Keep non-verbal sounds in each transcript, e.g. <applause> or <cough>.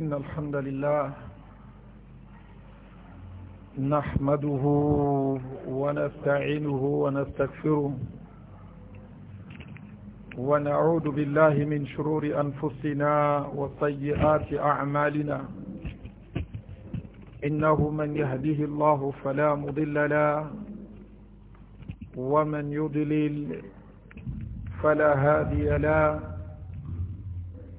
إن الحمد لله نحمده ونستعينه ونستغفره ونعوذ بالله من شرور أنفسنا وسيئات أعمالنا إنه من يهده الله فلا مضل له ومن يضلل فلا هادي له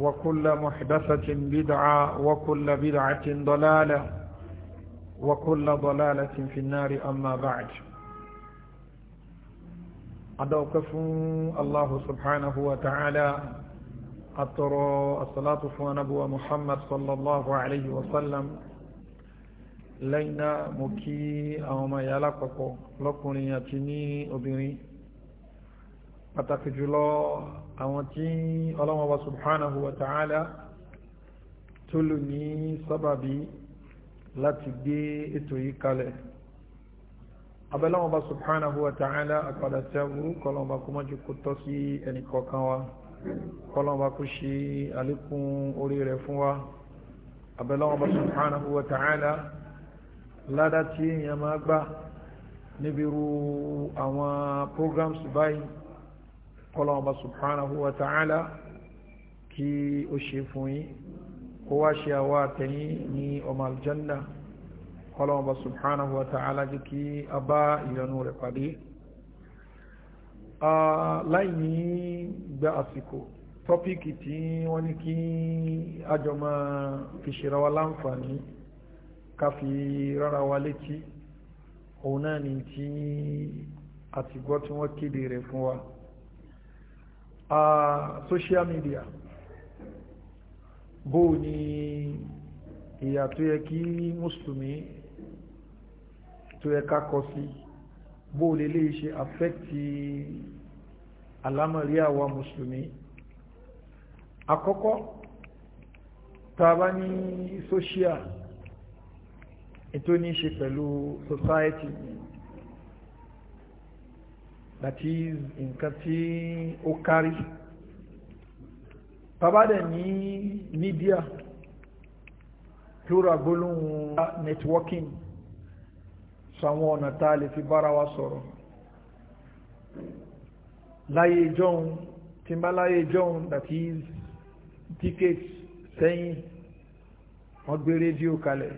وكل محدثة بدعة وكل بدعة ضلالة وكل ضلالة في النار أما بعد أدوكف الله سبحانه وتعالى أطر الصلاة فنبوة محمد صلى الله عليه وسلم لينا مكي أو ما يلقق لكني يتني أبني أتكجلو àwọn tí ọlọ́wọ́ wa subhanahu wa ta'ala tó lò ní sábàbí láti gbé ètò yìí kalẹ̀ abẹ́lọ́wọ́ wa subhanahu wa ta'ala àpàdà tí a burú kọlọ́wọ́ kó mọ́jú kó tọ́ sí ẹnì kọ̀ọ̀kan wa kọlọ́wọ́ kó ṣe àlékún orí rẹ̀ fún wa abẹ́lọ́wọ́ subhanahu wa ta'ala ládá tí èèyàn máa gbà níbi irú àwọn programs báyìí kọlọ́ọ̀bá subhanahu wa ta'ala kí ó ṣe fún yí kó wá ṣe àwọ́ àtẹ̀yìn ní ọmọ aljanna kọlọ́ọ̀bá subhanahu wa ta'ala jẹ́ kí a bá ìyanu rẹ̀ pàdé láì ní gba àsìkò tọ́píkì tí wọ́n ní kí ajọmọ́ fi ṣe rawa láǹfààní ká fi rárá wa létí òun náà ni tí àtìgbọ́ tí wọ́n kéde rẹ̀ fún wa uh, social media bó ní ìyà tó yẹ kí mùsùlùmí tó yẹ ká kọ sí bó lè lè ṣe àfẹ́kì alámọ̀rí àwa mùsùlùmí àkọ́kọ́ tàbá ní social ètò ní ṣe pẹ̀lú society ni that is nǹkan tí ó kárí tabadẹ̀ ní media plural gbólóhùn networking sọ àwọn ọ̀nà tá lè fi bára wa sọ̀rọ̀ láyé ìjọun tí bá láyé ìjọun that is tickets sẹ́yìn wọ́n gbé rédíò kalẹ̀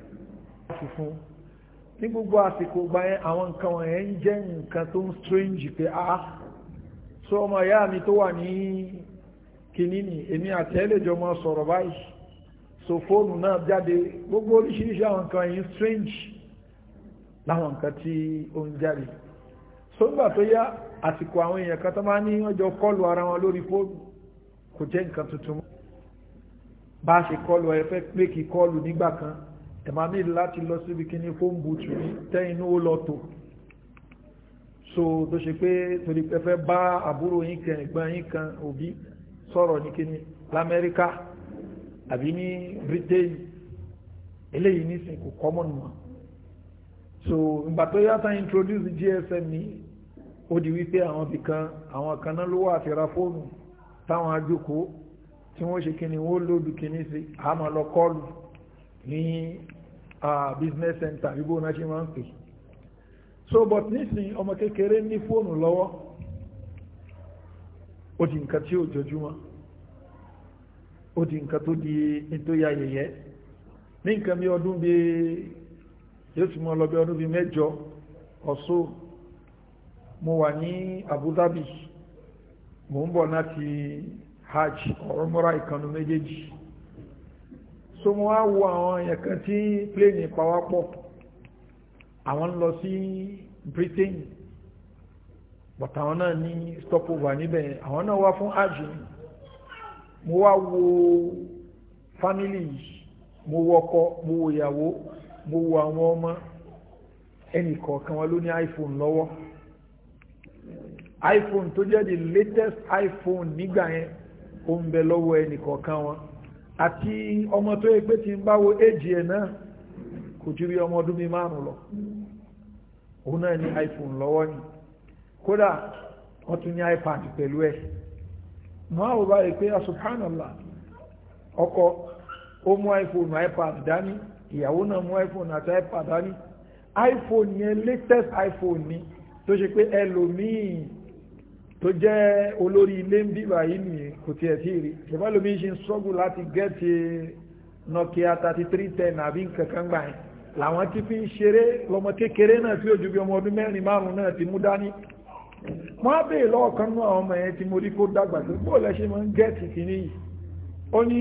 fúnfún ní gbogbo àsìkò gba yẹn àwọn nǹkan wọ̀nyẹn ń jẹ́ nǹkan tó ń strange pé a ah, sọ ọmọ ìyá mi tó wà ní kìíní èmi àtẹ́lẹ̀jọ mọ sọ̀rọ̀ báyìí so fóònù náà jáde gbogbo oríṣiríṣi àwọn nǹkan yìí strange láwọn nǹkan tí ó ń jáde so nígbà tó yá àsìkò àwọn èèyàn kan tó máa ní ọjọ́ kọlù ara wọn lórí fóònù kò jẹ́ nǹkan tuntun bá a ṣe kọlù ẹ fẹ́ pé kí kọlù nígbà kan ẹ̀mà mi láti lọ síbi kí ní fóòmù bùtù ní tẹ́yìn ó lọ tó so tó ṣe pé torí pé fẹ́ bá àbúrò yín kan ẹ̀gbọ́n yín kan òbí sọ̀rọ̀ ní kí ní lamẹ́ríkà àbí ní britain eléyìí nísìn kò common mọ́ so ìgbà tó yá tán introduce gsm ní ó di wípé àwọn bìkan àwọn kan náà ló wà àti ra fóònù táwọn ajókòó tí wọ́n ṣe kíni wọ́n lòdù kíní sí àmọ́ lọ kọlù ní business center ibo náà ṣe máa ń pè so but nísìnyí ọmọ kékeré ní fóònù lọ́wọ́ ó di nǹkan tí ó jọjúmọ́ ó di nǹkan tó di nítorí ayẹyẹ ní nǹkan bí ọdún bí yóò sì ọdún bí mẹ́jọ ọ̀ṣọ́ mo wà ní Abu Dhabi mo ń bọ̀ láti hajj ọ̀rọ̀mọ́ra ìkànnì méjèèjì so mo wá wo àwọn èèyàn kan tí pléènì pawápọ̀ àwọn ń lọ sí Britain but àwọn náà ní stopover níbẹ̀ àwọn náà wá fún àjò mo wá wo family yìí mo wo ọkọ mo wo ìyàwó mo wo àwọn ọmọ ẹnì kọ̀ọ̀kan wa ló ní iPhone lọ́wọ́ iPhone tó jẹ́ the latest iPhone nígbà yẹn ó ń bẹ lọ́wọ́ ẹnì kọ̀ọ̀kan wọn. àti ọmọ tó ẹgbẹ́ ti ń bá wo éjì ẹ̀ náà kò ju bí ọmọ ọdún mi márùn lọ òun náà ní iphone lọ́wọ́ ni kódà wọ́n tún ní ipad pẹ̀lú ẹ̀ máa wò báyìí pé asubhanallah ah, ọkọ ó mú iphone ipad dání ìyàwó náà mú iphone àti ipad dání iphone yẹn latest iphone ni tó ṣe pé ẹlòmíì tó jẹ́ olórí ilé ń bíbà yìí nìyẹn kò tiẹ̀ sí rí ṣùgbọ́n lómi ṣe ń sọ́gù láti gẹ́ẹ̀tì nokia thirty three ten àbí nǹkan kan gbà yẹn làwọn ti fi ń ṣeré lọmọ kékeré náà tí ó ju bí ọmọ ọdún mẹ́rin márùn-ún náà ti mú dání wọ́n á bèè lọ́wọ́ kan náà ọmọ yẹn tí mo rí kó dàgbà tó bó lẹ ṣe máa ń gẹ́ẹ̀tì kìíní yìí ó ní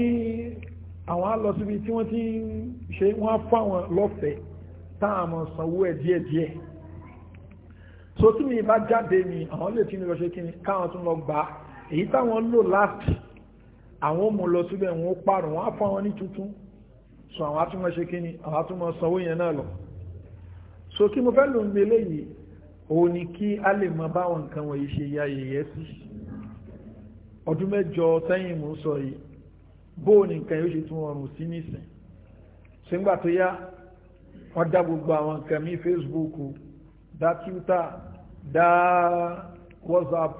àwọn á lọ síbi tí wọ́n ti ń ṣe wọ́n á fún lọ́fẹ̀ẹ́ táwọn sanwó ẹ̀ díẹ̀díẹ̀ so tí mi bá jáde mi àwọn lè fi mi lọ ṣe kí ni káwọn tún lọ gbà èyí táwọn lò last àwọn ò mú lọ síbẹ̀ wọn ó parun wọn á fún àwọn ní tuntun so àwọn atúmọ̀ ṣe kí ni àwọn atúmọ̀ sanwó yẹn náà lọ so kí mo fẹ́ lò ń gbé léyìí òun ni kí a lè mọ báwọn nǹkan wọ̀nyí ṣe ya yẹ̀yẹ́ sí ọdún mẹ́jọ sẹ́yìn mò ń sọ yìí bóò ní nǹkan yóò ṣe tún ọrùn sí nísìn ṣé ń gbà tó yá wọ́n dá gbogbo àwọn nǹkan mi Facebook da twitter da whatsapp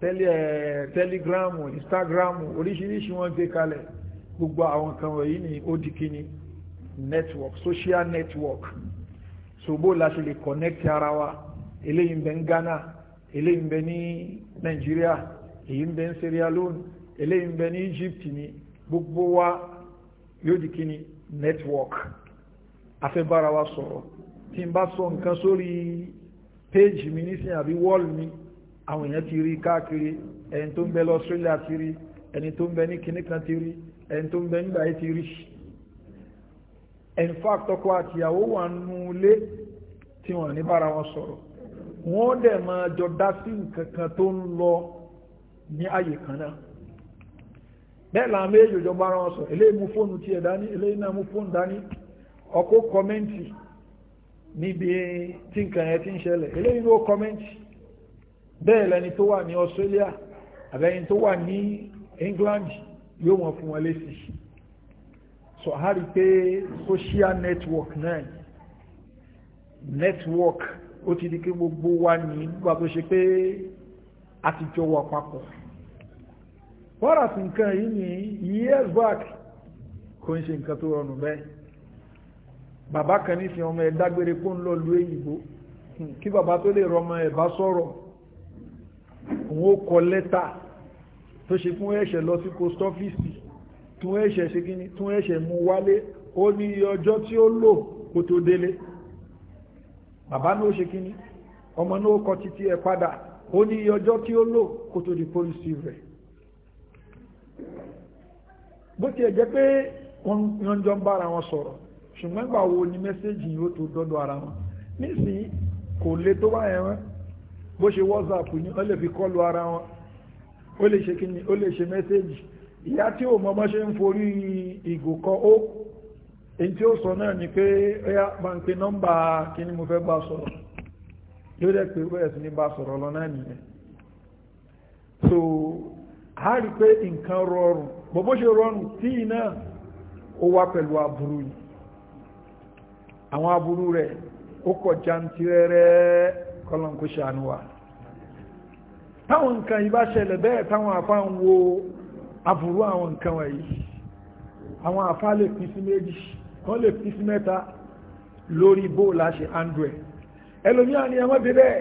telegram instagram oríṣiríṣi wọ́n gbé kalẹ̀ gbogbo àwọn kan wọ̀nyí ni ó di kíni network social network so bó la ṣe lè connect ara wa eléyìí ń bẹ ní Ghana eléyìí ń bẹ ní Nigeria èyí ń bẹ ní Sierra Leone eléyìí ń bẹ ní Egypt ni gbogbo wa yóò di kíni network afẹ́bára wa sọ̀rọ̀ tí n bá sọ nǹkan sórí péjì mi nísìnyí àbí wọ́ọ̀lù mi àwọn èèyàn ti rí káàkiri ẹni tó ń bẹ lọ Australia ti rí ẹni tó ń bẹ ní kinní kan ti rí ẹni tó ń bẹ nígbà yìí ti rí in fact ọkọ àtìyàwó wà nù lé tí wọ́n ní bára wọn sọ̀rọ̀ wọ́n dẹ̀ máa jọ dá sí nǹkan kan tó ń lọ ní àyè kan náà bẹ́ẹ̀ làwọn méjì bára wọn sọ̀rọ̀ eléyìí mú fóònù tiẹ̀ dání eléyìí náà mú fóònù dání ọkọ kọ́mẹ́ǹtì níbi tí nǹkan yẹn ti ń ṣẹlẹ̀ eléyìí ló kọ́mẹ́ntì bẹ́ẹ̀ lẹni tó wà ní Australia àbẹ́yìn tó wà ní England yóò wọ́n fún wọn lésì so a rí pé social network náà network ó ti di kí gbogbo wa ní nígbà tó ṣe pé a ti jọ wà papọ̀ wọ́n rà sí nǹkan yìí ní years back kò ń ṣe nǹkan tó rọrùn bẹ́ẹ̀ bàbá kan ní fi ọmọ ẹ dágbére kó ń lọ lu èyìnbó kí bàbá tó lè rọmọ ẹ bá sọ̀rọ̀ òun ó kọ lẹ́tà tó ṣe fún ẹ̀ṣẹ̀ lọ sí post office tún ẹ̀ṣẹ̀ ṣe kí ni tún ẹ̀ṣẹ̀ mú wálé ó ní iye ọjọ́ tí ó lò kó tó délé bàbá náà ṣe kí ni ọmọ náà kọ títí ẹ padà ó ní ọjọ́ tí ó lò kó tó di policy rẹ̀ bó ti ẹ̀ jẹ́ pé wọ́n jọ ń bára wọn sọ̀rọ̀ ṣùgbọ́n gbà wo ni mẹ́sẹ́jì yóò tó dọ́dọ̀ ara wọn nísìnyí kò lè tó báyẹn wọn bó ṣe whatsapp ni ó lè fi kọlu ara wọn ó lè ṣe kíni ó lè ṣe mẹ́sẹ́jì ìyá tí ò mọ́mọ́ ṣe ń forí ìgò kan ó èyí tí ó sọ náà ni pé ẹyà bá ń pe mo fẹ́ bá sọ̀rọ̀ yóò dẹ̀ pé bẹ́ẹ̀ sí ní bá sọ̀rọ̀ lọ nìyẹn so a rí pé nǹkan rọrùn bó bó ṣe rọrùn tí iná ó wá pẹ̀lú aburú yìí àwọn aburú rẹ̀ ó kọ̀ jantirẹ́rẹ́ kọ́lọ̀n kó ṣàánú wa táwọn nǹkan yìí bá ṣẹlẹ̀ bẹ́ẹ̀ táwọn àfá ń wo aburú àwọn nǹkan wọ̀nyí àwọn àfá lè pín sí méjì kan lè pín sí mẹ́ta lórí bó láṣe andrew ẹlòmíà ni ẹmọ́ débẹ̀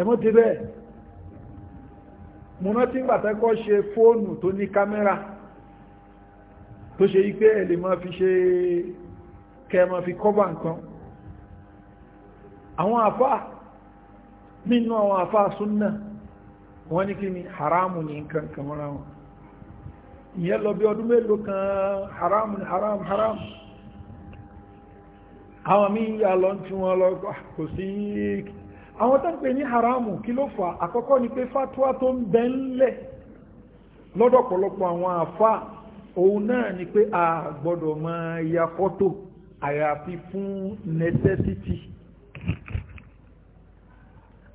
ẹmọ́ débẹ̀ múná tí ń gbàtẹ́kọ́ ṣe fóònù tó ní kámẹ́rà tó ṣe yí pé ẹ lè máa fi ṣe kẹmọ fi kọ́bà nǹkan àwọn àfá nínú àwọn àfá súnnà wọ́n ní kí ni haramu ní nǹkan kamara wọn ìyẹn lọ bí ọdún mélòó kan haramu ni haramu haramu àwọn míì yà lọ tí wọ́n lọ ah, kò sí àwọn tó ń pè ní haramu kí ló fà àkọ́kọ́ ni pé fatwa tó ń bẹ ńlẹ̀ lọ́dọ̀pọ̀lọpọ̀ àwọn àfá òun náà ni pé a gbọ́dọ̀ máa ya fọ́tò àyàfi fún necessity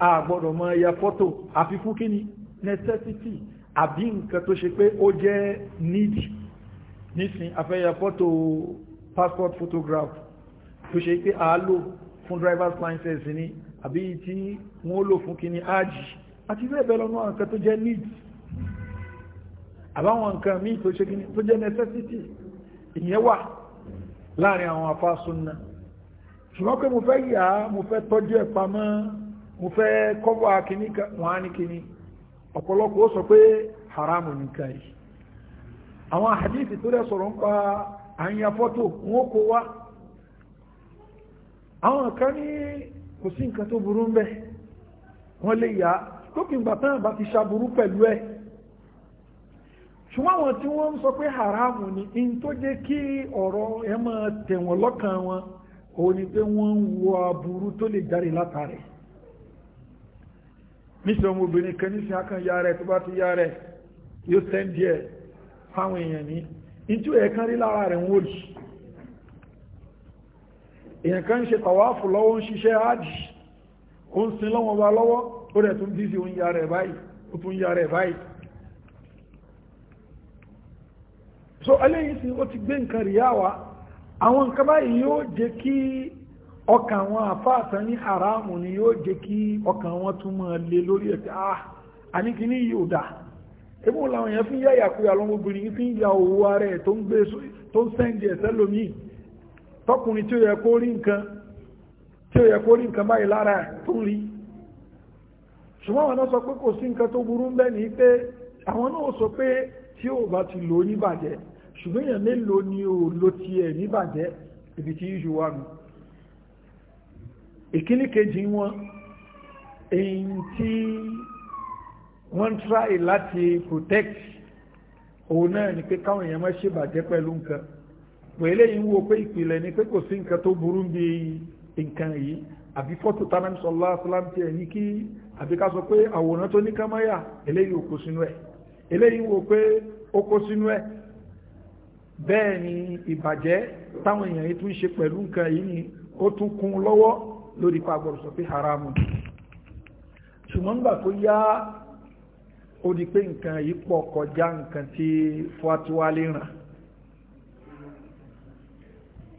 a gbọ́dọ̀ mọ ya fọ́tò àfi fún kíni necessity àbí nǹkan tó ṣe pé ó jẹ́ need nísìn afẹ́ya fọ́tò passport photograph tó ṣe pé a lò fún driver's license ni àbí tí wọ́n lò fún kíni ájì àti bẹ́ẹ̀ bẹ́ẹ̀ lọ́nà nǹkan tó jẹ́ need àbáwọn nǹkan míì tó ṣe kíni tó jẹ́ necessity ìyẹn wà láàrin àwọn afásúnná ṣùgbọ́n pé mo fẹ́ yà á mo fẹ́ tọ́jú ẹ̀ pamọ́ mo fẹ́ kọ́wọ́ kìíní wọn á ní ọ̀pọ̀lọpọ̀ ó sọ pé haramu nìkan yìí àwọn àdíìsì tó rẹ̀ sọ̀rọ̀ ń pa àyíyá fọ́tò wọn wá àwọn kan ní kò sí ṣùgbọ́n àwọn tí wọ́n ń sọ pé haramu ni in tó jẹ́ kí ọ̀rọ̀ ẹ máa tẹ̀ wọ́n lọ́kàn wọn òun ni pé wọ́n ń wo aburú tó lè jáde látàrí níṣẹ́ ọmọbìnrin kan níṣẹ́ akànyà rẹ̀ tó bá ti yá rẹ̀ yóò sẹ́ndì ẹ̀ fáwọn èèyàn ní ìtú ẹ̀kan rí lára rẹ̀ wọ́n rí èèyàn kan ṣe tàwáfù lọ́wọ́ ń ṣiṣẹ́ ájì ó ń sin lọ́wọ́ wa lọ́wọ́ ó rẹ̀ tún dízi ó ń ya rẹ̀ báyìí so eléyìí sì ó ti gbé nǹkan rìá wa àwọn nǹkan báyìí yóò jẹ́ kí ọkàn àwọn àfáàtàn ní haramu ni yóò jẹ́ kí ọkàn wọn tún máa lé lórí ẹ̀kẹ́ ah àníkíní yìí ò dáa ebí làwọn èèyàn fi ń fi ń ya owó ara ẹ̀ tó ń gbé tó ń sẹ́ǹdì ẹ̀sẹ́ lómi tọkùnrin tí ó yẹ kó rí nǹkan tí ó yẹ kó rí nǹkan báyìí lára sọ pé kò sí nǹkan tó burú ń pé sọ pé tí ó bá ti lò níbàjẹ́ ṣùgbọ́n èèyàn mélòó ni ó lò ti ẹ̀ níbàjẹ́ ibi tí yíṣù wà nù ìkíní kejì wọn èyí tí wọ́n tráì láti protect òun náà ni pé káwọn èèyàn má ṣe bàjẹ́ pẹ̀lú nǹkan pẹ̀lẹ́ yìí ń wo pé ìpìlẹ̀ ni pé kò sí nǹkan tó burú bí nǹkan yìí àbí fọ́tò tánàmì sallallahu ẹ̀ ní kí àbí sọ pé àwòrán tó ní kámáyà eléyìí ò sínú ẹ̀ eléyìí wo pé ó kó sínú ẹ̀ bẹ́ẹ̀ ni ìbàjẹ́ táwọn èèyàn yìí tún ṣe pẹ̀lú nǹkan yìí ni ó tún kún lọ́wọ́ lórí pa gbọ́dọ̀ sọ pé haramu ṣùgbọ́n nígbà tó yá ó di pé nǹkan yìí pọ̀ kọjá nǹkan tí fatuwa lè ràn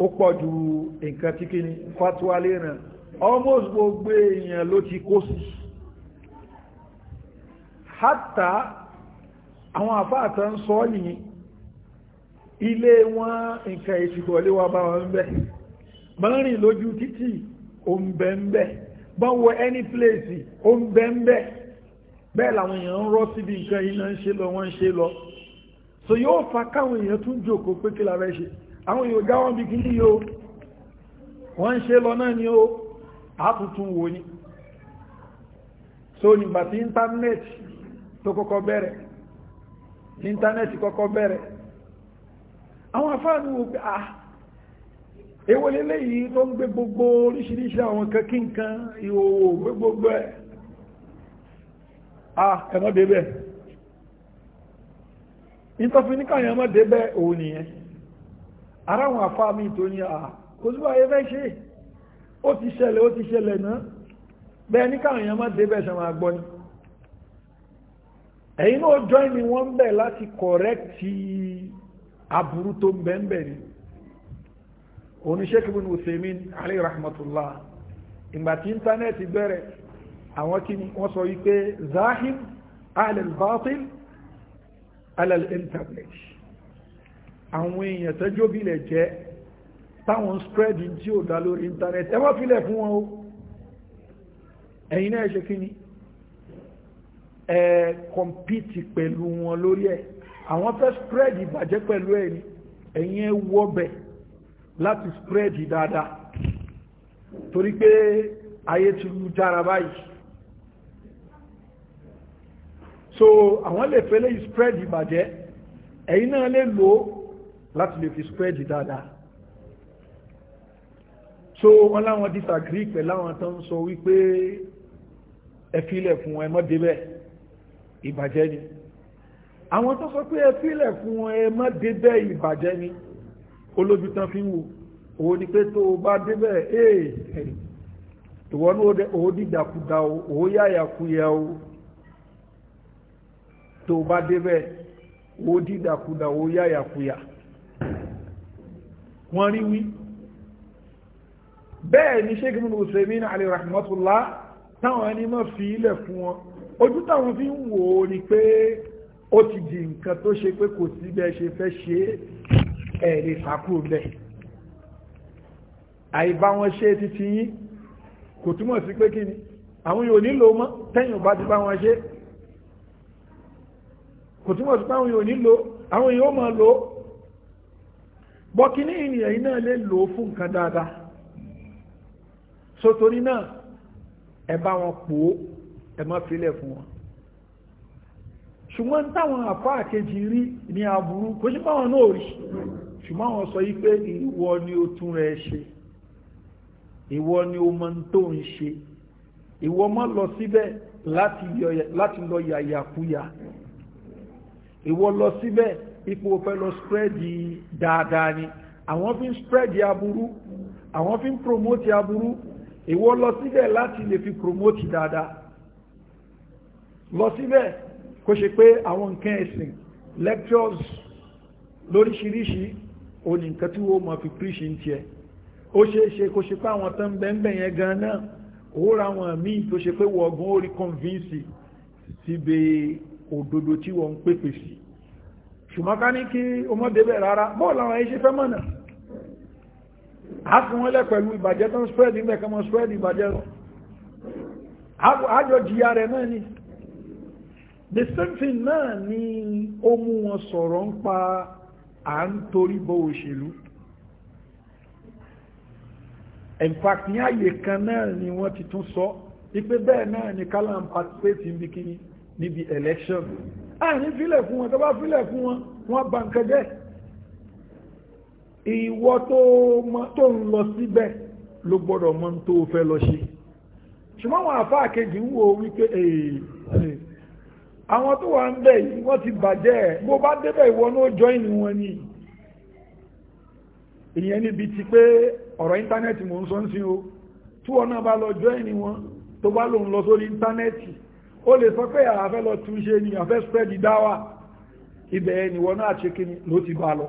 ó pọ̀ ju nǹkan tí kí ni fatuwa lè ràn almost gbogbo èèyàn ló ti kó sí hátà àwọn àfáà tó ń sọ nìyí ilé wọn nǹkan ìsìnkọ̀ọ́lé wa bá wọn bẹ́ mọ́rin lójú títì ó ń bẹ́ ń bẹ́ bọ́n wọ any place ó ń bẹ́ ń bẹ́ bẹ́ẹ̀ làwọn èèyàn ń rọ́ síbi nǹkan iná ń ṣe lọ wọ́n ń ṣe lọ so yóò fa káwọn èèyàn tún jòkó pé kí la fẹ́ ṣe àwọn èèyàn jáwọ́n bí kíní yóò wọ́n ń ṣe lọ náà ni ó àtútún wò ní so nígbà tí íńtánẹ́ẹ̀tì tó kọ́kọ́ bẹ̀rẹ̀ ní íńtánẹ́ẹ̀tì kọ́kọ́ bẹ̀rẹ̀ àwọn afáàní wo pé ah èwo leléyìí tó ń gbé gbogbo oríṣiríṣi àwọn kankí nǹkan ìhòòhò gbé gbogbo ẹ̀ ah ẹ̀mọ́ débẹ̀ ìtọ́finíkàyàn mọ́ débẹ̀ òun nìyẹn ara àwọn afáà mi tó ní ah kò síbà ayé fẹ́ ṣe ó ti ṣẹlẹ̀ ó ti ṣẹlẹ̀ náà bẹ́ẹ̀ níkàyàn mọ́ débẹ̀ ṣe gbọ́ ni ẹ̀yin náà join ni wọ́n ń bẹ̀ láti kọ̀rẹ́kì aburú tó ń bẹ̀ ń bẹ̀ ni oníṣẹ́ kìbùn Uthaymin alayhi rahmatullah ìgbà tí íńtánẹ́ẹ̀tì bẹ̀rẹ̀ àwọn kí wọ́n sọ wípé zahim alal batil alal internet àwọn èèyàn tẹ́jọ́ bílẹ̀ jẹ́ táwọn spread tí ó dá lórí íńtánẹ́ẹ̀tì ẹ má filẹ̀ fún wọn o ẹ̀yin náà ṣe kí ni ẹ kọmpiti pẹ̀lú wọn lórí ẹ̀ àwọn fẹ́ spread ìbàjẹ́ pẹ̀lú ẹ̀ ni ẹ̀yin ẹ wọ́bẹ̀ láti spread dáadáa torí pé ayé ti lu jára báyìí so àwọn lè fẹ́ lè spread ìbàjẹ́ ẹ̀yin náà lè lò ó láti lè fi spread dáadáa so wọn láwọn disagree pẹ̀lú àwọn tó ń sọ wípé ẹ filẹ̀ fún ẹ mọ́ débẹ̀ ìbàjẹ́ ni àwọn tó sọ pé ẹ fílẹ̀ fún wọn ẹ má débẹ̀ ìbàjẹ́ ni olójú tán fi ń wo òun ni pé tó o bá débẹ̀ ee eh, eh, ìwọ ní òun dìdàkudà o òun yáyàkuyà o tó bá débẹ̀ òun dìdàkudà òun yáyàkuyà wọ́n rí wí bẹ́ẹ̀ ni ṣé kí ṣe mí ní alẹ́ rahmatullah táwọn ẹni mọ́ fi ilẹ̀ fún wọn ojú táwọn fi ń wò ó ni pé ó ti di nǹkan tó ṣe pé kò sí bẹ́ẹ̀ ṣe fẹ́ ṣe ẹ̀rẹ̀ sàkúrò bẹ́ẹ̀ àìbá wọn ṣe títí yín kò túmọ̀ sí pé kí ni àwọn yóò nílò mọ́ tẹ́yìn bá ti bá wọn ṣe kò túmọ̀ sí pé àwọn yóò nílò àwọn yóò máa lò ó bọ́kíní ènìyàn iná lè lò ó fún nǹkan dáadáa so náà ẹ bá wọn pò ó ẹ má filẹ̀ fún wọn ṣùgbọ́n táwọn àpá àkejì rí ní aburú kò sí báwọn náà rí ṣùgbọ́n àwọn sọ yí ìwọ ni ó tún rẹ̀ ṣe ìwọ ni ó mọ̀ tó ń ṣe ìwọ má lọ síbẹ̀ láti lọ yàyàkúyà ìwọ lọ síbẹ̀ ipò fẹ́ lọ sprẹ́dì dáadáa ni àwọn fi ń sprẹ́dì aburú àwọn fi ń promote aburú ìwọ lọ síbẹ̀ láti lè fi promote dáadáa lọ síbẹ̀ kó ṣe pé àwọn nǹkan ẹ̀sìn lectures lóríṣiríṣi o ní nǹkan tí wọ́n mọ̀ fi preach ń tiẹ̀ ó ṣe é ṣe kó ṣe pé àwọn tán bẹ́ẹ̀ yẹn gan náà ó ra àwọn míì tó ṣe pé wọ̀ọ̀gùn ó rí convince síbi òdodo tí wọ́n ń pèpè sí ṣùgbọ́n kí ọmọdé bẹ̀ rárá bọ́ọ̀lù àwọn iṣẹ́ fẹ́ mọ̀nà àfún wọn lẹ pẹ̀lú ìbàjẹ́ tó ń spread nígbẹ̀ kan mọ́ spread ìbàjẹ́ lọ àjọ jìyà rẹ̀ náà ni the same thing náà ni ó mú wọn sọ̀rọ̀ ń pa à ń torí bọ òṣèlú in fact ní àyè kan náà ni wọ́n ti tún sọ ipe bẹ́ẹ̀ náà ni kálá ń participate níbi kíní níbi election àní fílẹ̀ fún wọn tó bá fílẹ̀ fún wọn wọ́n bà nǹkan jẹ́ ìwọ tó ń lọ síbẹ̀ ló gbọ́dọ̀ mọ̀ tó fẹ́ lọ ṣe ṣùgbọ́n àwọn àfáà kejì ń wo wípé èèyàn àwọn tó wà ń bẹ̀ yìí wọ́n ti bàjẹ́ ẹ̀ bó bá débẹ̀ ìwọ ní ó join wọn ni ìyẹn níbi ti pé ọ̀rọ̀ íńtánẹ́ẹ̀tì mò ń sọ ń sin o tí wọn náà bá lọ join wọn tó bá lòun lọ sórí íńtánẹ́ẹ̀tì ó lè sọ pé àfẹ́ lọ túnṣe ni àfẹ́ spread dáwà ibẹ̀ ẹ̀ ni wọn náà ṣe kí ló ti bá lọ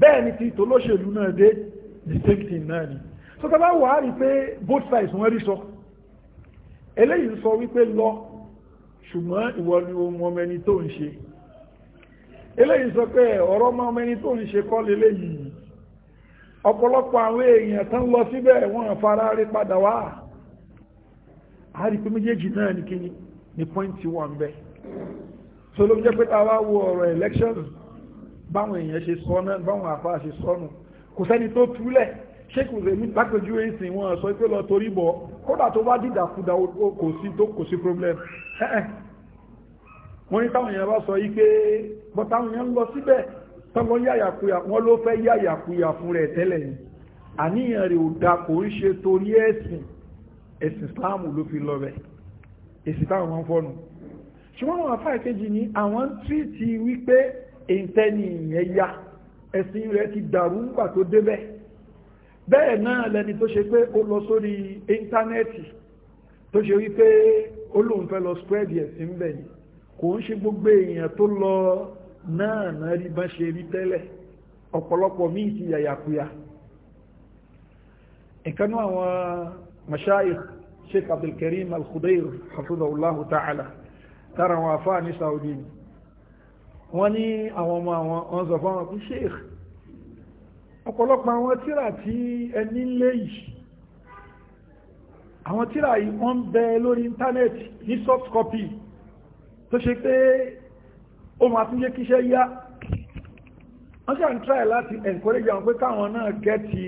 bẹ́ẹ̀ ni ti tòlóṣèlú náà dé the same thing náà ni so tọ́ba wàá rí pé both sides wọ́n rí sọ eléyìí sọ wípé lọ ṣùgbọ́n ìwọ ni o mọ mẹni tó ń ṣe eléyìí sọ pé ọ̀rọ̀ mọ mẹni tó ń ṣe kọ́ lélẹ́ yìí ọ̀pọ̀lọpọ̀ àwọn èèyàn tán lọ síbẹ̀ wọ́n fara rí padà wá a méjèèjì náà ní kíni ní pọ́ìntì wọn bẹ́ẹ̀ tó ló jẹ́ pé ta wá wo ọ̀rọ̀ elections báwọn èèyàn ṣe sọ náà báwọn àfa ṣe sọnù kò sẹ́ni tó túlẹ̀ sheik uzemi lápẹjú ẹ̀sìn wọn sọ pé lọ torí bọ̀ kódà tó bá dìdàkudà kò sí tó kò sí problem wọ́n ní táwọn èèyàn bá sọ yí pé bọ́ táwọn èèyàn ń lọ síbẹ̀ tọ́lọ yáyàkuyà wọ́n ló fẹ́ yáyàkuyà fún rẹ̀ tẹ́lẹ̀ ni àníyàn rẹ̀ ò da kò ń ṣe torí ẹ̀sìn ẹ̀sìn islam ló fi lọ bẹ̀ èsì táwọn wọn fọ́nu ṣùgbọ́n àwọn afá ìkejì ni àwọn tí ti wípé èntẹ́ni ìyẹn ya ẹ̀sìn rẹ̀ ti dàrú nígbà tó débẹ̀ bẹ́ẹ̀ náà lẹni tó ṣe pé ó lọ sórí íńtánẹ́ẹ̀tì tó ṣe wípé olóhùn fẹ́ lọ spread yẹ̀ sí ń bẹ̀ yìí kò ń ṣe gbogbo èèyàn tó lọ náà náà rí bá ṣe rí tẹ́lẹ̀ ọ̀pọ̀lọpọ̀ míì ti yàyàkuyà ìkanú àwọn mashayikh sheikh abdulkarim al-khudair hafizahullahu ta'ala tara wọn afáà ní saudi wọ́n ní àwọn ọmọ àwọn ọ̀nzọ̀fọ́n sheikh ọ̀pọ̀lọpọ̀ àwọn tíra tí ẹni lé yìí àwọn tíra yìí wọ́n ń bẹ lórí íńtánẹ́ẹ̀tì ní soft copy tó ṣe pé ó máa tún jẹ́ kíṣẹ́ yá wọ́n ṣe à ń try láti encourage àwọn pé káwọn náà gẹ́ẹ̀tì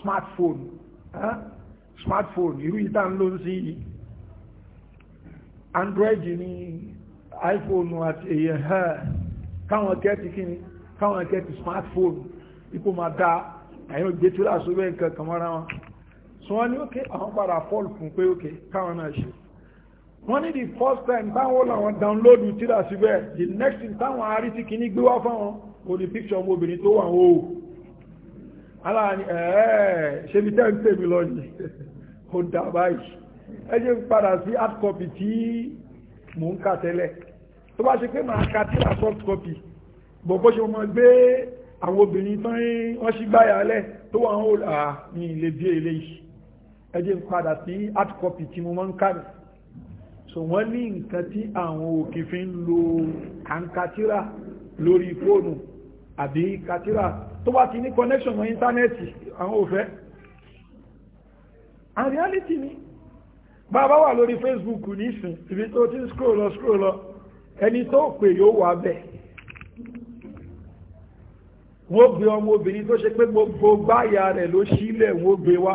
smartphone ah, smartphone irú ìta ń ló ń sí android ní iphone àti èyàn eh, eh, káwọn gẹ́ẹ̀tì kíni káwọn gẹ́ẹ̀tì smartphone ipò máa dá àyàn gbé tí láàṣọ bẹ́ẹ̀ nǹkan kan mọ́ra wọn so wọ́n ní òkè àwọn padà fọ́ọ̀lù fún pé òkè káwọn náà ṣe wọ́n ní the first time táwọn làwọn download tí láàṣọ bẹ́ẹ̀ the next time táwọn arí tí kìíní gbé wá fáwọn kò ní picture ọmọ obìnrin tó wà ń wò aláàní ẹ̀ẹ́ ṣe bí tẹ́ ń pè mí lọ yìí <laughs> ó dà báyìí ẹ jẹ́ padà sí hard copy tí mò ń kà tẹ́lẹ̀ tó bá ṣe pé màá ka tí ra soft copy bọ̀ bó ṣe mọ̀ gbé àwọn obìnrin tán wọ́n ṣí gbáyà lẹ̀ tó wà ń hò à ní ilé bí eléyìí ẹ jẹ́ ń padà sí hard copy tí mo máa ń kà ní so wọ́n ní nǹkan tí àwọn òkè fi ń lo àǹkatírà lórí fóònù àbí katírà tó bá ti ní connection mọ́ íńtánẹ́ẹ̀tì àwọn òfẹ́ and reality ni bàbá wà lórí Facebook nísìn ibi tó ti ń scroll lọ scroll lọ ẹni tó pè yóò wà bẹ́ẹ̀ wọ́n gbé ọmọ obìnrin tó ṣe pé gbogbo gbáyà rẹ̀ ló sílẹ̀ wọ́n gbé wá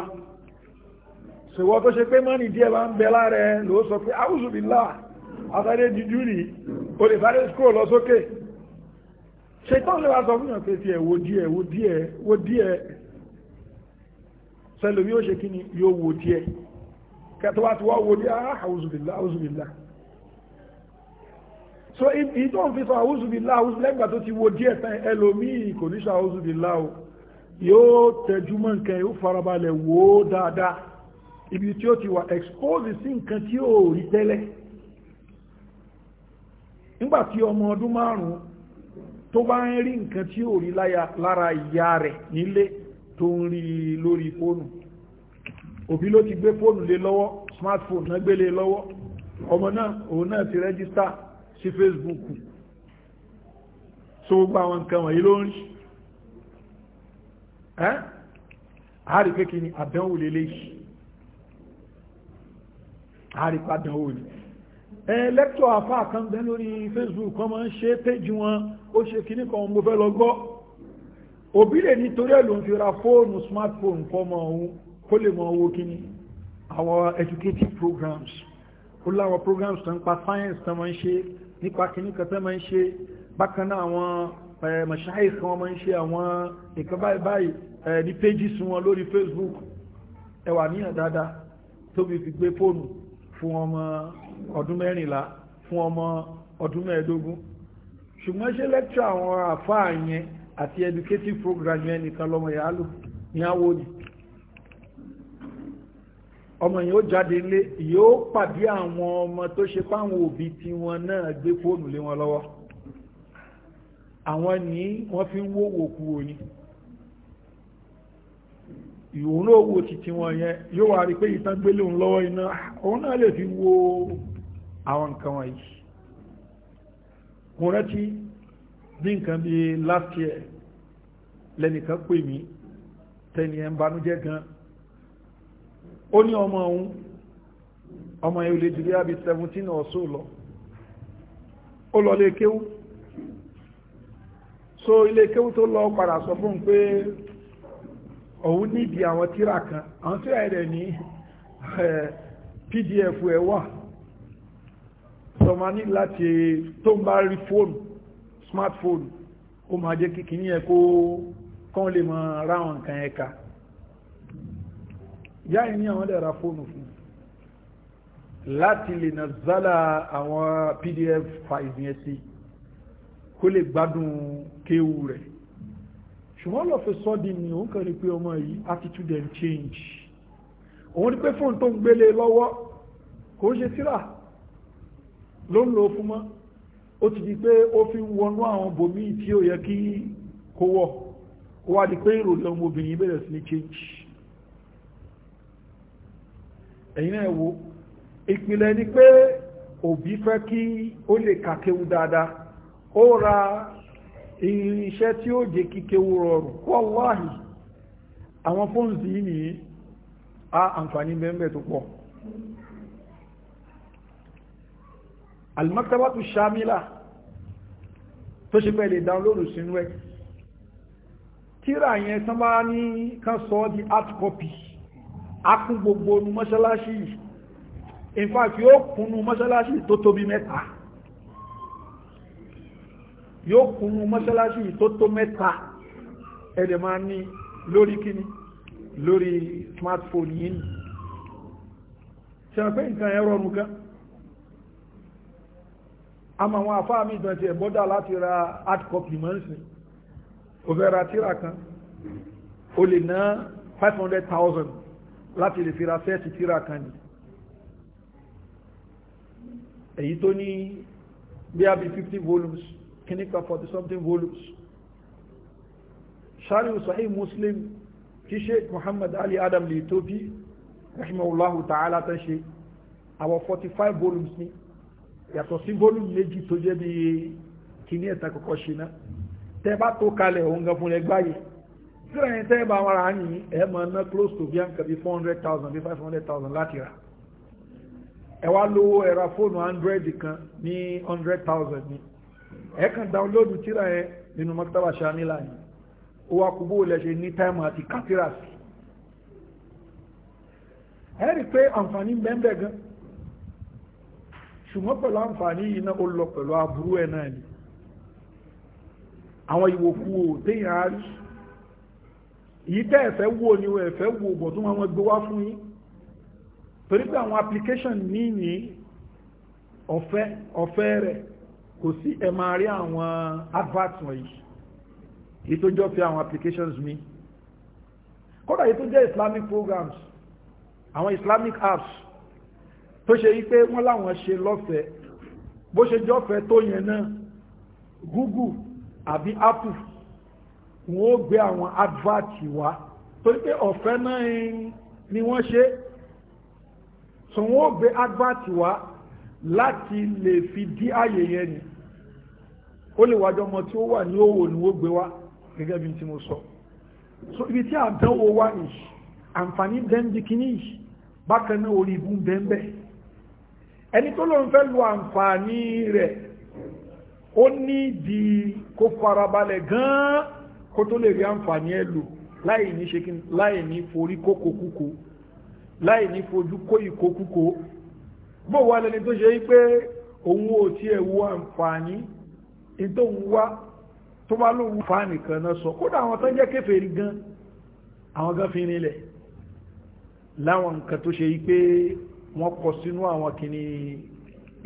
ṣèwọ́ tó ṣe pé mọ́nì díẹ̀ bá ń bẹ lára ẹ ló sọ pé áwùsùbìlá àtàrí jíjú rí o lè sáré skó lọ sókè ṣe tán lè wá sọ fún ìyànfẹ́ ti ẹ̀wò díẹ̀ wo díẹ̀ wo díẹ̀ sẹlòmí ó ṣe kí ni yóò wo díẹ̀ kẹtọ́wà tí wọ́n wo díẹ̀ áwùsùbìlá ah, áwùsùbìlá so ibi tó ń fi sọ àwùzùbílá lẹ́gbàá tó ti wo díẹ̀ tán ẹlòmíì kò ní sọ àwùzùbílá o yóò tẹjúmọ́ nǹkan yóò farabalẹ̀ wò ó dáadáa ibi tí ó ti wà expose sí nǹkan tí ó rí tẹ́lẹ̀ nígbàtí ọmọ ọdún márùn-ún tó bá ń rí nǹkan tí ó rí lára ìyá rẹ̀ nílé tó ń rí lórí fóònù òbí ló ti gbé fóònù lé lọ́wọ́ smartphone náà gbélé lọ́wọ́ ọmọ náà òun náà ti rẹ́gísítà sí facebook so gbogbo àwọn nǹkan wọ̀nyí ló ń rí ẹ́ àárí pé kí ni àdánwò lélẹ́yìí àárí pé àdánwò ni ẹ lẹ́kítọ̀ àfá kan lórí facebook kan máa ń ṣe péjì wọn ó ṣe kíní kan mo fẹ́ lọ gbọ́ òbí lè nítorí ẹ̀ ló ń fi ra fóònù smartphone fọmọ òun kó lè mọ owó kíní àwọn educative programs ó láwọn programs tó ń pa science tó máa ń ṣe nípa kìíní kẹfẹ́ máa ń ṣe bákan náà àwọn mọ̀ṣáì kan wọ́n máa ń ṣe àwọn nǹkan báyìí báyìí ní pages wọn lórí Facebook ẹwà níyàn dáadáa tóbi fi gbé fóònù fún ọmọ ọdún mẹ́rìnlá fún ọmọ ọdún mẹ́ẹ̀ẹ́dógún ṣùgbọ́n ṣe lecture àwọn àfáà yẹn àti educative program yẹn nìkan lọ́mọ yàálù ní àwọ̀ ni ọmọ yìí ó jáde lé yóò pàdé àwọn ọmọ tó ṣe páwọn òbí tí wọn náà gbé fóònù lé wọn lọ́wọ́ àwọn ní wọ́n fi ń wówó kú òní ìwòrán owó títí wọn yẹn yóò wà rí pé ìtàgbélé òun lọ́wọ́ iná òun náà lè fi wo àwọn nǹkan wọ̀nyí mo rántí bí nǹkan bí last year lẹ́nìkan pè mí tẹ́ni ẹ̀ ń banújẹ́ gan-an ó ní ọmọ òun ọmọ yẹn ò lè àbí 17 ọ̀sọ́ lọ ó lọ lè kéwú so ilé kéwú tó lọ padà sọ fún un pé òun nídi àwọn tíra kan àwọn tíra rẹ̀ ní pdf ẹ̀ wà sọmọ ní láti tó ń bá rí fóònù smartphone ó máa jẹ́ kíkì ní ẹ̀kọ́ kan lè mọ ráwọn nǹkan ẹ̀ka ìyá ni ní àwọn lè ra fóònù fún láti lè nà zálà àwọn pdf files yẹn sí kó lè gbádùn kéwù rẹ̀ ṣùgbọ́n lọ fi sọ́ di ni òun kàn rí pé ọmọ yìí attitude and change òun rí pé fóònù tó ń gbélé lọ́wọ́ kò ń ṣe síra ló ń lo fún mọ́ ó ti di pé ó fi ń wọnú àwọn bòmíì tí ó yẹ kí kó wọ̀ ó wá di pé ìròyìn ọmọbìnrin bẹ̀rẹ̀ sí ní change ẹ̀yin náà wo ìpìlẹ̀ ni pé òbí fẹ́ kí ó lè kàkéwu dáadáa ó ra irinṣẹ́ tí ó jẹ́ kíkéwu rọrùn wọ́láhì àwọn fóònù ní a àǹfààní mẹ́mẹ́ tó pọ̀ almaktabatu shamila tó ṣe pẹ́ lè dáńlódù sínú ẹ̀ tíra yẹn tán bá ní kan sọ di art copy akún gbogbo onú mọ́ṣálásí in fact yóò kúnnú mọ́ṣálásí tó tóbi mẹ́ta yóò kúnnú mọ́ṣálásí tó tó mẹ́ta ẹ̀dẹ̀ máa ní lórí kíní lórí smartphone yìí ṣẹ̀fẹ́ nǹkan ẹ̀rọ nùkan a ma wọn àfáà mi ìdọ̀tí ẹ̀bọ́dà láti ra hard copy mọ́ sí òfẹ́ ra tíra kan o lè ná 500,000 láti lè fi ra sẹ́ẹ̀tì tíra kan ni èyí tó ní bí a bí 50 volumes kíníkà 40 something volumes sharhu sahih muslim tí sheikh muhammad ali adam lè tó bí rahimahullahu ta'ala tán ṣe àwọn 45 volumes ni yàtọ̀ sí volume méjì tó jẹ́ bí kíní ẹ̀ta kọ̀kọ́ ṣe náà tẹ́ bá tó kalẹ̀ òun gan fún ẹgbáyìí tí ó yẹn tẹ́ bá wọn ní ẹ ná close to bí bí four hundred thousand bí five hundred thousand láti rà ẹ wá lówó ẹ ra fóònù hundred kan ní hundred thousand ni ẹ kan download tíra yẹn nínú maktaba shamila ni ó wá kú bóòlù ẹ ṣe ní time àti kátírà sí ẹ rí i pé àǹfààní bẹ́ẹ̀ gan ṣùgbọ́n pẹ̀lú àǹfààní yìí náà ó lọ pẹ̀lú aburú ẹ̀ náà ni àwọn ìwòkú ò téèyàn á rí yìí tẹ́ ẹ̀fẹ́ wo ni o ẹ̀fẹ́ wo bọ̀ tó wọn gbé wá fún yín torí pé àwọn application ní ní ọ̀fẹ́ ọ̀fẹ́ rẹ̀ kò sí ẹ máa rí àwọn advert wọ̀nyí èyí tó jọ fi àwọn applications mi kódà èyí tó jẹ́ islamic programs àwọn islamic apps tó ṣe wípé wọ́n láwọn ṣe lọ́fẹ̀ẹ́ bó ṣe jọ́fẹ̀ẹ́ tó yẹn náà google àbí apple wọ́n ó gbé àwọn advert wá torí pé ọ̀fẹ́ náà ni wọ́n ṣe so wọ́n ó gbé advert wá láti lè fi dí ààyè yẹn ni ó lè wájọ ọmọ tí ó wà ní òwò ni wọ́n gbé wá gẹ́gẹ́ bí tí mo sọ so ibi tí àdánwò wá yìí àǹfààní bẹ́ńdì kìíní yìí bákan náà orí ibú bẹ́ńbẹ́ ẹni tó lóun fẹ́ lo àǹfààní rẹ̀ ó ní di kó farabalẹ̀ gan-an kó tó lè rí àǹfààní ẹ lò láì ní ṣe kíni láì ní forí kókó kúkó láì ní fojú kó ìkó kúkó bó wà lẹni tó ṣe pé òun ò tiẹ̀ wo àǹfààní ìtòun wá tó bá lóun fa nìkan náà sọ kódà àwọn tó ń jẹ́ kéfèrí gan àwọn gan fi rinlẹ̀ láwọn nǹkan tó ṣe pé wọ́n kọ sínú àwọn kìíní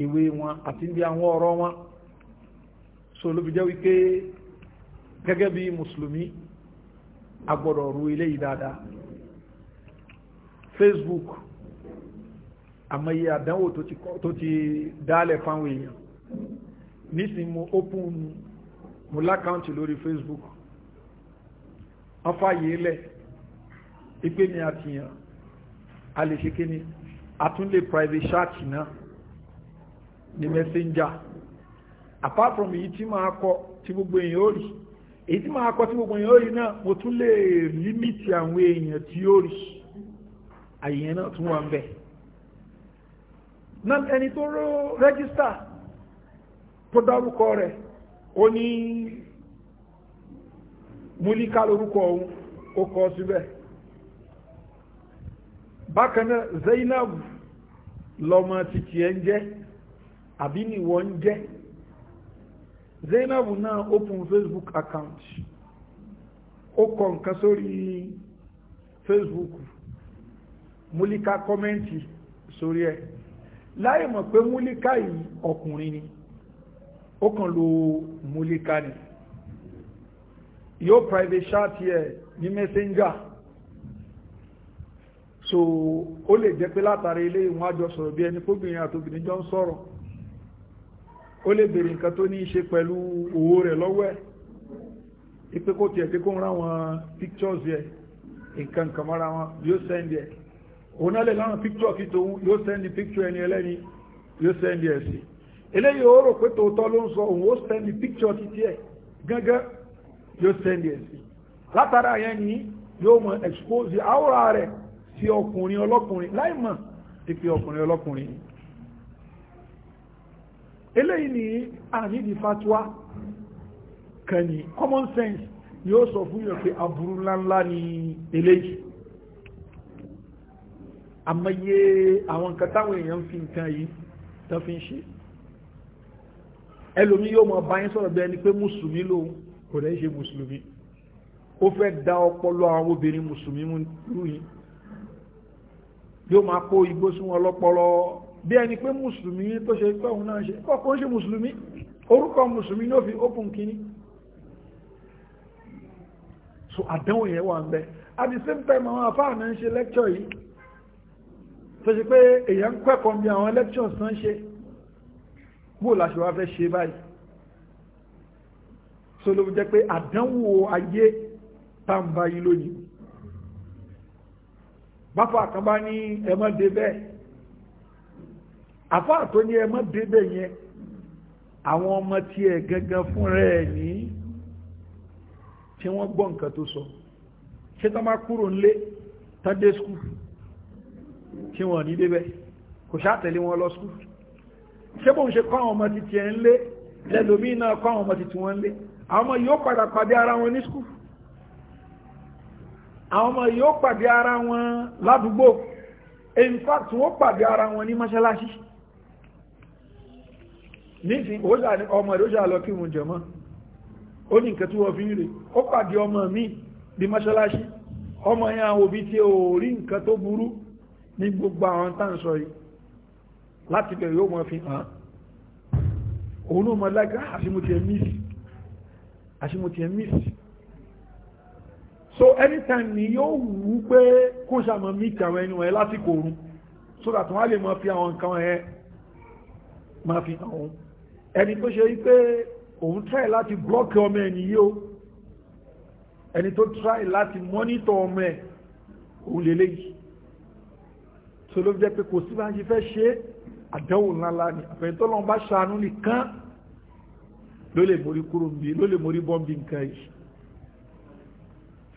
ìwé wọn àti bí àwọn ọ̀rọ̀ wọn so ló fi jẹ́ wípé gẹ́gẹ́ bí mùsùlùmí agbọ́dọ̀ ru ilé yìí dáadáa facebook àmọye àdánwò tó ti dálẹ̀ fáwọn èèyàn nísìn mo open mo lákàntì lórí facebook wọ́n fàyè lẹ̀ ipé mi àtìyàn a lè ṣe kíní àtúnlé private chat náà ni messenger apart from èyí tí máa kọ tí gbogbo èèyàn ó rí èyí tí máa kọ sí gbogbo èèyàn orí náà mo tún lè límítì àwọn èèyàn tí ó rí àyè náà tún wà ń bẹ̀ náà ẹni tó rẹ́gísítà tó dárúkọ rẹ̀ ó lọmọ títí ẹ ń jẹ́ àbí nìwọ Zainab náà open Facebook account ó kọ nǹkan sórí Facebook múlíká kọ́mẹ́ǹtì sórí ẹ̀ láì mọ̀ pé múlíká yìí ọkùnrin ni ó kàn lo múlíká ni yóò private chat ẹ̀ ní messenger so ó lè jẹ́ pé látàrí ilé ìwọ̀n àjọsọ̀rọ̀ bí ẹni kóbìnrin àtòbìnrin jọ ń sọ̀rọ̀ ó lè bèèrè nǹkan tó ní í ṣe pẹ̀lú owó rẹ̀ lọ́wọ́ ẹ̀ ipé kó tiẹ̀ pé kó ń ráwọn pictures yẹ nǹkan kan mọ́ra wọn yóò send yẹ òun náà lè láwọn picture fi tòun yóò send picture ẹni ẹlẹ́ni yóò send yẹ sí eléyìí ó rò pé tòótọ́ ló ń sọ òun ó send picture títí ẹ̀ gángan yóò send yẹ sí látara yẹn ni yóò mọ expose àwòrán rẹ̀ sí ọkùnrin ọlọ́kùnrin láì mọ̀ ìpè ọkùnrin ọlọ́kùnrin yìí eléyìí ni àníbi fatwa kan ní common sense yóò sọ fún yóò pé aburú ńláńlá ni eléyìí àmọye àwọn nǹkan táwọn èèyàn fi nǹkan yìí tán fi ń ṣe ẹlòmí yóò mọ báyìí sọ̀rọ̀ bí ẹni pé mùsùlùmí lòun kò lẹ́yìn ṣe mùsùlùmí ó fẹ́ da ọpọlọ àwọn obìnrin mùsùlùmí mú yìí yóò máa kó igbó sí wọn lọ́pọlọ bí ẹni pé mùsùlùmí tó ṣe pé òun náà ṣe kọ́kọ́ ń ṣe mùsùlùmí orúkọ mùsùlùmí ní òfin open kìíní so àdánwò yẹn wà ń bẹ at the same time àwọn afáà náà ń ṣe lecture yìí tó ṣe pé èèyàn ń kẹ́kọ̀ọ́ bí àwọn lectures náà ṣe bó láṣẹ wá fẹ́ ṣe báyìí so ló jẹ́ pé àdánwò ayé tàǹbà yìí lónìí báfà kan bá ní ẹmọ́dé bẹ́ẹ̀ àfáà tó ní ẹ mọ́ débẹ̀ yẹn àwọn ọmọ tí ẹ gangan fúnra ẹ ní tí wọ́n gbọ́ nǹkan tó sọ ṣé tán bá kúrò nílé tán dé skul tí wọ́n ní débẹ̀ kò ṣàtẹ̀lé wọn lọ skul ṣé bóun ṣe kọ́ àwọn ọmọ títí ẹ ń lé lẹ́lòmí náà kọ́ àwọn ọmọ títí wọn ń àwọn ọmọ yóò padà pàdé ara wọn ní skul àwọn ọmọ yóò pàdé ara wọn ládùúgbò in fact wọ́n pàdé ara wọn ní mọ́ṣáláṣí nísìn òṣà ní ọmọ rẹ̀ òṣà lọ kí wọn jẹmọ́ ó ní nǹkan tí wọ́n fi ń rè ó pàdé ọmọ mi di mọ́ṣáláṣí ọmọ yẹn àwọn òbí tí ó rí nǹkan tó burú ní gbogbo àwọn tá ń sọ yìí láti bẹ̀rẹ̀ yóò mọ́ fi hàn òun náà mọ́ lágbá àṣímọ̀tí ẹ̀mísì so anytime ni yóò wù pé kó sàmọ́ mítì àwọn ẹni wọ̀nyẹ lásìkò oorun so that wọ́n á lè mọ́ fi àwọn nǹkan ẹ̀ máa fi hàn òun ẹni tó ṣe wípé òun try láti block ọmọ ẹni yíó ẹni tó try láti monitor ọmọ ẹ̀ òun lè léyìí tó ló jẹ́ pé kò sí bá ń ṣe fẹ́ ṣe àdánwò ńláńlá ni àfẹ́ntọ́lọ́n bá ṣàánú nìkan ló lè mórí kúrò bí ló lè mórí bọ́m̀bì nǹkan yìí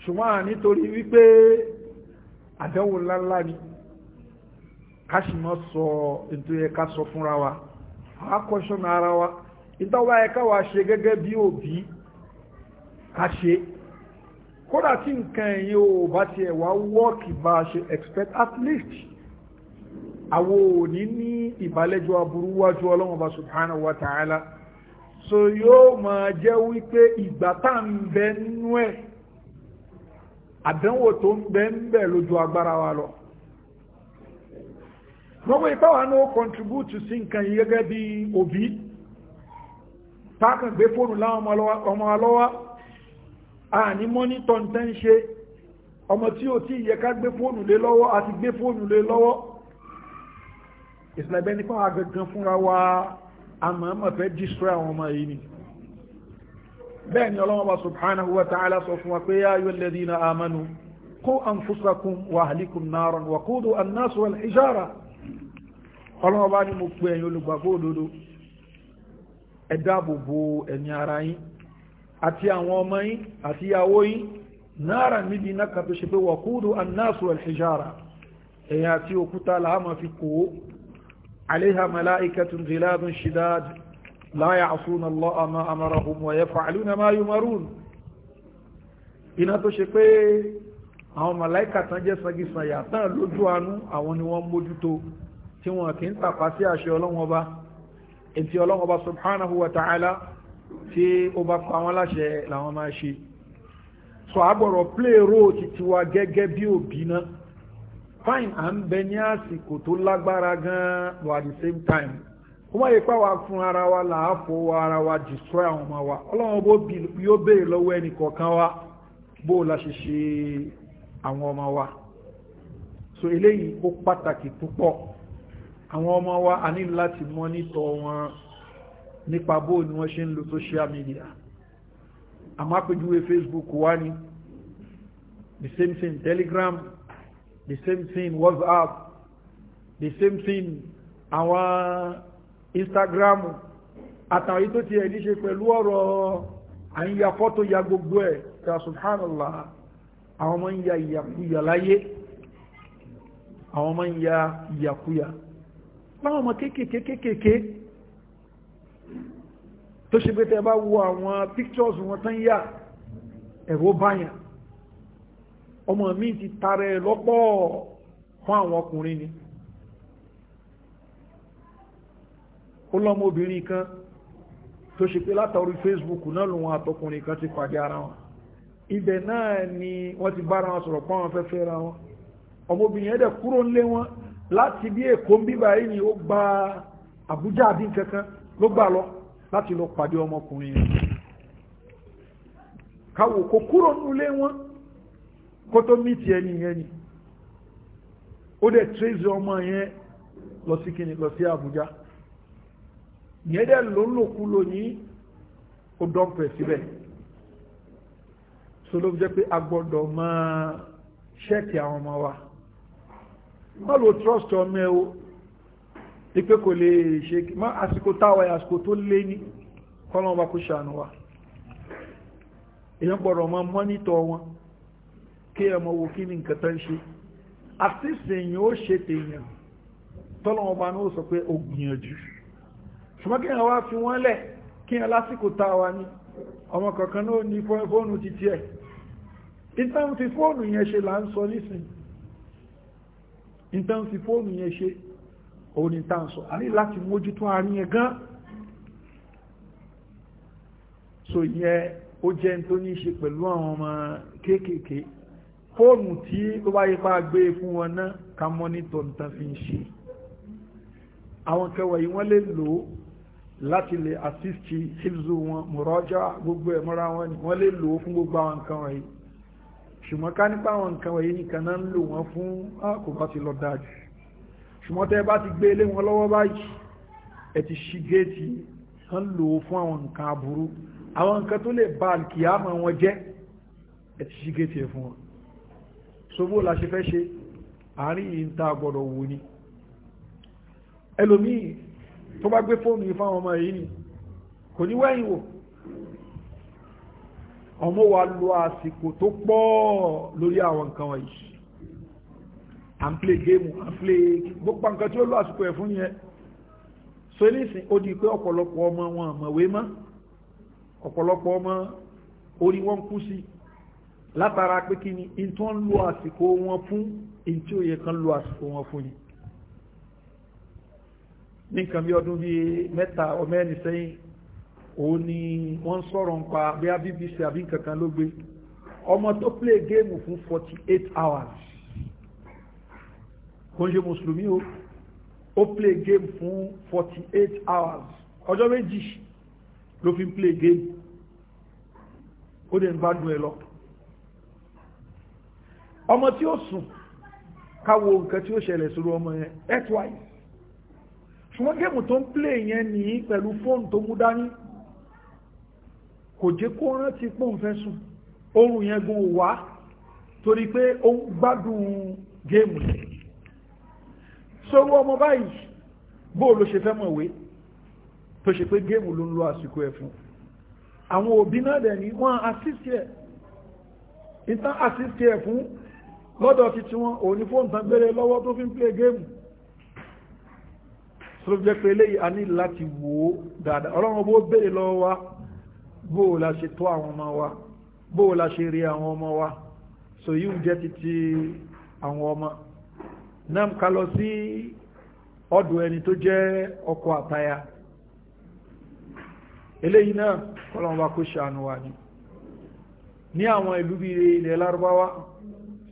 ṣùgbọ́n nítorí wípé àdánwò ńláńlá ni ká sì mọ́ sọ ètò yẹ ká sọ fúnra wa a kọ́ṣọ́nà ara wa ìtawà ẹ̀ká wa ṣe gẹ́gẹ́ bí òbí ká ṣe kódà tí nǹkan ẹ̀yìn ò bá ti ẹ̀wà wọ́ọ̀kì bá ṣe expect at least àwọ òní ní ìbálẹ́jọ́ aburú wájú ọlọ́run bá subhanahu wa ta'ala so yóò máa jẹ́ wípé ìgbà tá ń bẹ nú ẹ̀ àdánwò tó ń bẹ ń bẹ lójú agbára wa lọ wọ́n wọ́n ipá wà náà contribute sí nǹkan yìí gẹ́gẹ́ bí òbí tákàn gbé fóònù láwọn ọmọ alọ́wà àní mọ́nítọ̀ ń tẹ́ ń ṣe ọmọ tí ó tí yẹ ká gbé fóònù lé lọ́wọ́ àti gbé fóònù lé lọ́wọ́ ìsìnlẹ̀bẹ́ nípa agangan fúnra wa àmọ́mọ́ fẹ́ destroy àwọn ọmọ ọlọ́wọ́ bá ní mo pe ẹ̀yin olùgbàgbọ́ òdodo ẹ dáàbò bo ẹ̀mí ara yín àti àwọn ọmọ yín àti ìyàwó yín náírà níbi iná kan tó ṣe pé wọ̀kúùdù anáàsù alhijara ẹ̀yìn àti òkúta làámà fi kó عليها ملائكة غلاب شداد لا يعصون الله ما أمرهم ويفعلون ما يمرون iná tó ṣe pé àwọn màláìkà tán jẹ́ sagisanya tán lójú àánú àwọn ni wọ́n mójútó tí wọ́n kì ń tàpá sí àṣẹ ọlọ́wọ́n ọba ètí ọlọ́wọ́n ọba subhanahu wa ta'ala tí ó bá pa wọn láṣẹ làwọn máa ṣe so àgbọ̀rọ̀ play role ti tiwa gẹ́gẹ́ bí òbí náà fine à ń bẹ ní àsìkò tó lágbára gan-an the same time wọ́n máa yẹ pé àwa fún ara wa là á fowó ara wa destroy àwọn ọmọ wa ọlọ́run bó bí yóò béèrè lọ́wọ́ ẹnì kọ̀ọ̀kan wa bó la ṣe ṣe àwọn ọmọ wa so eléyìí ó pàtàkì púpọ̀ àwọn ọmọ wa a ní láti mọ́nítọ̀ wọn nípa bó ni wọ́n ṣe ń lo social media àmọ́ àpèjúwe facebook wá ní the same thing telegram the same thing whatsapp the same thing àwọn instagram àtàwọn yìí tó ti ẹ̀dí ṣe pẹ̀lú ọ̀rọ̀ àyíya fọ́tò ya gbogbo ẹ̀ ta subhanallah àwọn ọmọ ń ya ìyàkúyà láyé àwọn ọmọ ń ya ìyàkúyà láwọn ọmọ kéèkéèkéèkéèké tó ṣe pé tẹ bá wo àwọn pictures wọn tán yà ẹ̀rọ báyàn ọmọ mi ti tara ẹ lọ́pọ̀ fún àwọn ọkùnrin ni ó lọ́mọ obìnrin kan tó ṣe pé látàrí Facebook náà lòun àtọkùnrin kan ti pàdé ara wọn ibẹ̀ náà ni wọ́n ti bára wọn sọ̀rọ̀ pọ́n wọn fẹ́ fẹ́ ra wọn ọmọbìnrin ẹ̀dẹ̀ kúrò ńlé wọn láti bí èkó ń bíbà yìí ni ó gba àbújá àbí kankan ló gbà lọ láti lọ pàdé ọmọkùnrin yẹn káwò kò kúrò nílé wọn kó tó mí tiẹ̀ nìyẹn ni ó dẹ̀ tírèzì ọmọ yẹn lọ sí kíni lọ sí àbújá yẹn dẹ̀ ló lónìí ó dọ́pẹ̀ síbẹ̀ so jẹ́ pé a máa ṣẹ́ẹ̀kì àwọn ọmọ wa má lo trust ọmọ ẹ o ipe kò lè ṣe má àsìkò táwa àsìkò tó lé ní kọ́lọ́n bá kó ṣàánú wa èèyàn gbọ́dọ̀ máa mọ́nítọ̀ wọn kí ẹ mọ wo kí ni nǹkan tó ń ṣe àti sèyìn ó ṣe tèèyàn tọ́lọ́wọ́n bá ní ó sọ pé ó gbìyànjú ṣùgbọ́n kí ẹ wá fi wọ́n lẹ̀ kí ẹ lásìkò táwa ní ọmọ kankan náà ní fóònù títí ẹ̀ ìtàn fi fóònù yẹn ṣe là ń sọ nísìnyí ìtàn fi fóònù yẹn ṣe òun ni tàn sọ a ní láti mójútó àárín yẹn gan so yẹn ó jẹ́ tó ní ṣe pẹ̀lú àwọn ọmọ kéékèèké fóònù tí ó bá yípa gbé e fún wọn náà ká mọ́nítọ̀ nǹkan fi ń ṣe àwọn kẹwàá yìí wọ́n lè lò ó láti lè assist hibzu wọn mọ̀rọ́jà gbogbo ẹ̀mọ́ra wọn ni wọ́n lè lò ó fún gbogbo àwọn nǹkan wọ̀nyí ṣùgbọ́n ká nípa àwọn nǹkan wọ̀nyí nìkan náà ń lò wọ́n fún kò bá ti lọ dájú ṣùgbọ́n tẹ́ bá ti gbé ilé wọn lọ́wọ́ báyìí ẹ ti ṣí géètì ń lò ó fún àwọn nǹkan aburú àwọn nǹkan tó lè ba àlùkìyàmọ̀ wọn jẹ́ ẹ ti ṣí géètì ẹ fún wọn ṣòwò la ṣe fẹ́ ṣe àárín yìí ń ta gbọ́dọ̀ wò ni ẹlòmíì tó bá gbé fóònù yìí fáwọn ọmọ yìí ni kò ní wẹ́yìn wò ọmọ wa lo àsìkò tó pọ̀ lórí àwọn nǹkan wọ̀nyí à ń play game à ń play gbogbo nǹkan tí ó lo àsìkò ẹ̀ fún yẹn so nísìn ó di pé ọ̀pọ̀lọpọ̀ ọmọ wọn àmọ̀wé mọ́ ọ̀pọ̀lọpọ̀ ọmọ orí wọn kú sí látara pé kí ni in tó ń lo àsìkò wọn fún in tí ó yẹ kan lo àsìkò wọn fún ni nǹkan bí ọdún bíi mẹ́ta ọmọ ẹni sẹ́yìn òun ni wọ́n sọ̀rọ̀ ń pa bí a bbc àbí kankan ló gbé ọmọ tó play game fún 48 hours kò ń ṣe mùsùlùmí o ó play game fún 48 hours ọjọ́ méjì ló fi play game ó dẹ̀ ń bá dùn ẹ lọ ọmọ tí ó sùn káwo nǹkan tí ó ṣẹlẹ̀ sórí ọmọ yẹn earthwise ṣùgbọ́n géèmù tó ń play yẹn nìyí pẹ̀lú fóònù tó mú dání kò jẹ́ kó rántí pòun fẹ́ sùn oorun yẹn gan wá torí pé ó ń gbádùn géèmù rẹ̀ sọ́rọ̀ ọmọ báyìí bóò ló ṣe fẹ́ mọ̀wé tó ṣe pé géèmù ló ń lo àsìkò ẹ̀ fún àwọn òbí náà dẹ̀ ní wọ́n assist ẹ̀ ìtàn assist ẹ̀ fún lọ́dọ̀ ti tí wọ́n òní fóònù tán gbére lọ́wọ́ tó fi ń play géèmù tó jẹ́ pé eléyìí a ní láti wò ó dáadáa ọlọ́run bó béèrè lọ́wọ́ wa bóò la ṣe tọ́ àwọn wa la ṣe rí àwọn wa so yíò jẹ́ títí àwọn ọmọ náà ká lọ sí ọdún ẹni tó jẹ́ ọkọ àtaya eléyìí náà kọlọ̀wọ́ kó ṣàánú wa ní ní àwọn ìlú bí ilẹ̀ lárúbáwá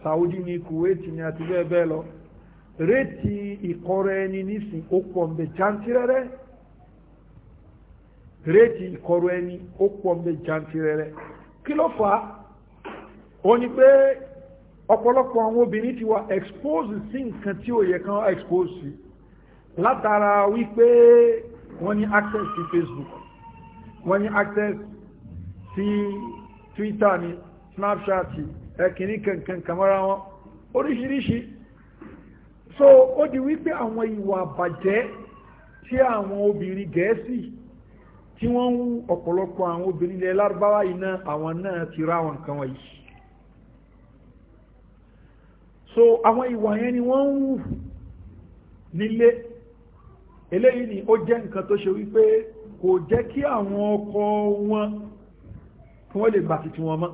saudi ní kuwait ní àti bẹ́ẹ̀ bẹ́ẹ̀ lọ reti ìkọrẹ ẹni nísìn ó pọ̀ mbẹ̀ réètì ìkọrọ ẹni ó pọ̀ mẹ́ jantirẹrẹ kí ló fà á ó pé ọ̀pọ̀lọpọ̀ àwọn obìnrin ti wà expose sí nǹkan tí ó yẹ kan expose sí látara wípé wọ́n ní access sí facebook wọ́n ní access sí twitter ní snapchat ẹ̀kìní kankan kamara wọn oríṣiríṣi so ó di wípé àwọn ìwà àbàjẹ́ tí àwọn obìnrin gẹ̀ẹ́sì tí wọ́n ń ọ̀pọ̀lọpọ̀ àwọn obìnrin ilẹ̀ lárúbáwá iná àwọn náà ti rá àwọn nǹkan wọ̀nyí so àwọn ìwà yẹn ni wọ́n ń wù nílé eléyìí ni ó jẹ́ nǹkan tó ṣe wípé kò jẹ́ kí àwọn ọkọ wọn kí wọ́n lè gbà títí wọn mọ́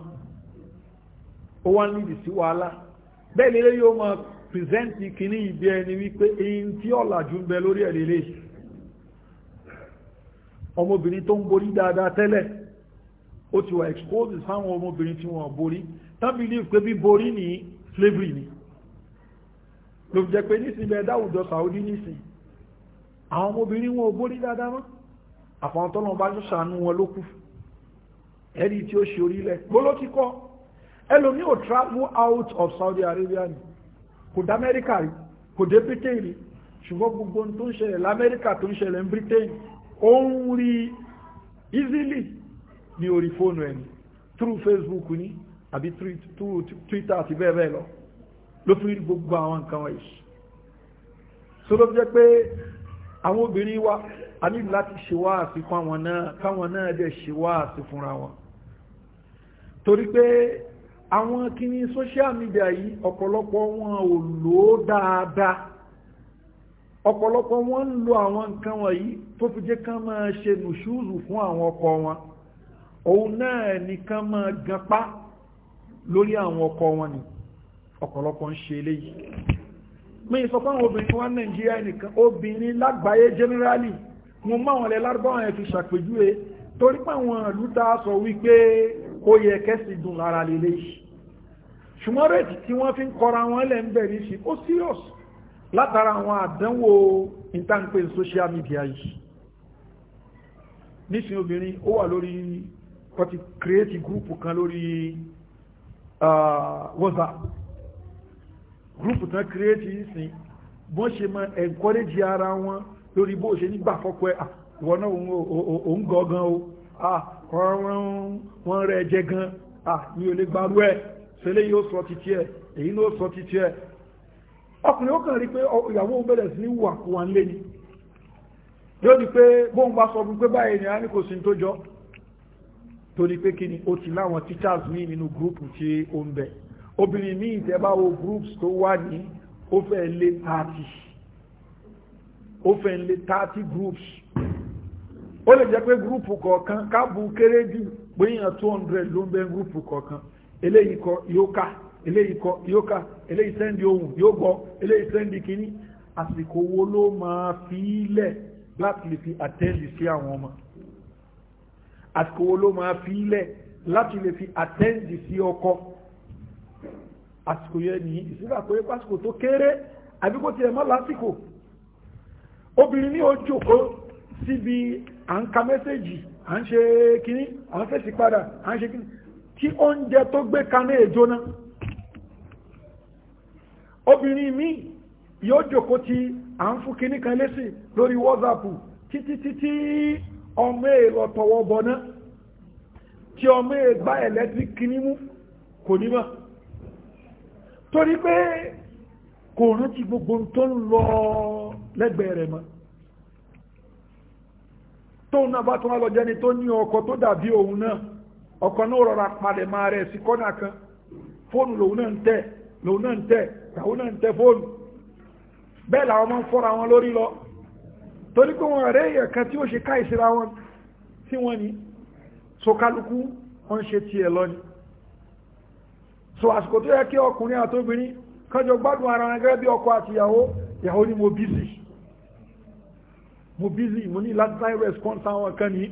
ó wá ń sí wàhálà bẹ́ẹ̀ lélẹ́yìí ó máa pìrìsẹ́ǹtì kìíní ìbí ẹni wípé èyí tí ọ̀làjú ń bẹ lórí ẹ̀ lélẹ́yìí ọmọbìnrin tó ń borí dáadáa tẹ́lẹ̀ ó ti wà expose sáwọn ọmọbìnrin tí wọ́n borí tán believe pé bí borí ní slavery ni ló fi jẹ́ pé nísìn bẹ́ẹ̀ dáwùjọ Saudi nísìn àwọn ọmọbìnrin wọn ò borí dáadáa mọ́ àfọ̀n tọ́lọ̀ bá ṣàánú wọn ló kù ẹ̀rí tí ó ṣe orílẹ̀ gbóló ti kọ́ ẹlòmí ò travel out of Saudi Arabia ni kò dá Amẹ́ríkà rí kò dé Britain rí ṣùgbọ́n gbogbo ohun tó ń ṣẹlẹ̀ lamẹ́ríkà tó ń ṣẹlẹ̀ ní Britain ó ń rí easily ní orí fóònù ẹni through facebook ní àbí through twitter àti bẹ́ẹ̀ bẹ́ẹ̀ lọ ló fi rí gbogbo àwọn nǹkan wọ̀nyí so ló fi jẹ́ pé àwọn obìnrin wa a nílò láti ṣe wáàsí fún àwọn náà káwọn náà dẹ̀ ṣe wáàsí fúnra wọn torí pé àwọn kìíní social media yìí ọ̀pọ̀lọpọ̀ wọn ò lò ó dáadáa ọ̀pọ̀lọpọ̀ wọn ń lo àwọn nǹkan wọ̀nyí tó fi jẹ́ kán máa ṣe nùṣúùzù fún àwọn ọkọ wọn òun náà ni kán máa gapá lórí àwọn ọkọ wọn ni ọ̀pọ̀lọpọ̀ ń ṣe eléyìí mi sọ pé àwọn obìnrin wa nàìjíríà nìkan obìnrin lágbàáyé generally mo máwọn ilẹ̀ lárúbáwọn ẹ̀ fi ṣàpèjúwe torí pé àwọn ìlú tá a sọ wípé ó yẹ kẹ́sì dùn lára lélẹ́yìí ṣùgbọ́n rẹ̀tì tí wọ́n fi ń kọra wọn lẹ́ ń bẹ̀rẹ̀ ó serious látara àwọn àdánwò ìtànpé social media yìí nísìn obìnrin ó wà lórí wọ́n ti kírẹ́ẹ̀tì gúrùpù kan lórí WhatsApp gúrùpù tán kírẹ́ẹ̀tì ìsìn bọ́n ṣe mọ́ encourage ara wọn lórí bó ṣe nígbà fọ́pọ̀ ẹ̀ ìwọ̀n náà òun gọ́gan o wọ́n rẹ̀ jẹ gan mi ò lè gbarú ẹ̀ sẹ́lẹ̀ yóò sọ títí ẹ̀ èyí náà sọ títí ẹ̀ ọkùnrin ó kàn rí pé ìyàwó bẹ̀rẹ̀ sí wà wà ń lé ni yóò di pé bóun bá sọ fún pé báyìí ni a ní kò sí tó jọ torí pé kí ni ó ti láwọn teachers míì nínú gúrúùpù tí ó ń bẹ obìnrin míì tẹ́ bá wo groups tó wà ní ó fẹ́ lé 30 ó fẹ́ lé 30 groups ó lè jẹ́ pé gúrúùpù kọ̀ọ̀kan káàbù kéré jù pé èèyàn 200 ló ń bẹ gúrúùpù kọ̀ọ̀kan eléyìí kọ yóò ká eléyìí kọ yóò ká eléyìí sẹ́ndì ohun yóò gbọ́ eléyìí sẹ́ndì kìíní àsìkò wo ló máa fi ilẹ̀ láti lè fi àtẹ́ndì sí àwọn ọmọ àsìkò wo ló máa fi ilẹ̀ láti lè fi àtẹ́ndì sí ọkọ àsìkò yẹn nìyí ìsìnkà pé pásìkò tó kéré àbí kò tiẹ̀ mọ́ lásìkò obìnrin ní ojú kó síbi à ń ka mẹ́sẹ̀jì à ń ṣe kínní à ń fèsì padà à ń ṣe kínní tí oúnjẹ tó gbé kaná èjó náà obìnrin mi yóò jòkó tí à ń fún kan lẹ́sìn lórí wọ́sàpù títí títí ọmọ èèlọ tọwọ́ bọ̀ náà tí ọmọ ègbá electric kinní mú kò ní torí pé kò rántí gbogbo tó ń lọ lẹ́gbẹ̀ẹ́ rẹ̀ mọ́ tóun náà bá tún wá lọ tó ní ọkọ̀ tó dàbí òun náà ọkọ̀ náà rọra palẹ̀ máa rẹ̀ lòun náà ń tẹ̀ tàwọn náà ń tẹ fóònù bẹ́ẹ̀ làwọn máa ń fọ́ra wọn lórí lọ torí pé wọn rẹ̀ èèyàn kan tí ó ṣe káìsíra wọn tí wọ́n ní so kálukú wọ́n ṣe tiẹ̀ lọ ni so àsìkò tó yẹ kí ọkùnrin àtóbìnrin kọjọ gbádùn ara wọn gẹ́gẹ́ bí ọkọ àti ìyàwó ìyàwó ni mo busy mo busy mo ní láti time response àwọn kan ní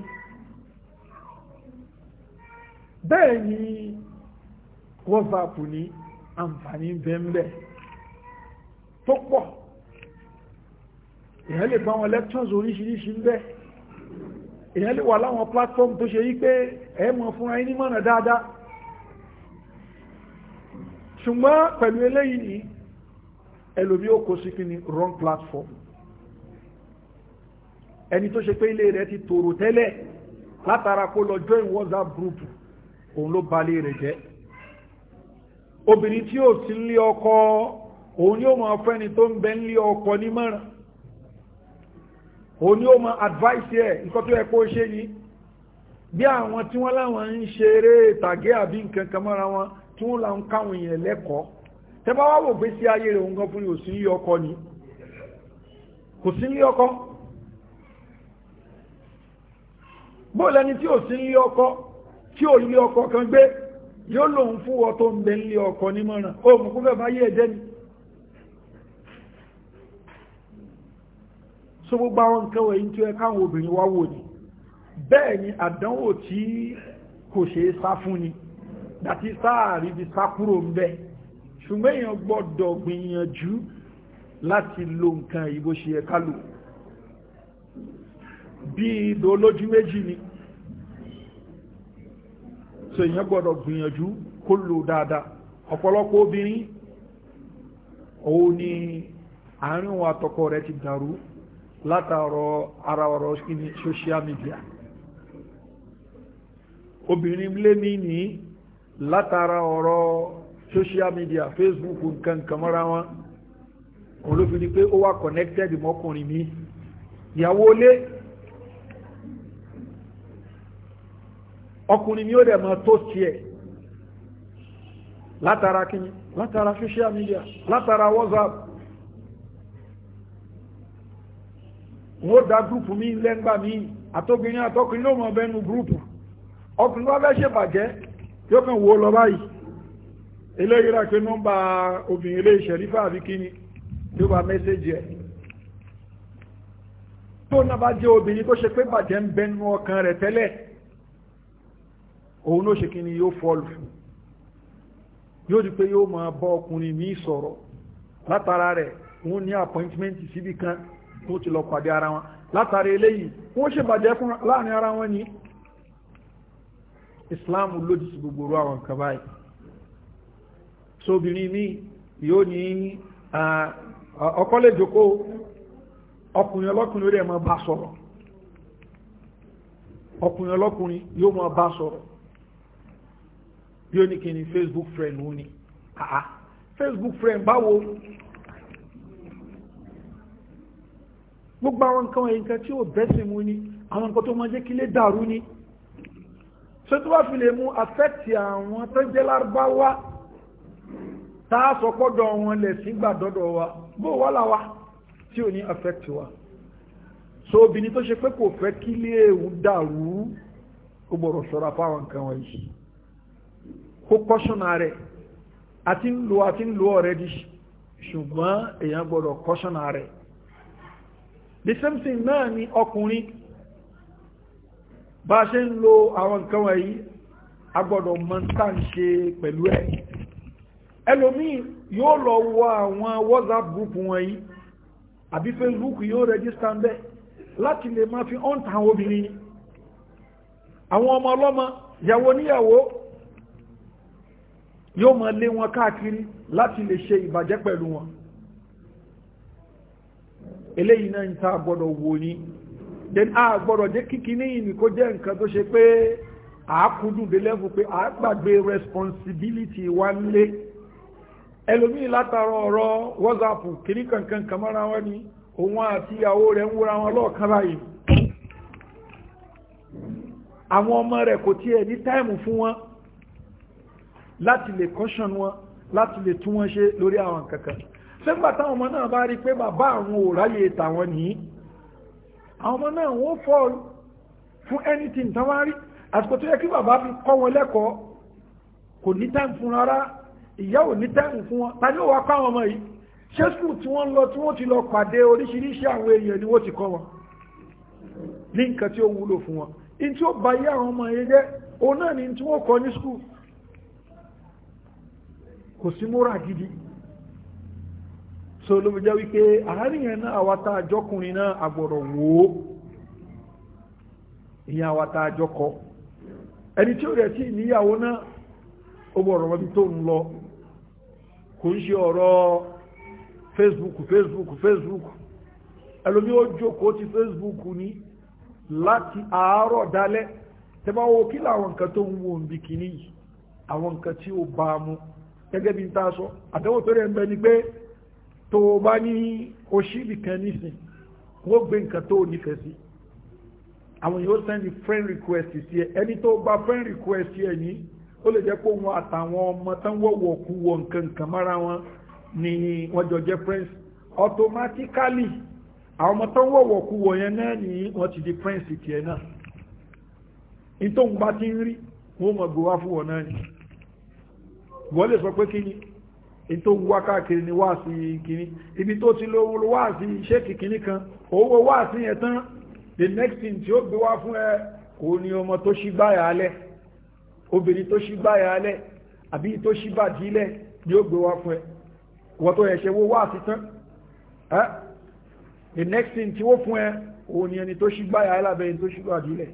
bẹ́ẹ̀ ni whatsapp ní àǹfààní bẹ́ẹ̀mbẹ́ tó pọ̀ èyàn lè bá wọn lectures oríṣiríṣi ń bẹ èyàn lè wà láwọn platform tó ṣe yí pé ẹ mọ̀ fúnra yín nímọ̀nà dáadáa ṣùgbọ́n pẹ̀lú eléyìí ni ẹlòmí ó kó sí kí ni wrong platform ẹni tó ṣe pé ilé rẹ̀ ti tòrò tẹ́lẹ̀ látara kó lọ join WhatsApp group òun ló balẹ̀ rẹ̀ jẹ́ obìnrin tí ó ti lé ọkọ òun ni ó mọ ọfẹ́ni tó ń bẹ ń lé ọkọ nímọ̀ràn òun ni ó mọ advice ẹ̀ nǹkan tó yẹ kó ṣe ni bí àwọn tí wọ́n láwọn ń ṣeré tàgé àbí nǹkan kan mọ́ra wọn tí wọ́n láwọn káwọn èèyàn lẹ́kọ̀ọ́ tẹ́ bá wá wò pé sí ayé rẹ̀ òun gan fún yóò sí lé ọkọ ni kò sí lé ọkọ bó lẹni tí ò sí lé ọkọ tí ò lé ọkọ kan gbé yóò lòun fún wọ tó ń bẹ nílé ọkọ nímọ̀ràn ó mú kúfẹ́ bá yé ẹ̀jẹ́ ni so gbogbo àwọn nǹkan wọ̀nyí tó ẹ káwọn obìnrin wá wò ní bẹ́ẹ̀ ni àdánwò tí kò ṣeé sá fún ni dàtí sáàrí bí sá kúrò ń bẹ ṣùgbọ́n èèyàn gbọ́dọ̀ gbìyànjú láti lo nǹkan ìbò ṣe ẹ̀ká lò bí ìdó olójú méjì ni so èyàn gbọ́dọ̀ gbìyànjú kó lò dáadáa ọ̀pọ̀lọpọ̀ obìnrin òun ni àárín òun àtọkọ rẹ̀ ti dàrú látàrọ ara ọ̀rọ̀ kíni social media obìnrin lé ní ní látara ọ̀rọ̀ social media facebook nǹkan nǹkan mọ́ra wọn òun ló pé ó wà connected mọ́kùnrin mi ìyàwó lé ọkùnrin mi ó dẹ̀ mọ́ tó tiẹ̀ látara kíni látara social media látara whatsapp wọ́n da gúrùpù mi lẹ́ngbà mi àtọ́gbìnrin àtọ́kùnrin ló mọ̀ bẹnu gúrùpù ọkùnrin wá fẹ́ ṣe bàjẹ́ yóò kàn wo lọ báyìí eléyìí rà pé nọ́mbà obìnrin ilé ìṣẹ̀rífà àbí kíni tí ó bá mẹ́sẹ̀jì ẹ̀ tó náà bá jẹ́ obìnrin tó ṣe pé bàjẹ́ ń bẹnu ọkàn rẹ̀ tẹ́lẹ̀ òun ló ṣe kí ni yóò fọ́ọ̀lù fún yóò di pé yóò máa bọ́ ọkùnrin míì sọ̀rọ̀ látara rẹ̀ wọ́n ní appointment síbi kan tó ti lọ pàdé ara wọn látara eléyìí wọ́n ṣe bàjẹ́ fún láàrin ara wọn ní Islam lòdì sí gbogbo orú àwọn nǹkan báyìí sóbìnrin míì yóò ní ọkọ lè jókòó ọkùnrin ọlọ́kùnrin ó dẹ̀ máa bá sọ̀rọ̀ ọkùnrin ọlọ́kùnrin yóò máa bá sọ̀rọ̀ bí ó ní kí ni facebook friend ó ní àá facebook friend báwo gbogbo àwọn nǹkan ẹ̀yìn kan tí ó bẹ́sìn mú ní àwọn nǹkan tó máa jẹ́ kí lè dàrú ní ṣé tó bá fi lè mú àfẹ́tì àwọn tó lárúbáwá tá a sọ pọ́dọ̀ wọn lẹ̀ sígbà dọ́dọ̀ wa bó wà láwa tí ò ní àfẹ́tì wa so obìnrin tó ṣe pé kò fẹ́ kí lè dàrú ó gbọ́dọ̀ ṣọ́ra fáwọn nǹkan wọ̀nyí kó kọ́ṣọ́nà rẹ̀ àti ń lo àti ń lo ọ̀rẹ́ di ṣùgbọ́n èèyàn gbọ́dọ̀ kọ́ṣọ́nà rẹ̀ the same thing náà ni ọkùnrin bá ṣe ń lo àwọn nǹkan wọ̀nyí a gbọ́dọ̀ mọ̀ ń tà ń ṣe pẹ̀lú ẹ̀ ẹlòmíì yóò lọ wọ àwọn whatsapp group wọ̀nyí àbí facebook yóò rẹ́gísítà ń bẹ́ láti lè máa fi ọ̀ǹtà obìnrin àwọn ọmọ ọlọ́mọ ìyàwó níyàwó yóò máa lé wọn káàkiri láti lè ṣe ìbàjẹ́ pẹ̀lú wọn eléyìí náà ń ta gbọ́dọ̀ wò ní then a gbọ́dọ̀ jẹ́ kíkí ní ìní kó jẹ́ nǹkan tó ṣe pé àákùdùn dé lẹ́fù pé a gbàgbé responsibility wa ń lé ẹlòmíì látara ọ̀rọ̀ whatsapp kìrí kankan kàmára wọn ni òun àti ìyàwó rẹ̀ ń wúra wọn lọ́ọ̀kan báyìí àwọn ọmọ rẹ̀ kò tiẹ̀ ní táìmù fún wọn láti lè caution wọn láti lè tún wọn ṣe lórí àwọn kankan sẹ́gbà táwọn ọmọ náà bá rí pé bàbá àwọn ò ráyè tàwọn nìyí àwọn ọmọ náà wọ́n fọ́ọ̀lù fún anything tán wá rí àsìkò tó yẹ kí bàbá fi kọ́ wọn lẹ́kọ̀ọ́ kò ní time fún rárá ìyá ò ní time fún wọn ta ni ó wá kọ́ àwọn ọmọ yìí ṣé skul tí wọ́n lọ tí wọ́n ti lọ pàdé oríṣiríṣi àwọn èèyàn ni wọ́n ti kọ́ wọn ní nǹkan tí ó wúlò fún wọn in tí ó bá yé àwọn ọmọ yẹn jẹ́ òun náà ni tí wọ́n kọ́ ní skul kò sí múra gidi so ló fi jẹ́ wípé àárín yẹn náà àwa tá a jọkùnrin náà àgbọ̀rọ̀ wò ó ìyẹn àwa tá a jọkọ ẹni tí ó rẹ̀ sí ìníyàwó náà ó gbọ́dọ̀ wọ́n bí tó ń lọ kò ń ṣe ọ̀rọ̀ facebook facebook facebook ẹlòmí ó jókòó ti facebook ní láti àárọ̀ dalẹ́ tẹ́bá wo kí làwọn nǹkan tó ń wo nbìkíní yìí àwọn nǹkan tí ó bá a mú gẹ́gẹ́ bí n ta sọ àdánwò tó rẹ̀ ń bẹ ni pé tó o bá ní oṣìbì kan nísìn wọ́n gbé nǹkan tó o nífẹ̀ẹ́ sí àwọn yóò sẹ́ndì friend request sí ẹ ẹni tó bá friend request ẹ ní ó lè jẹ́ pé wọn àtàwọn ọmọ tán wọ̀wọ̀ kú wọ nǹkan nǹkan mọ́ra wọn ni wọ́n jọ jẹ́ friends automatically àwọn ọmọ tán wọ̀wọ̀ kú wọ yẹn náà ni wọ́n ti di friends tiẹ̀ náà nítorí bá ti ń rí wọ́n mọ̀ gbowá fún wọn náà ni wọ́n lè sọ pé kí ni in tó wá káàkiri ni wáàsí kìíní ibi tó ti lówó wáàsí iṣẹ́ kìíní kan owó wáàsí yẹn tán the next thing tí ó gbé wá fún ẹ kò ní ọmọ tó ṣí báyà alẹ́ obìnrin tó ṣí báyà alẹ́ àbí tó ṣí bàdílẹ̀ ni ó gbé wá fún ẹ wọ́n tó ẹ̀ṣẹ̀ wó wáàsí tán the next thing tí ó fún ẹ òun ni ẹni tó ṣí báyà alẹ́ àbẹ́yìn tó ṣí bàdílẹ̀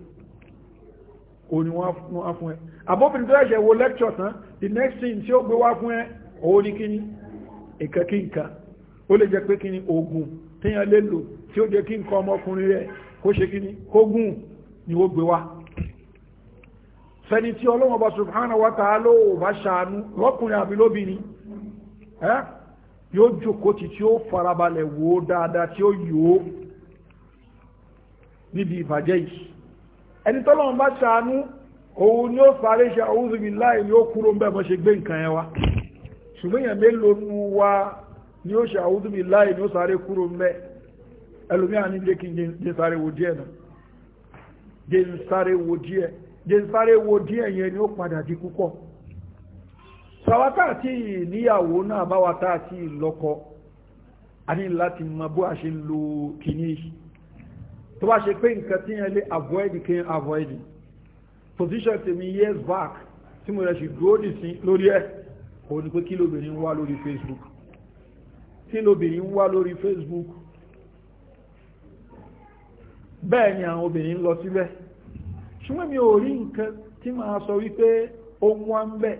O ni wọ́n á fún ẹ àbófin tó ẹ̀ṣẹ̀ wo lecture tán the next thing tí ó gbé wá fún ẹ òun ni kíni ìkan kí nǹkan ó lè jẹ́ pé kíni oògùn téèyàn lè lò tí ó jẹ́ kí nǹkan ọmọkùnrin rẹ̀ kó ṣe kíni kógùn ni ó gbé wá sẹni tí ọlọ́wọ́n bá subhanahu wa ta'ala ó bá ṣàánú lọ́kùnrin àbí lóbìnrin ẹ́ yóò jòkó tí tí ó farabalẹ̀ wò dáadáa tí ó yòó níbi ìbàjẹ́ yìí ẹni tọ́lọ́run bá ṣàánú òun ni ó fàárẹ ṣe àwúzùmí láì ni ó kúrò ń bẹ́ bọ́ ṣe gbé nǹkan ẹwà ṣùgbọ́n èèyàn mélòó nu wa ni ó ṣe àwúzùmí láì ni ó sáré kúrò ń bẹ́ ẹlòmíà ní jẹ́ kí jẹ́ sáré wo díẹ̀ náà jẹ́ sáré wo díẹ̀ jẹ́ sáré wo díẹ̀ yẹn ni ó padà di púpọ̀ sàwátà àti ìníyàwó náà báwátà àti ìlọ́kọ a ní láti mọ bó a ṣe ń lo kìíní yìí tó bá ṣe pé nǹkan tí yẹn lè avoid kí n avoid position tèmi years back tí mo rẹ̀ ṣì dúró dì lórí ẹ̀ òun ni pé kí lóbìnrin wá lórí facebook kí lóbìnrin wá lórí facebook bẹ́ẹ̀ ni àwọn obìnrin lọ síbẹ̀ ṣùgbọ́n mi ò rí nǹkan tí máa sọ wípé ohun wá ń bẹ̀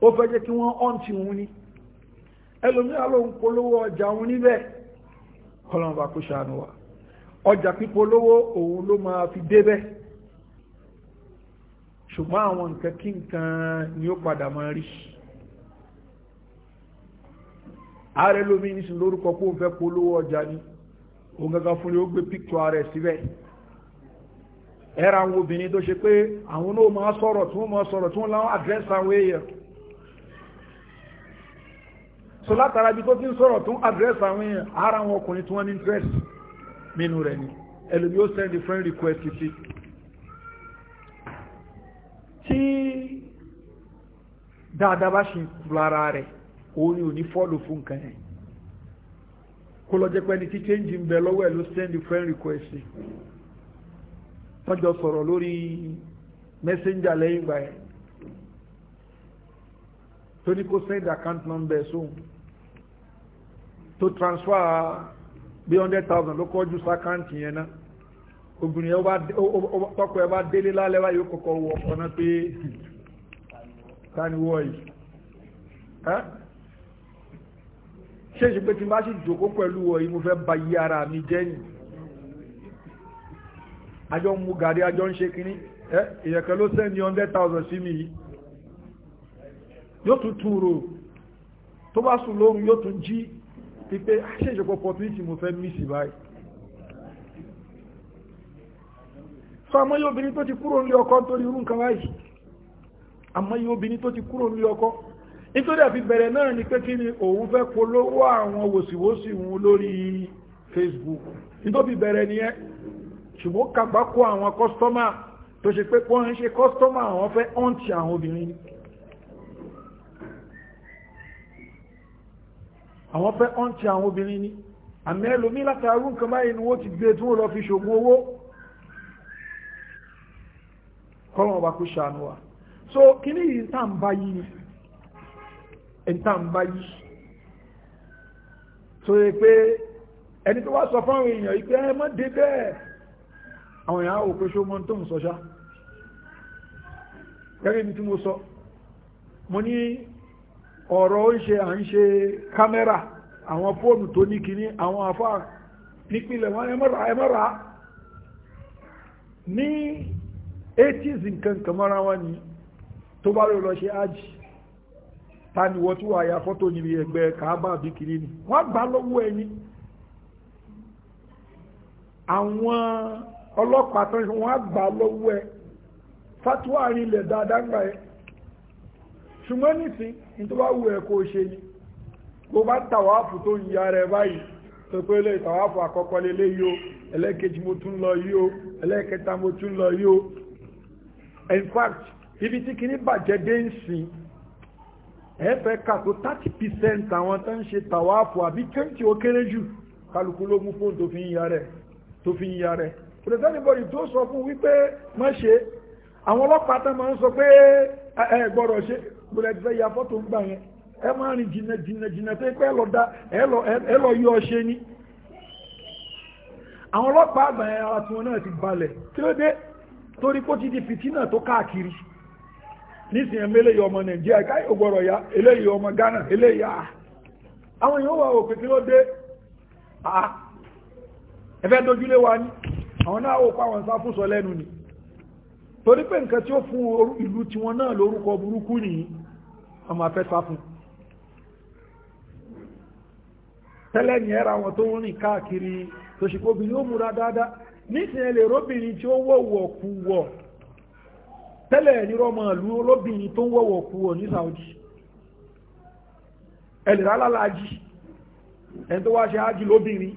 ó fẹ́ jẹ́ kí wọ́n ọ̀ǹtì òun ni ẹlòmíràn ló ń polówó ọjà òun níbẹ̀ kọlọ́mọba kó ṣàánú wa ọjà pípolówó òun ló máa fi débẹ̀ ṣùgbọ́n àwọn nǹkan kí nǹkan ni ó padà máa rí ààrẹ lómi ní sin lórúkọ pé òun fẹ́ ọjà ni òun gangan fún ni ó gbé píktọ̀ ààrẹ síbẹ̀ ẹ̀rà àwọn obìnrin tó ṣe pé àwọn náà máa sọ̀rọ̀ tí wọ́n máa sọ̀rọ̀ tí wọ́n láwọn àdírẹ́sì àwọn èèyàn so látara ara ọkùnrin tí wọ́n ní nínú rẹ̀ ni ẹlòmí ó send friend request sí tí dáadáa bá ṣe lára rẹ̀ òun ni ò ní fọ́lù fún nǹkan yẹn kó lọ jẹ́ pé ẹni tí change ń bẹ lọ́wọ́ ẹ̀ ló send friend request sí tọ́jọ sọ̀rọ̀ lórí messenger lẹ́yìn ìgbà ẹ̀ tó ní kó send account number sóhun tó transfer bí hundred thousand ló kọjú sákàǹtì yẹn náà obìnrin yẹn tọkọ ẹ bá délé lálẹ́ wáyé ó kọ́kọ́ wọ ọkọ náà pé tániwọ́ yìí ṣe ṣe pé tí bá sì jòkó pẹ̀lú wọ yìí mo fẹ́ ba yí ara mi jẹ́ yìí àjọ mú gàrí àjọ ń ṣe kìíní ìyẹ̀kẹ́ ló sẹ́ni 100,000 sí mi yìí yóò tún túrò tó bá sùn lóhun yóò tún jí pípé ah, ṣèṣọpọ̀ opportunity mo fẹ́ mí sí báyìí so àmọ́ yóò obìnrin tó ti kúrò nílé ọkọ nítorí irú nǹkan báyìí àmọ́ yóò obìnrin tó ti kúrò nílé ọkọ nítorí àfi bẹ̀rẹ̀ náà ni pé kí ni òun fẹ́ polówó àwọn wòsíwòsí òun lórí Facebook nítorí bẹ̀rẹ̀ nìyẹn ṣùgbọ́n kàgbákò àwọn kọ́sítọ́mà tó ṣe pé wọ́n ń ṣe kọ́sítọ́mà àwọn fẹ́ ọ̀ǹtì àwọn obìnrin àwọn fẹ́ ọ́n ti àwọn obìnrin ni àmì ẹlòmí látàrú nǹkan báyìí ni wọ́n ti gbé tí wọ́n lọ fi ṣògùn owó kọ́lọ̀ ọba kó ṣàánú wa so kí ní ìtàǹbá yìí ìtàǹbá yìí tó yẹ pé ẹni tó wá sọ fáwọn èèyàn yìí pé ẹ má dé bẹ́ẹ̀ àwọn èèyàn ò pé ṣómọ́ tó ń sọ ṣá gẹ́gẹ́ bí tí mo sọ mo ní ọ̀rọ̀ ó ń ṣe à ń ṣe kámẹ́rà àwọn fóònù tó ní kíní àwọn afá nípìnlẹ̀ wọn ẹmọ́ra ẹmọ́ra ní 80s nǹkan kàmọ́ra wọn ni tó bá lọ ṣe ájì ta ni wọ́n tí wà ya fọ́tò níbi ẹgbẹ́ kàábà bí kiri ni wọ́n gbá lọ́wọ́ ẹni àwọn ọlọ́pàá tán wọ́n gbá lọ́wọ́ ẹ fatuwa dáadáa gbà ẹ ṣùgbọ́n nísìnyí ní tó bá wù ẹ̀ kó ṣe ni bó bá tàwáàfù tó ń ya rẹ̀ báyìí tó pé lè tàwáàfù àkọ́kọ́ lélé yóò ẹlẹ́kejì mo tún lọ yóò ẹlẹ́kẹta mo tún lọ yóò in fact ibi tí kìíní bàjẹ́ dé ń sìn ẹ̀fẹ́ kà tó 30% àwọn tó ń ṣe tàwáàfù àbí 20 ó kéré jù kálukú ló mú fóònù tó fi ń ya rẹ̀ tó fi ń ya rẹ̀ kò lè sẹ́nìbọ̀dì tó sọ fún wípé má ṣe àwọn ọlọ́pàá tán máa ń sọ pé ẹ gbọ́dọ̀ ṣe gbọ́dọ̀ ya fọ́tò ń gbà yẹn ẹ máa rìn jìnnà jìnnà jìnnà tó lọ da, ẹ lọ yọ ṣe ni àwọn ọlọ́pàá àgbà yẹn ara tiwọn náà ti balẹ̀ dé torí kó ti di fìtínà tó káàkiri nísìnyí ẹ̀mí ọmọ nàìjíríà ká ya ọmọ ghana eléyìí a àwọn èèyàn wà ló dé a dojúlé wa àwọn náà wò pa àwọn ni torí pé nǹkan tí ó fún ìlú tiwọn náà lórúkọ burúkú ní ọmọ afẹ́fà fún tẹ́lẹ̀ ní ẹ́ra wọn tó ń rìn káàkiri tó ṣe kóbìnrin ó múra dáadáa nísìnyẹ lè róbìnrin tí ó wọ̀wọ̀ kú wọ̀ tẹ́lẹ̀ ní rọmọ ìlú olóbìnrin tó ń wọ̀wọ̀ kú wọ̀ ní Saudi ẹlẹ́rà lálàájì ẹni tó wá ṣe ájì lóbìnrin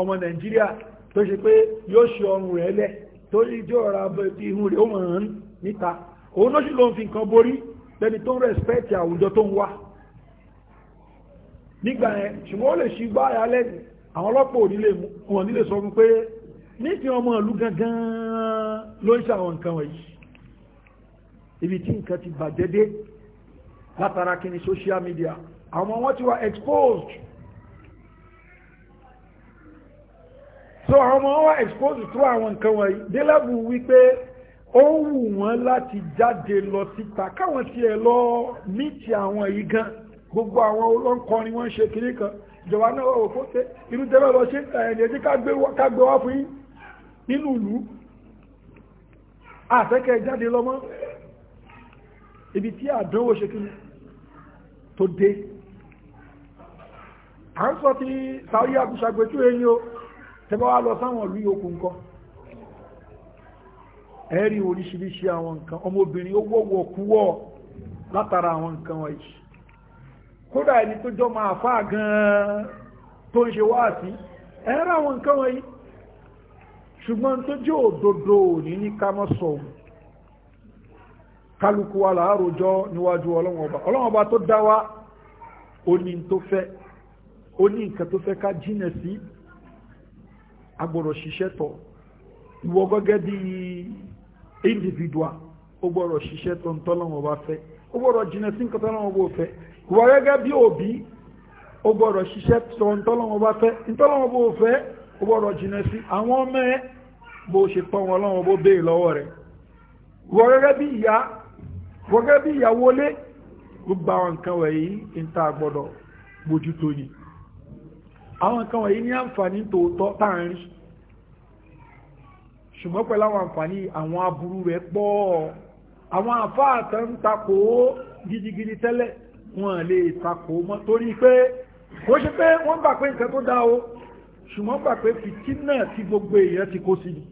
ọmọ Nàìjíríà tó ṣe pé yóò ṣe ọrùn rẹ̀ lẹ́ẹ̀ torí ijó ọ̀rọ̀ abẹ́bí ihun rẹ̀ ó mọ̀ ń níta òun náà sì ló ń fi nǹkan borí lẹ́ni tó ń rẹ̀spẹ́tì àwùjọ tó ń wá nígbà yẹn ṣùgbọ́n ó lè ṣí gbá ayá lẹ́nu àwọn ọlọ́pàá onílé wọn nílé sọ fún pé nífi ọmọ ìlú gangan ló ń ṣàwọn nǹkan wọ̀nyí ibi tí nǹkan ti bàjẹ́ dé látara kí ni social media àwọn wọn ti wá exposed so àwọn ọmọ wa expose tó àwọn nǹkan wọ̀nyí délẹ́bù wípé ó wù wọ́n láti jáde lọ síta káwọn tiẹ̀ lọ níti àwọn yìí gan gbogbo àwọn olóńkọrin wọ́n ṣe kiri kan ìjọba náà wọ́n kó tẹ irú tẹ́lẹ̀ lọ ṣe ń ta ẹ̀yẹ̀ tí ká gbé wá fún yín nínú ìlú àfẹ́kẹ́ jáde lọ́mọ́ ibi tí àdánwò ṣe kiri tó dé à ń sọ ti sàáyé àgùsàgbẹ̀tú ẹ̀yìn o tẹ́bá wá lọ sáwọn ìlú yòókù ńkọ́ ẹ̀rí oríṣiríṣi àwọn nǹkan ọmọbìnrin ó wọ́wọ́ kúwọ́ látara àwọn nǹkan wọ̀nyí kódà ẹni tó jọ máa fà gan-an tó ń ṣe wáàsí ẹ̀rọ àwọn nǹkan wọ̀nyí ṣùgbọ́n tó jẹ́ òdodo òní ní ká mọ́ sọ kálukú wa láàrùjọ níwájú ọlọ́wọ́n ọba ọlọ́wọ́n ọba tó dá wa ó nǹkan tó fẹ́ ká jìnà sí agbọ́dọ̀ ṣiṣẹ́ tọ̀ ìwọ gẹ́gẹ́ bí individual ó gbọ́dọ̀ ṣiṣẹ́ tọ̀ ntọ́lọ́wọ́ bá fẹ́ ó gbọ́dọ̀ jìnà sí nǹkan tọ́lọ́wọ́ bó fẹ́ ìwọ gẹ́gẹ́ bí òbí ó gbọ́dọ̀ ṣiṣẹ́ tọ̀ ntọ́lọ́wọ́ bá bójútó yìí àwọn kan wọ̀nyí ní àǹfààní tòótọ́ táàrin ṣùgbọ́n pẹ̀lú àwọn àǹfààní àwọn aburú rẹ̀ pọ̀ àwọn àfáà tó ń takò gidigidi tẹ́lẹ̀ wọn lè takò mọ́ torí pé kò ṣe pé wọ́n gbà pé nǹkan tó dá o ṣùgbọ́n gbà pé fìtínà tí gbogbo èèyàn ti kó sí ni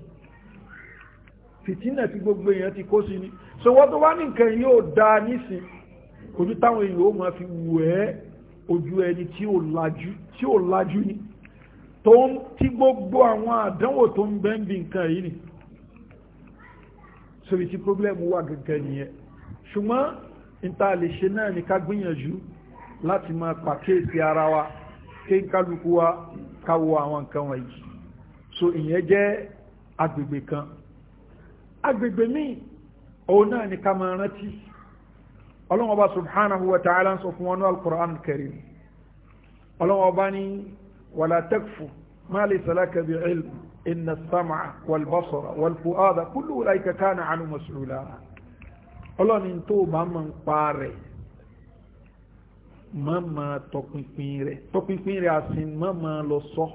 fìtínà tí gbogbo èèyàn ti kó sí ni so wọ́n tó wá ní nǹkan yóò dáa nísìn ojú táwọn èèyàn ó máa fi wù ẹ́ ojú ẹni tí ò lajú tí ni tó ń tí gbogbo àwọn àdánwò tó ń bẹ́ ń bí nǹkan yìí ni sórí tí problem wà gẹ́gẹ́ nìyẹn ṣùgbọ́n níta lè ṣe náà ni ká gbìyànjú láti máa pàkíyèsí ara wa kí n kálukú wa káwo àwọn nǹkan wọ̀nyí so ìyẹn jẹ́ agbègbè kan agbègbè míì òun náà ni ká máa rántí ọlọ́wọ́n bá subhanahu wa ta'ala sọ fún wọn al-Qur'an karim ọlọ́wọ́n bá ní wala takfu ma laysa laka bi ilm inna as-sam'a wal basara wal fu'ada kullu ulaika kana 'anhu mas'ula ọlọ́ni tó bá mọ̀ ń pa rẹ̀ tọpinpin rẹ̀ tọpinpin rẹ̀ àsìn má lọ sọ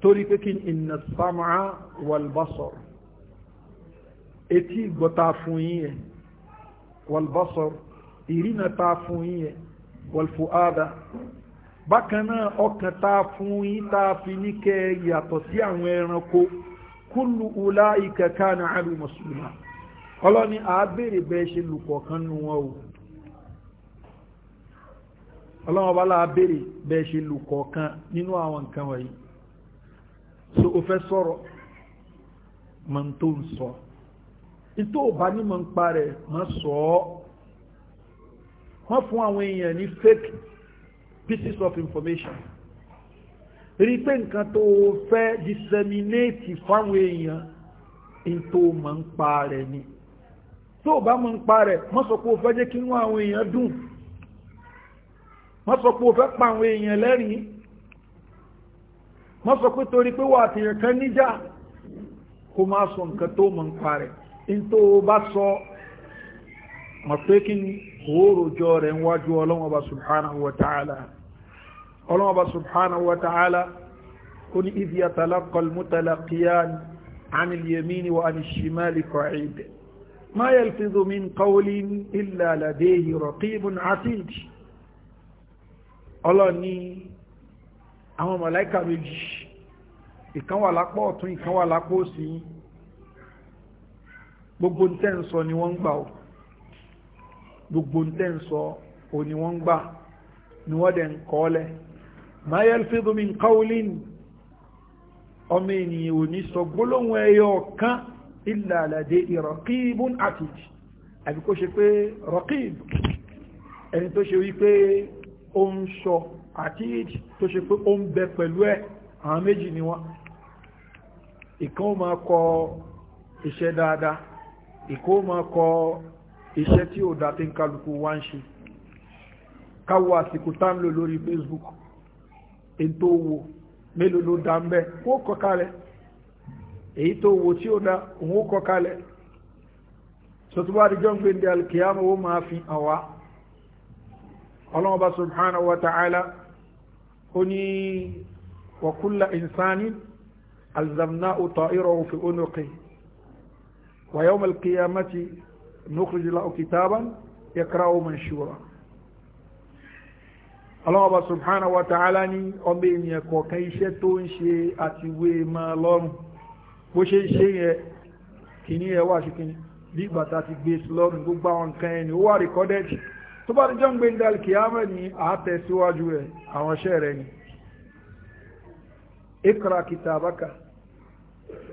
torí pé kí inna as-sam'a wal etí gbọ́ta fún yín yẹn walbasor ìrìnà ta fún yín yẹn walfuada bákan náà ọkàn ta fún yín ta fi ní kẹ́ yàtọ̀ sí àwọn ẹranko kúlù ula ìkẹ̀kẹ́ ní àlù mùsùlùmá ọlọ́ni àábèrè bẹ́ẹ̀ ṣe lùkọ̀ọ̀kan nu wọn o ọlọ́wọ́n bá láàbèrè bẹ́ẹ̀ ṣe lùkọ̀ọ̀kan nínú àwọn nǹkan wọ̀nyí so o fẹ́ sọ̀rọ̀ mọ̀ tó ìtò bá ní mọ̀ ń pa rẹ̀ mọ́ sọ ọ́ wọ́n fún àwọn èèyàn ní fake pieces of information rí pé nǹkan tó fẹ́ disseminate fáwọn èèyàn ìtò mọ̀ ń pa ni tó bá mọ̀ ń pa rẹ̀ mọ́ sọ pé o fẹ́ jẹ́ kí inú àwọn èèyàn dùn mọ́ sọ pé o fẹ́ pa àwọn èèyàn lẹ́rìn mọ́ sọ pé torí pé wà àtìyàn kan níjà kó máa sọ nǹkan tó mọ̀ ń pa tó bá sọ mọ̀ pé kí ni òóròjọ rẹ̀ ń wájú ọlọ́wọ́ba subhanahu wa ta'ala ọlọ́wọ́ba subhanahu wa ta'ala ó ní idh yatalaqa al-mutalaqiyan عن اليمين وعن الشمال قعيد ما يلفظ من قول إلا لديه رقيب عتيد Allah ní àwọn màláíkà méjì ìkan wà lápá ọ̀tún ìkan wà lápá gbogbo tẹ́ ń sọ ni wọ́n ń gbà ó gbogbo tẹ́ ń sọ ò ní wọ́n ń gbà ni wọ́n dẹ̀ ń kọ́ lẹ̀ ma ọmọ ènìyàn ò ní sọ gbólóhùn ẹyọ kan illa ladayhi raqibun atid àbí kó ṣe pé raqib ẹni tó ṣe wípé ó ń sọ atid tó ṣe pé ó ń bẹ pẹ̀lú ẹ̀ àwọn méjì ni wọ́n ìkan ó máa kọ iṣẹ́ dáadáa ìkómọ kọ iṣẹ́ tí ó dá tí ń kálukú wá ń ṣe káwọ àsìkò tá ń lò lórí facebook èyí tó wo mélòó ló dá ń bẹ́ kó kọ kalẹ̀ èyí tó wo tí ó dá òun ó kọ kalẹ̀ sọtúbà àdìjọ́ ń gbèndé alkiyama ó máa fi hàn wá ọlọ́mọba subhanahu wa ta'ala ó ní wa kulla insani alzamna ta'irahu fi unuqi ويوم القيامة نخرج له كتابا يقرأه منشورا ọlọ́wọ́ subhanahu wa ta'ala ní ọmọ ènìyàn kọ̀ọ̀kan iṣẹ́ tó ń ṣe àti wé ma lọ́rùn bó ṣe ń ṣe yẹ kì ní ẹwà sí kìí bí bàtà ti gbé sí lọ́rùn gbogbo àwọn nǹkan ẹni ó wà recorded tó bá jọ ń gbé ní dalí kìyàmẹ́ ní àátẹ̀síwájú rẹ̀ àwọn iṣẹ́ rẹ̀ ni ikra kitabaka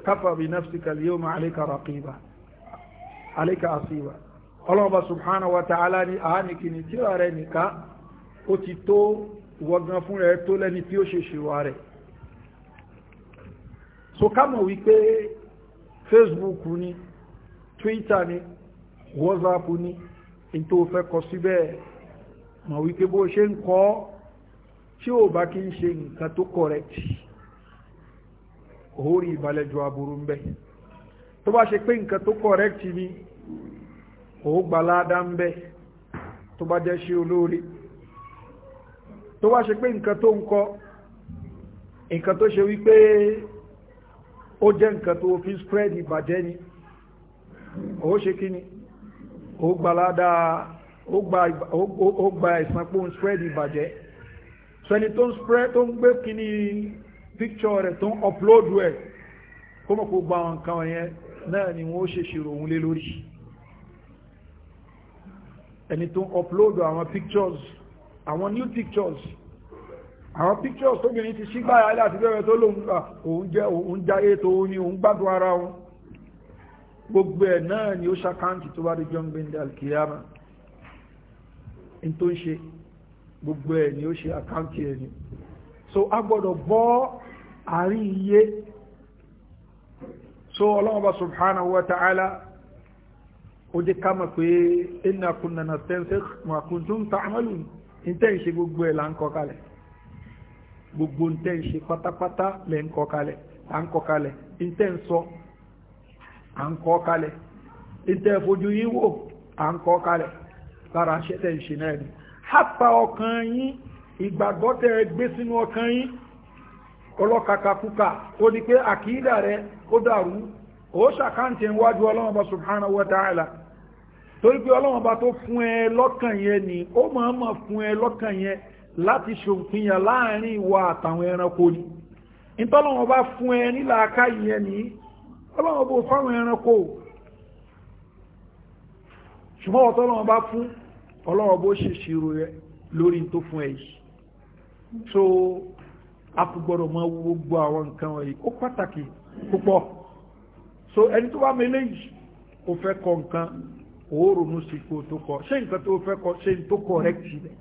kafa bi nafsika al-yawma alayka raqiba alayka asiba ọlọ́ọ̀bá subhanahu wa ta'ala ni àánìkì ni tí ààrẹ nìka ó ti tó wọ́gan fún rẹ̀ tó lẹ́ni tí ó ṣe ṣèwà rẹ̀ so ká mọ̀ wípé facebook ni twitter ni whatsapp ni in tó fẹ́ kọ síbẹ̀ mọ̀ wípé bó ṣe ń kọ́ tí ó bá kí ń ṣe nǹkan tó correct orí ìbálẹ̀jọ aburú ń bẹ tó bá ṣe pé nǹkan tó correct ni ó gbalada ń tó bá jẹ́ ṣe olóore tó wá ṣe pé nǹkan tó ń kọ nǹkan tó ṣe wípé ó jẹ́ nǹkan fi spread ìbàjẹ́ ni ó ṣe kí ni ó gbalada ó gba ìsan ń spread ìbàjẹ́ sẹni tó ń spread tó ń gbé picture rẹ̀ tó ń upload rẹ̀ kó mọ̀ kó gba nǹkan yẹn náà ni wọ́n ṣèṣirò òun lé lórí. ẹni tó ń upload àwọn pictures àwọn new pictures àwọn pictures tó gbìyànjú ti ṣígbà ayé àti bẹ́rẹ̀ tó lóun gbà òun jẹ́ òun jáyé tó ní òun gbádùn ara wọn gbogbo ẹ̀ náà ni ó ṣàkáǹtì tó bá rí john gbendé alkiyama in tó ń ṣe gbogbo ẹ̀ ni ó ṣe àkáǹtì ẹ̀ ni so a gbọ́dọ̀ bọ́ àárín iye so ọlọ́mọba subhanahu wa ta'ala ó jẹ́ ká mọ̀ pé na kunna nastansikh ma kuntum ta'malun ntẹ́ ń gbogbo ẹ̀ là ń kalẹ̀ gbogbo ntẹ́ ń patapata pátápátá lẹ̀ ń kọ kalẹ̀ à ń kọ kalẹ̀ ntẹ́ ń à ń kọ kalẹ̀ ntẹ́ fojú yín wò à ń kọ kalẹ̀ lára ṣẹ́ tẹ́ náà ni hápa ọkàn yín ìgbàgbọ́ tẹ́ ẹ gbé sínú ọkàn yín ó ní pé rẹ ó dàrú ó ṣàkáǹtì ń torí pé ọlọ́wọ́n bá tó fún ẹ lọ́kàn yẹn ni ó máa ma fún ẹ lọ́kàn yẹn láti ṣòfinyàn láàrin ìwà àtàwọn ẹranko ni ìtọ́lọ́wọ́n bá fún ẹ nílà aká yẹn ni ọlọ́wọ́n bó fáwọn ẹranko ṣùgbọ́n ọ̀tọ́lọ́wọ́n bá fún ọlọ́wọ́n bó ṣe ṣirò rẹ lórí tó fún ẹ yìí so akúgbọ́dọ̀ máa wo gbogbo àwọn nǹkan wọ̀nyí ó pàtàkì púpọ̀ so ẹni tó bá mẹ́lẹ́yìí ó fẹ́ kọ nǹkan ó ronú sí kó tó kọ ṣé nǹkan tó fẹ́ kọ ṣé n tó kọrẹ́kì rẹ̀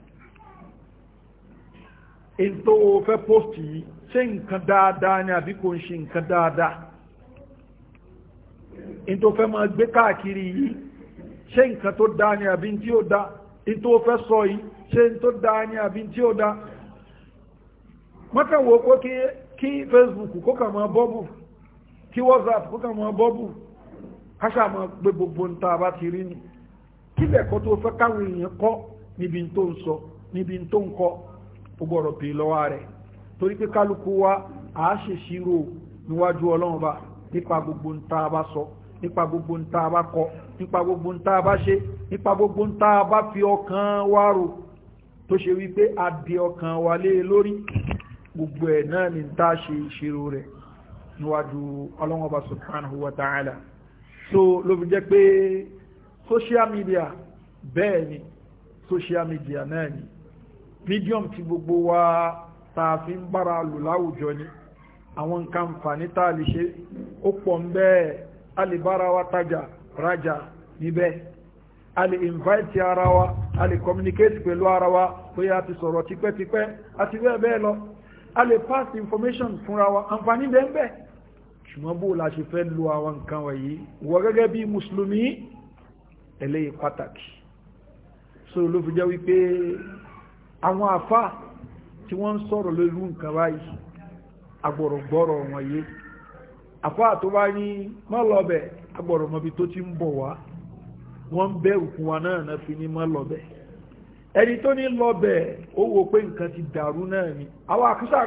èyí tó fẹ́ post yìí ṣé nǹkan dáadáa ni àbí kò ń ṣe nǹkan dáadáa èyí tó fẹ́ máa gbé káàkiri yìí ṣé nǹkan tó dáa ni àbí tí ó dáa èyí tó fẹ́ sọ yìí ṣé n tó dáa ni àbí tí ó dáa mọ́tàwó kó kí Facebook kó kà máa bọ́bù WhatsApp kó kà máa káṣá máa gbé gbogbo ń ta bá ti rí ni kíbẹ̀ kọ́ tó fẹ́ káwọn èèyàn kọ́ níbi tó ń sọ níbi tó ń kọ́ ó gbọ́dọ̀ pè lọ́wọ́ rẹ̀ torí pé kálukú wa à á ṣèṣirò níwájú ọlọ́run bá nípa gbogbo ń ta bá sọ nípa gbogbo ń ta bá kọ nípa gbogbo ń ta bá ṣe nípa gbogbo ń ta bá fi ọkàn wa rò tó ṣe wípé a di ọkàn wa lé e lórí gbogbo ẹ̀ náà ni ń ta ṣe ìṣirò so ló fi jẹ́ pé social media bẹ́ẹ̀ ni social media náà ni medium ti gbogbo wa ta fi ń bára lò láwùjọ ni àwọn nǹkan fàní tá a lè ṣe ó pọ̀ ń bẹ́ẹ̀ a lè bára wa tajà rajà níbẹ̀ a lè invite ara wa a lè communicate pẹ̀lú ara wa bóyá a ti sọ̀rọ̀ tipẹ́tipẹ́ àti bẹ́ẹ̀ bẹ́ẹ̀ lọ a lè pass information fúnra wa àǹfààní bẹ́ẹ̀ bẹ́ẹ̀ ṣùgbọ́n bó la ṣe fẹ́ lo àwọn nǹkan wọ̀nyí wọ gẹ́gẹ́ bí eléyìí pàtàkì so ló fi jẹ́ wípé àwọn àfá tí wọ́n ń sọ̀rọ̀ lórí nǹkan báyìí agbọ̀rọ̀gbọ̀rọ̀ wọ̀nyí àfá tó bá ní ti ń bọ̀ wá wọ́n bẹ́ òkun wa náà fi ní mọ́lọ́bẹ̀ ẹni tó ní lọ́bẹ̀ ó wo ti dàrú náà ni àwọn àkúsà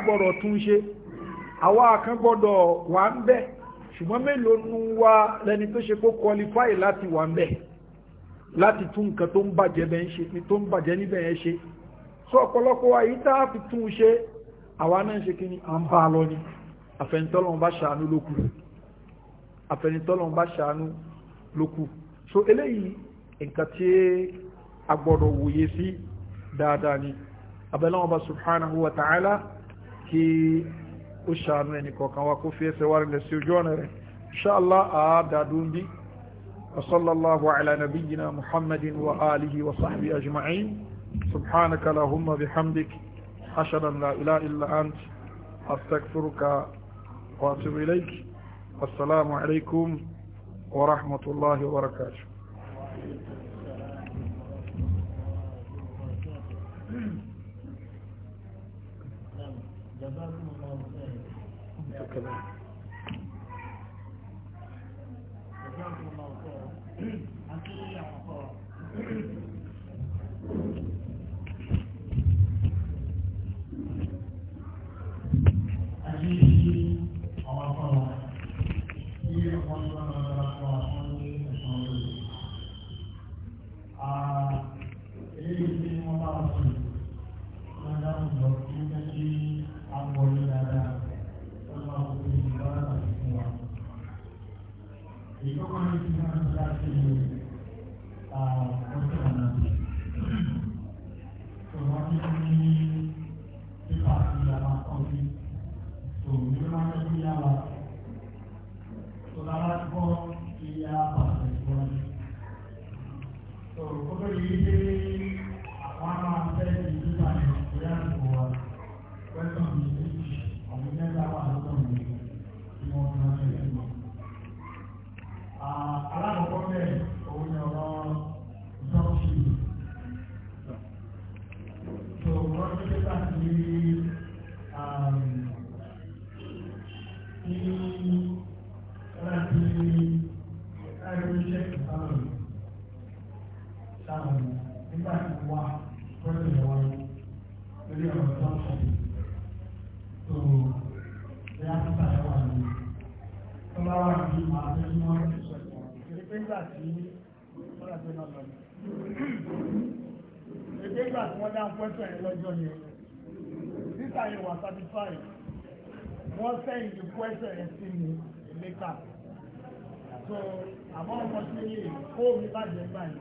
àwa kan gbọ́dọ̀ wà ń bẹ̀ ṣùgbọ́n mélòó nu wa lẹni tó ṣe kó qualify láti wà ń bẹ̀ láti tún nǹkan tó ń bàjẹ́ bẹ́ẹ̀ ṣe ni tó ń bàjẹ́ níbẹ̀ yẹn ṣe sọ ọ̀pọ̀lọpọ̀ wa yìí tá a fi tún un ṣe àwa náà ṣe kí ni à ń bá a lọ ni àfẹnitọ́lọ́n bá ṣàánú lókù àfẹnitọ́lọ́n bá ṣàánú lókù so eléyìí nǹkan tí a gbọ́dọ̀ wòye sí dáadáa ni abẹ́lẹ́wọ̀n bá subhanahu wa ta'ala kí ó ṣàánú ẹni kọ̀ọ̀kan wa kó fi ẹsẹ̀ wa rẹ̀ sí ojú ọ̀nà rẹ̀ inṣáàlá àádádún bí wasallallahu ala nabiyyina muhammadin wa alihi wa sahbihi ajma'in subhanaka lahumma bihamdik ashhadu an la ilaha illa ant astaghfiruka wa atubu ilayk assalamu alaykum wa rahmatullahi wa barakatuh جزاكم Thank <clears throat> you. <clears throat> ìkọ́kọ́ ní Ìgbégbà tí wọ́n dá ń pẹ́sẹ̀ lọ́jọ́ yẹn, títà yẹn wà 35, wọ́n sẹ́yìn ti pẹ́sẹ̀ ẹ̀ sí mi létà. So, àmọ́ ọmọ sí ilé kó mi bàjẹ́ báyìí,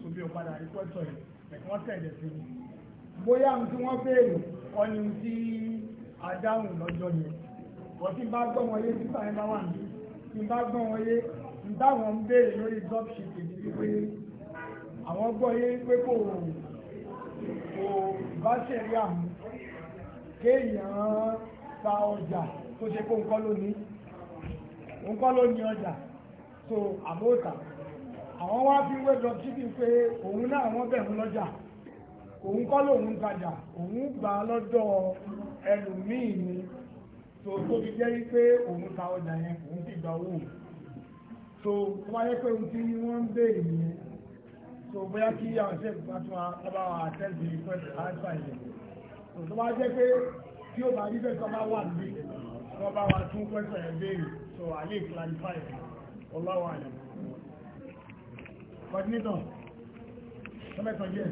tó bí o padà rí pẹ́sẹ̀ yẹn, ẹ̀kọ́ tẹ̀lẹ̀ sí mi. Bóyá ohun tí wọ́n béèrè kọ́ ni tí a dáhùn lọ́jọ́ yẹn. Wọ́n ti bá gbọ́ wọn lé títà yẹn bá wà ní tí bá gbọ́n wọn yé ń dáwọn ń béèrè lórí dropship èdè wípé àwọn gbọ́ yé pé kò kò bá ṣẹ̀rí àmú kéèyàn ta ọjà tó ṣe kó nǹkan ló ní nǹkan ló ní ọjà tó àbóòtà àwọn wá fi wé dropshipping pé òun náà wọ́n bẹ̀rù lọ́jà òun kọ́ lòun tajà òun gbà lọ́dọ̀ ẹlòmíì ni so tó fi jẹ́ wípé òun ta ọjà yẹn òun sì gba owó so tó bá yẹ pé ohun tí wọ́n ń béèrè yẹn so bóyá kí àwọn iṣẹ́ ìpàtún ọba àtẹ́sí pẹ̀lú àìsàn yẹn so tó bá jẹ́ pé tí ó bá rí bẹ́ẹ̀ tó bá wà níbi wọ́n bá wa tún pẹ̀sẹ̀ ẹ̀ béèrè so I lè clarify ọláwà yẹn coordinator sọ́mẹ́tọ̀ yẹn.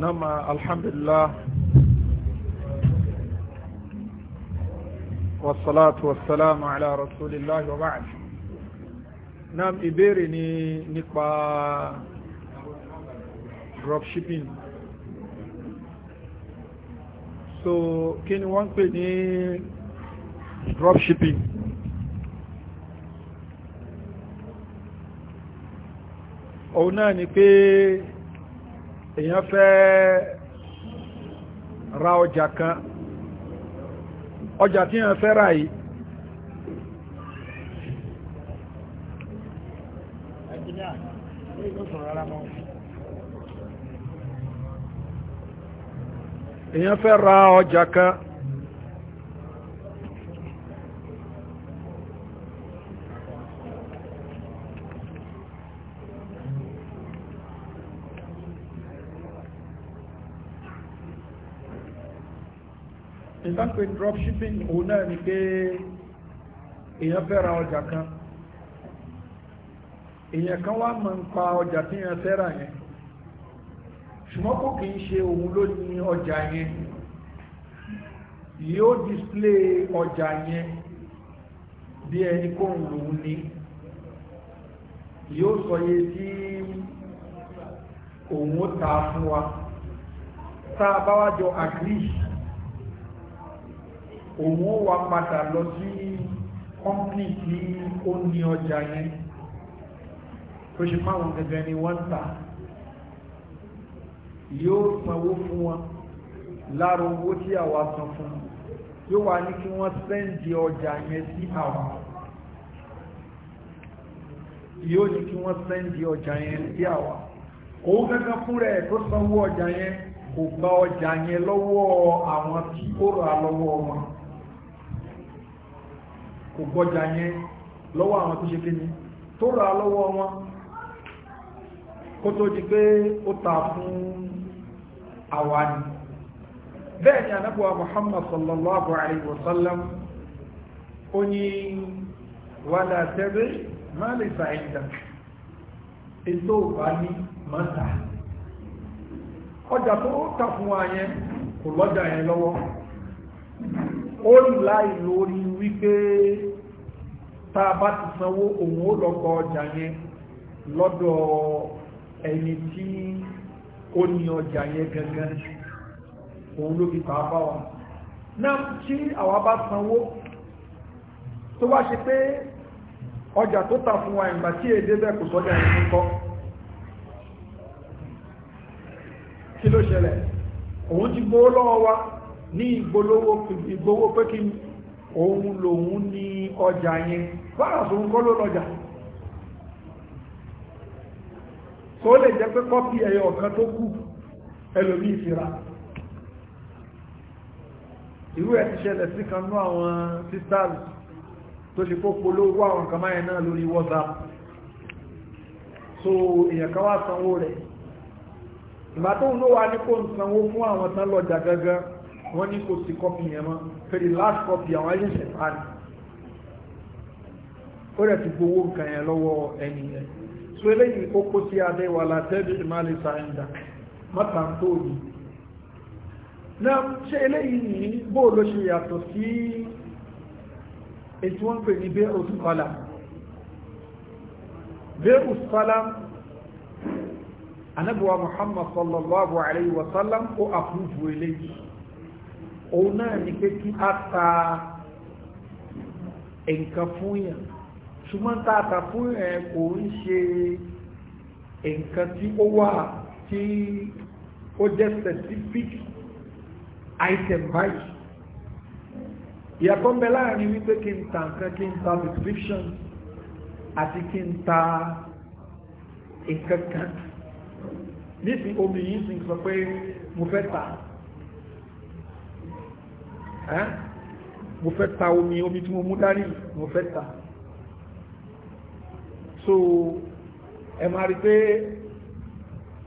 نعم الحمد لله والصلاة والسلام على رسول الله وبعد نعم ìbéèrè ni nípa dropshipping so kí ni wọ́n pè ní dropshipping òun ni pé èèyàn fẹ́ ra ọjà kan ọjà tí èèyàn fẹ́ ra yìí èèyàn fẹ́ ra ọjà kan ìtànpé dropshipping òun náà ni pé èèyàn fẹ́ ra ọjà kan èèyàn kan wá mọ̀ ń pa ọjà tí èèyàn fẹ́ rà yẹn ṣùgbọ́n kò kìí ṣe òun ló ní ọjà yẹn yóò display ọjà yẹn bí ẹni kó ń lòun ní yóò sọ yé tí òun ó ta fún wa tá a bá wá jọ agree òun ó wá padà lọ sí kọ́mpì tí ó ní ọjà yẹn tó ṣe máa wọn gẹ́gẹ́ ni wọ́n tà yóò sanwó fún wọn lára owó tí àwa san fún yóò wá ní kí wọ́n sẹ́ǹdì ọjà yẹn sí àwa yóò ní kí wọ́n sẹ́ǹdì ọjà yẹn sí àwa òun gẹ́gẹ́ fún rẹ̀ tó sanwó ọjà yẹn kò gba ọjà yẹn lọ́wọ́ àwọn tí ó rà lọ́wọ́ wọn kò gbọ́jà yẹn lọ́wọ́ àwọn tó ṣe kí ni tó ra lọ́wọ́ wọn kó tó pé ó ta fún bẹ́ẹ̀ ni Muhammad sallallahu alaihi wasallam ó ní wàlá tẹ́rẹ máa lè sàíjà ètò bá ní mọ́ta ọjà ta fún wa yẹn kò lọ́jà yẹn ó rí láì lórí wípé tá a bá ti sanwó òun ó lọ́kọ ọjà yẹn lọ́dọ̀ ẹni tí ó ní ọjà yẹn gangan òun ló fi tàá bá wa náà tí àwa bá sanwó tó wá ṣe pé ọjà tó ta fún wa ìgbà tí èdè bẹ́ẹ̀ kò sọ́jà yẹn kọ́ kí ló ṣẹlẹ̀ òun ti gbó lọ́wọ́ wa ní ìgbowó pé kí òun lòun ní ọjà yẹn bára tó ń kọ́ ló lọ́jà tó lè jẹ́ pé kọ́pì ẹyọ ọ̀kan tó kù ẹlòmí ìfira irú ẹ̀ ti ṣẹlẹ̀ sí kan ní àwọn sisters tó ṣe kó polówó àwọn kan náà lórí WhatsApp so èyàn kan wá sanwó rẹ̀ ìgbà tóun ló wà ní wọ́n ní kò sí kọ́pì yẹn mọ́ pẹ̀lú last copy àwọn ẹ̀yẹ́sẹ̀ parí ó rẹ̀ ti gbowó nǹkan yẹn lọ́wọ́ ẹni yẹn so eléyìí ó kó sí adé wà látẹ́bí ìmáàlì sáyẹ́ndà mọ́ta tó yìí náà ṣe eléyìí ní bó ló ṣe yàtọ̀ sí ètí wọ́n pè ní bẹ́ẹ̀ òsùpálà bẹ́ẹ̀ òsùpálà anábíwá muhammad sallallahu alayhi wa sallam ó àkúrú eléyìí òun náà ni pé kí a ta nǹkan fún yàn ṣùgbọ́n tá a ta fún yàn kò ń ṣe nǹkan tí ó wà tí ó jẹ́ specific item báyìí ìyàtọ̀ ń bẹ láàrin wípé kí n ta nǹkan kí n ta description àti kí n ta nǹkan kan nísìnyí omi yìí sì sọ pé mo fẹ́ ta. mo fẹ́ ta omi omi tí mo mo feta so ẹ máa rí pé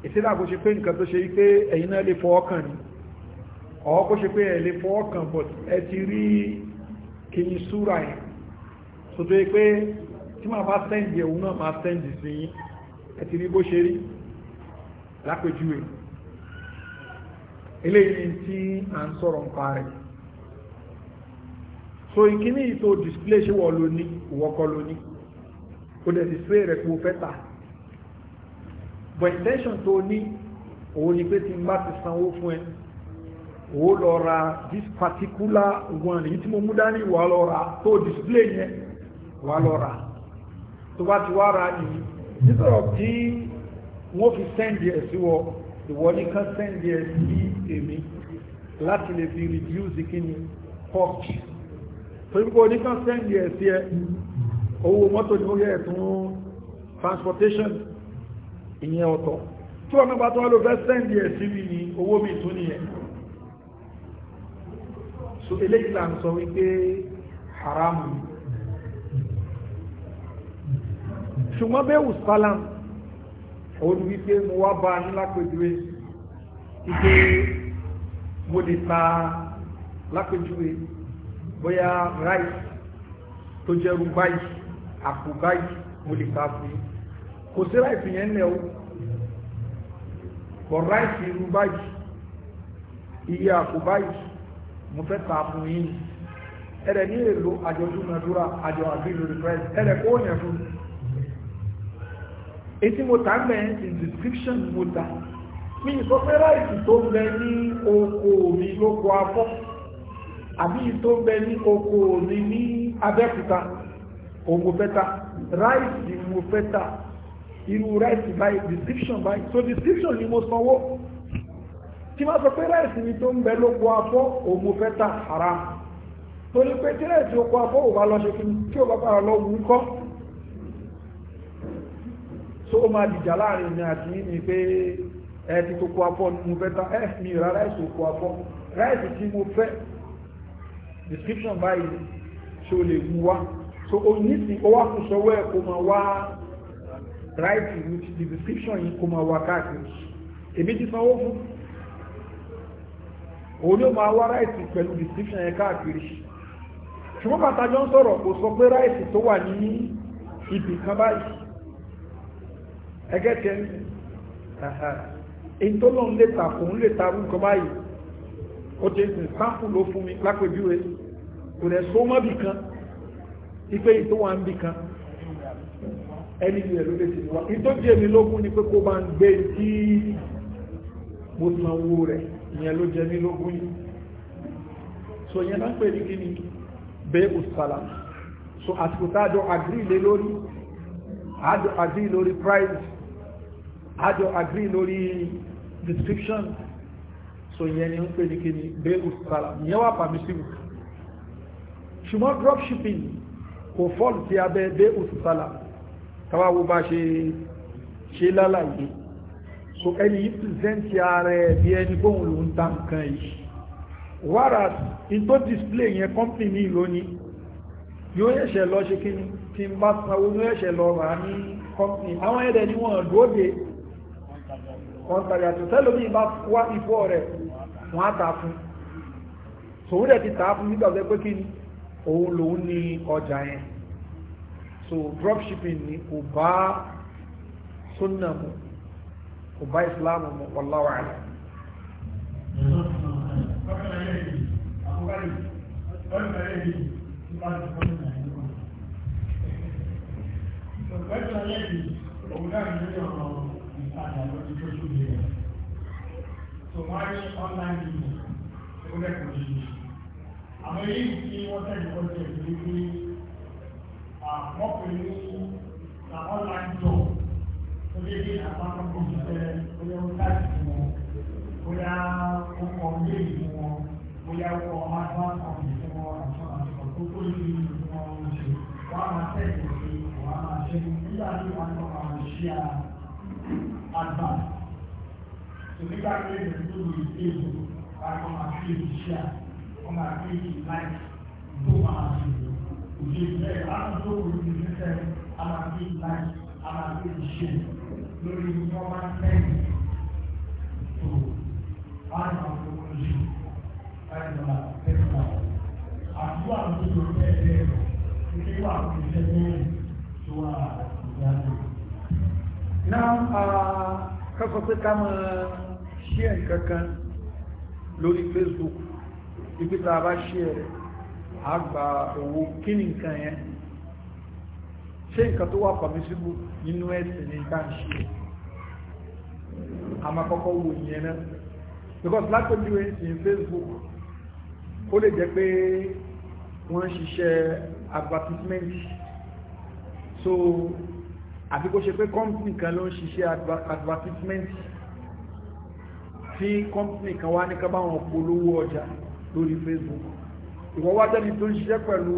ìsílà kó ṣe pé nǹkan tó ṣe yí pé ẹ̀yin náà lè fọwọ́ kàn ní ọ̀ kó ṣe pé ẹ̀ but ẹ ti rí surai so ma bo eléyìí à ń sọ̀rọ̀ so ìkíní ìtò display ṣe wọ́n ló ní ìwọ́kọ́ ló ní kò dẹ̀ display rẹ̀ kò fẹ́ tà but intention tó ní òun ni pé tí n bá ti sanwó fún ẹ ó lọ ra this particular one èyí tí mo mú dání wa lọ ra tó display yẹn wà lọ ra tó bá ti wá ra nìyí nítorí tí wọ́n fi send ẹ̀ sí wọ ìwọ ní kan send ẹ̀ sí èmi láti lè fi reduce the kini cost torí púpọ̀ ní kan sẹ́ndì ẹ̀ sí ẹ owó mọ́tò ní orí ẹ̀tún transportation ìyẹn ọ̀tọ̀ tí wọ́n mẹ́bàá tó wá ló fẹ́ sẹ́ndì ẹ̀ sí ní owó mi tún nìyẹn so eléyìí là ń sọ wípé haramu ṣùgbọ́n bẹ́ẹ̀ wùsálàm òun wípé mo wá bá a ní lápẹjúwe wípé mo lè ta lápẹjúwe bóyá ráì tó jẹ́rú báyìí àpò báyìí mo lè ta fún yín kò sí ráì fi yẹn lẹ̀ o kò ráì fi irú báyìí iye àpò báyìí mo fẹ́ ta fún yín ẹ̀rẹ̀ ní èlò àjọ dúnadúrà àjọ àbílò rìpẹ́sì ẹ̀rẹ̀ kó yẹn fún mi mo tà mẹ́ inscription mo tà mi ìsọfẹ́ ráìsì tó ń ní oko mi lóko afọ́ àbí tó ń bẹ ní oko òní ní abẹ́kúta òun fẹ́ta ráìsì mo fẹ́ta irú ráìsì báyìí description báyìí so description ni mo sanwó tí máa sọ pé ráìsì mi tó ń bẹ lóko afọ́ òun fẹ́ta haram torí pé tí ráìsì oko afọ́ ò bá lọ ṣe fún tí ò bá bára lọ wù kọ́ so ó máa dìjà láàrin mi àti yín ni pé ẹ ti tó ko afọ́ mo fẹ́ta ẹ mi ìrà ráìsì oko afọ́ ráìsì tí mo fẹ́ description báyìí ṣe o lè mú wá so o ní sí ó wá kó sọwọ́ ẹ̀ kó máa wá right with the description yìí kó máa wá káàkiri èmi ti sanwó fún òun ni ó máa wá right pẹ̀lú description yẹn káàkiri ṣùgbọ́n pàtàkì ń sọ̀rọ̀ kò sọ pé right tó wà ní ibì kan báyìí ẹgẹ́ tẹ́ èyí tó lọ́n lè ta fún lè ta rú nǹkan báyìí ó ti sìn sáfù ló fún mi lápèjúwe kò rẹ̀ só mọ́ bì kan ipé ìtò wà ń bì kan ẹni ilẹ̀ ló lè ti wá ìtò jẹ́ mi lógún ni pé kó bá ń gbé tí mo sanwó rẹ̀ ìyẹn ló jẹ́ mi lógún ni so yẹn náà pè ní kí ni bẹ́ẹ̀ òsàlà so àsìkò tá àjọ agree lé lórí àjọ agree lórí price àjọ agree lórí description so yẹn ni ń pè ní kí ni bẹ́ẹ̀ òsàlà ìyẹn wà permissible ṣùgbọ́n dropshipping kò fọ́ọ̀lù tí a bẹ́ẹ̀ dé òsùsálà tàwàwò bá ṣe ṣe lálàyé so ẹni yìí pìrìsẹ́ntì ààrẹ bí ẹni gbóhùn ló ń ta nǹkan yìí wàrà ìtò display yẹn company ní ìlónìí yóò ẹ̀ṣẹ̀ lọ ṣe kí ni bá sanwó yóò ẹ̀ṣẹ̀ lọ rà ní company àwọn ẹ̀dẹ̀ ni wọ́n dóde wọ́n tàbí àti tẹ́lómi bá wá ipò rẹ̀ wọ́n á ta fún sòwúrẹ̀ ti ta fún nígbà pé kí ni òun lòun ní ọjà yẹn so dropshipping ni kò bá sunna mu kò bá islam mu wallahu a'lam. So why online business? àwọn èyí tí wọ́n tẹ̀lé wọ́n tẹ̀lé ní pé àwọn pẹ̀lú àwọn láńjọ tó lé ní àwọn akọ́kọ́ ìṣẹ́ bóyá ó láti fún wọn bóyá ó kọ ilé ìlú wọn bóyá ó kọ máa kọ́ ìlú wọn àti àtìkọ́ tó tó lé ní ìlú wọn ó ṣe wọ́n á máa tẹ̀lé sí wọ́n á máa ṣe nígbà tí wọ́n á máa ṣe àgbà tòmígbà tó lè lè tó lè dé ìlú àti ìṣe àgbà ọmọ àgbéyé láì tó máa fi òye ìfẹ́ àtúntò òye ìfẹ́ alágbé láì alágbé ìṣe lórí ọmọ àgbẹ̀yìn tó láì máa fi owó ṣe láì máa tẹ̀lé àwọn àdúrà tó lọ tẹ̀lé ẹ̀rọ nígbà wà fún iṣẹ́ bẹ́ẹ̀ tó wà ìyáàdó. náà kásọ̀ pé ká kankan lórí Facebook ibi tá a bá ṣe ẹ̀ a gba owó kí ni nǹkan yẹn ṣé nǹkan tó wà pàmísìbù nínú ẹ̀sìn ní nǹkan ṣe a máa kọ́kọ́ wò yẹn náà because lápẹjú ẹ̀sìn Facebook ó lè jẹ́ pé wọ́n ń ṣiṣẹ́ advertisement so àti kó ṣe pé company kan ló ń ṣiṣẹ́ advertisement tí company kan wá ní ká bá wọn polówó ọjà lórí facebook ìwọ wá jẹ́ni tó ń ṣiṣẹ́ pẹ̀lú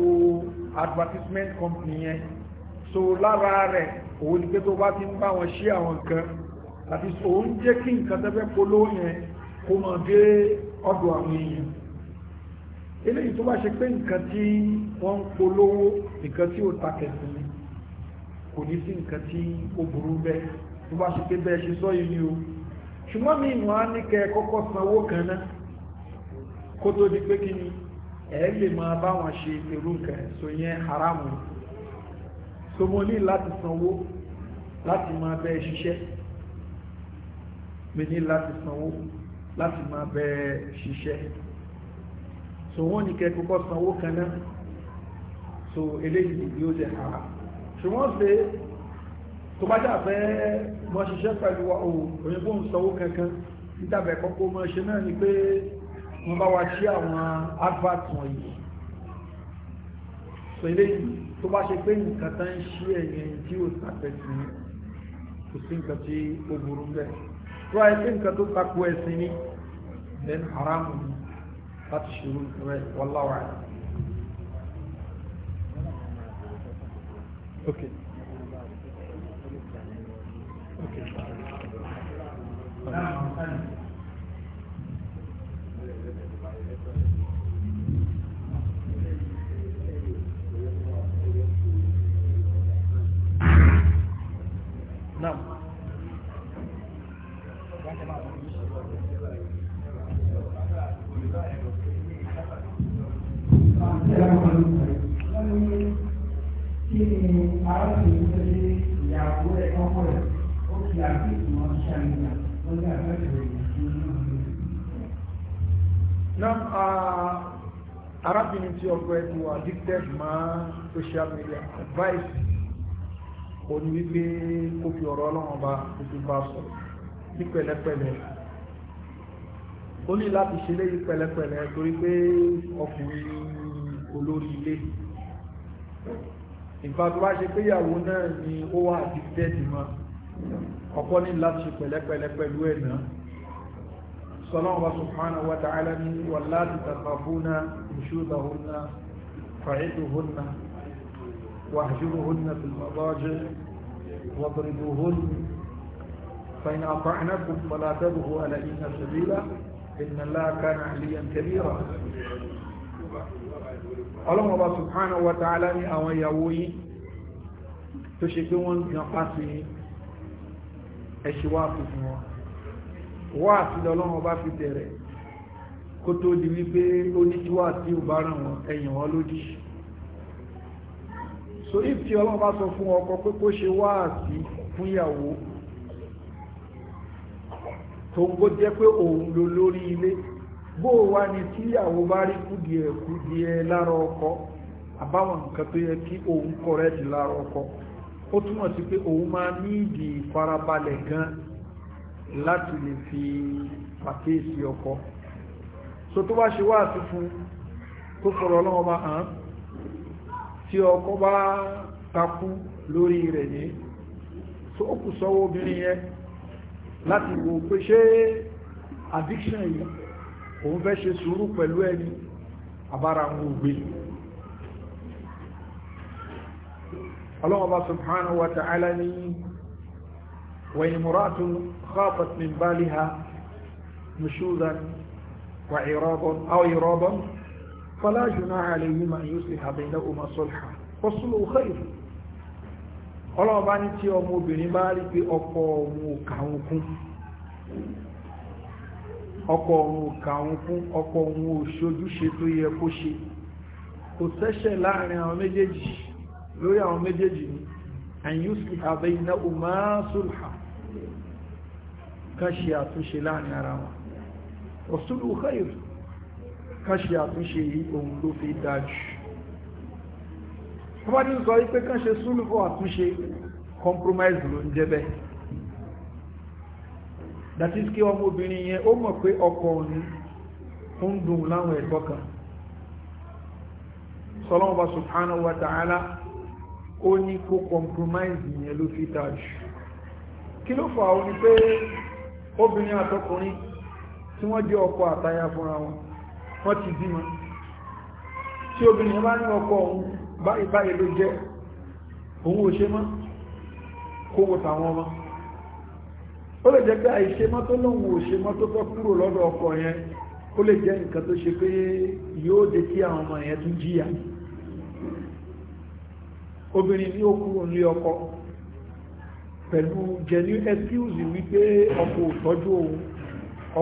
advertisement company yẹn so lára rẹ̀ òun ni pé tó bá ti ń bá wọn ṣe àwọn nǹkan àti òun jẹ́ kí nǹkan tẹ́fẹ́ polówó yẹn kó mọ̀ dé ọ̀dọ̀ àwọn èèyàn eléyìí tó bá ṣe pé nǹkan tí wọ́n ń polówó nǹkan tí ó takẹ̀sìn ni kò ní sí nǹkan tí ó burú bẹ́ẹ̀ tó bá ṣe pé bẹ́ẹ̀ ṣe sọ yìí ni o ṣùgbọ́n mi ìwọ̀n á ní kẹ́ kọ́kọ́ sanwó kan náà kó tó di pé kí ni ẹ̀ lè máa bá wọn ṣe irú nǹkan so yẹn haramu so mo ní láti sanwó láti máa bẹ́ẹ̀ ṣiṣẹ́ mi ní láti sanwó láti máa bẹ́ẹ̀ ṣiṣẹ́ so wọ́n ní kẹ́ kọ́kọ́ sanwó kan náà so eléyìí yóò jẹ́ haram ṣùgbọ́n ṣe tó bá jàfẹ́ mọ́ ṣiṣẹ́ pẹ̀lú wa òun òyìnbó ń sanwó kankan nítàbẹ̀ kọ́kọ́ mọ́ ṣe náà ni pé wọ́n bá wá sí àwọn advert wọ̀nyí so eléyìí tó bá ṣe pé nǹkan tán ń ṣí ẹ̀yìn tí ó sàpẹ̀sì ní kò sí nǹkan tí ó burú bẹ́ẹ̀ tó wáyé pé nǹkan tó takò ẹ̀sìn ní then haram ni láti ṣòro rẹ̀ wọ́láwà rẹ̀. Okay. Okay. Okay. náà Kí ni arábìnrin tó ṣe ìyàwó ẹ̀ ọkọ rẹ̀? Ó fi àgbékùn wọn ṣàmìyàn lórí àgbẹ̀rẹ̀ náà arábìnrin tí ọkọ ẹ̀ ti wà addicted máa social media advice ó ní wípé kó fi ọ̀rọ̀ ọlọ́run bá kó fi bá sọ ní pẹ̀lẹ́pẹ̀lẹ́ ó ní láti ṣe léyìí pẹ̀lẹ́pẹ̀lẹ́ torí pé ọkùnrin olórí ilé nǹkan tó bá ṣe pé ìyàwó náà ni ó wà àti tẹ́ẹ̀tì mọ́ ọkọ ní láti ṣe pẹ̀lẹ́pẹ̀lẹ́ pẹ̀lú ẹ̀ náà sọlọ́run bá subhanahu wa ta'ala ní wà láti tàkàfúnà ìṣúdàhúnà fàídùhúnà واهجرهن في المضاجع واضربوهن فإن أطعنكم فلا تبغوا عليهن سبيلا إن الله كان عليا كبيرا ọlọ́run ọba subhanahu wa ta'ala ní àwọn ìyàwó yìí tó ṣe pé wọ́n gan pàṣẹ ẹ̀ṣẹ̀ wá fífún wọn wá àtìlẹ̀ ọlọ́run ọba fi bẹ̀rẹ̀ kó tó di wípé ó ní tí wá sí ò bá ràn wọn ẹ̀yìn wọn lódì so if tí ọlọ́run bá sọ fún ọkọ pé kó ṣe wáàsí fún ìyàwó tó ń kó jẹ́ pé òun ló lórí ilé bó wá ni tí ìyàwó bá rí kùdìẹ̀ kùdìẹ̀ lára ọkọ àbáwọn nǹkan tó yẹ kí òun kọrẹ́tì lára ọkọ ó túmọ̀ sí pé òun máa ní ìdí ìfarabalẹ̀ gan láti lè fi pàkíyèsí ọkọ so tó bá ṣe wáàsí fún tó fọ̀rọ̀ ọlọ́run bá hàn án tí ọkọ bá takú lórí rẹ̀ ní sókù sọ́wọ́ obìnrin yẹn láti wò pé ṣé addiction yìí òun fẹ́ ṣe sùúrù pẹ̀lú ẹni àbára ń gbogbo ọlọ́wọ́ba subhanahu wa ta'ala ni wẹ̀yìn muratu khafat min baliha nushuzan wa irabon aw irabon فلا جناح عليهما أن يصلح بينهما صلحا والصلح خير ọlọ́run bá ní tí ọmọ obìnrin bá rí pé ọkọ òun ò kàún kún ọkọ òun ò kàún kún ọkọ òun ò ṣojúṣe tó yẹ kó ṣe kò sẹ́ṣẹ̀ láàrin àwọn méjèèjì lórí àwọn méjèèjì ni àyùsùn àbẹ̀yìnà òmáṣùlùhà kan ṣe àtúnṣe láàrin ara wọn ọ̀ṣùlù khair kánṣe àtúnṣe yìí ló fi dájú tó ní sọ wípé kánṣe súnlùfọ́ àtúnṣe compromise ló ń jẹ́ is kí ọmọbìnrin yẹn ó mọ̀ pé ọkọ òní ó ń dùn láwọn ẹ̀tọ́ kan sọlọ́mọba subhanahu wa ta'ala ó ní kó compromise yẹn ló fi dájú kí ló fà obìnrin àtọkùnrin tí wọ́n ọkọ wọ́n ti bímọ tí obìnrin bá ní ọkọ òun báyìí báyìí ló jẹ́ òun ò ṣe mọ́ kó wo tàwọn ọmọ ó lè jẹ́ pé àìṣe mọ́ tó lóun ò ṣe mọ́ tó fẹ́ kúrò lọ́dọ̀ ọkọ yẹn ó lè jẹ́ nǹkan tó ṣe pé yóò dé kí àwọn ọmọ yẹn tún jìyà obìnrin ní ó kúrò ní ọkọ pẹ̀lú genuine excuse wípé ọkọ ò òun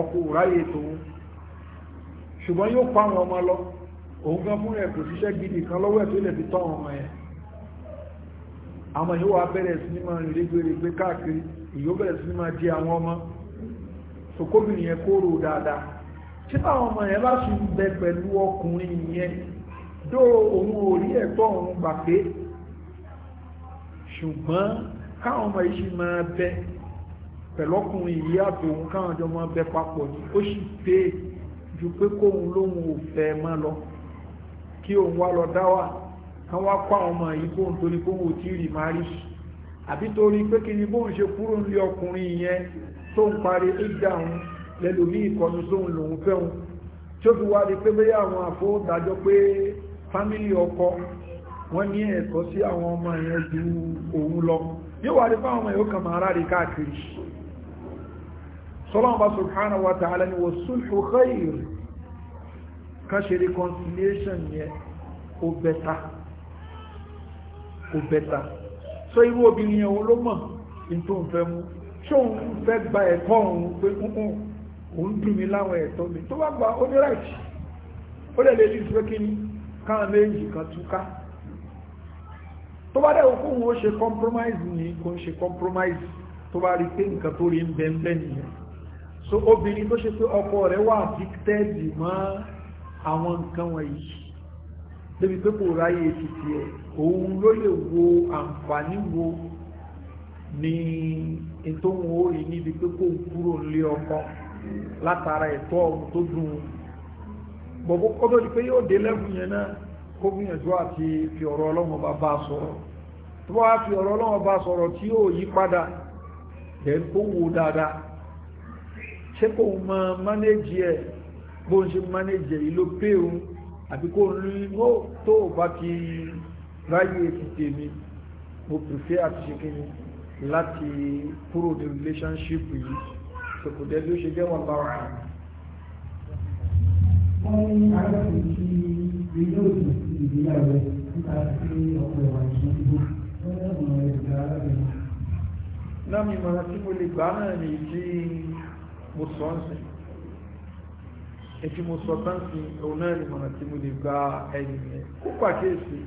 ọkọ ò tòun ṣùgbọ́n yóò pa àwọn ọmọ lọ òun gan fún ẹ̀ kò gidi kan lọ́wọ́ ẹ̀ tó lè fi tọ́ àwọn ọmọ yẹn àwọn yóò wá bẹ̀rẹ̀ sí ní máa rìn gbèrègbè káàkiri ìyóò bẹ̀rẹ̀ sí ní máa di àwọn ọmọ sokóbìnrin yẹn kóró dáadáa tí àwọn ọmọ yẹn bá sì ń bẹ pẹ̀lú ọkùnrin yẹn dó òun ò rí ẹ̀tọ́ òun gbà pé ṣùgbọ́n káwọn ọmọ yìí sì máa bẹ pẹ̀lú ọkùnrin yìí àtòun káwọn ọjọ́ máa bẹ papọ̀ ni ó sì pé ju pé kóhun lóhun ò fẹ́ mọ́ lọ kí òun wá lọ dá wà kán wá kó àwọn ọmọ yìí kóhun torí kóhun ò tí ì rí máa rí àbí torí pé kí ni bóhun ṣe kúrò nílé ọkùnrin yẹn tó ń parí ìdá òun lẹ́lòmí ìkọnu tóhun lòun fẹ́hun tí ó fi wá rí pé bóyá àwọn àfọwọ́dájọ́ pé fámílì ọkọ wọ́n ní ẹ̀kọ́ sí àwọn ọmọ yẹn ju òun lọ yóò wá rí fáwọn ọmọ yóò máa rárí káàkiri sọ́lọ́wọ́n bá subhanahu wa ta'ala ni wasulhu khayr ká ṣe reconciliation yẹn ó bẹ́ta ó bẹ́ta so irú obìnrin yẹn ló mọ̀ in tó ń fẹ́ mú ṣé òun fẹ́ gba ẹ̀tọ́ òun pé kúnkún òun dùn mí láwọn ẹ̀tọ́ mi tó bá gba ó ní right ó lè lè dìbò kí káwọn méjì kan túká tó bá dẹ̀ òkú ó ṣe compromise ni kò ń ṣe compromise tó bá rí pé nǹkan tó rí ń bẹ́ẹ̀ bẹ́ẹ̀ nìyẹn so obìnrin tó ṣe pé ọkọ rẹ̀ wà addicted mọ́ àwọn nǹkan wọ̀nyí débi pé kò ráyè títí ẹ̀ òun ló lè wo àǹfààní wo ní ètò òun ó rí níbi pé kò kúrò nílé ọkọ látara ẹ̀tọ́ ọ̀hún tó dùn ún bọ̀bọ̀ kọ́dọ̀ ni pé yóò dé lẹ́gùn yẹn náà kó gbìyànjú àti fi ọ̀rọ̀ ọlọ́run bá bá sọ̀rọ̀ tó bá fi ọ̀rọ̀ ọlọ́run bá sọ̀rọ̀ tí yóò yí padà then kó wo dáadáa ṣé kò mọ mánéjì ẹ̀ bó ń ṣe mánéjì ẹ̀ ló pé òun àbí kò ní ó tó bá ti ráyè ti tèmi mo prefer àti ṣe kí ni láti kúrò ní relationship yìí kò dẹ̀ bí ó ṣe jẹ́ wọn bá wà ní. wọ́n ní agbábọ̀ ti ilé òkè ìgbéyàwó nípa sí ọkọ̀ ìwà ìṣòro wọ́n ní ọ̀nà ìgbà alábẹ̀rẹ̀. náà mi tí mo lè gbà náà nìyí mo sọ ń sìn ètí mo sọ táǹsì ni mọ̀nà tí mo lè gba ẹ̀yìn yẹn kó pàkíyèsí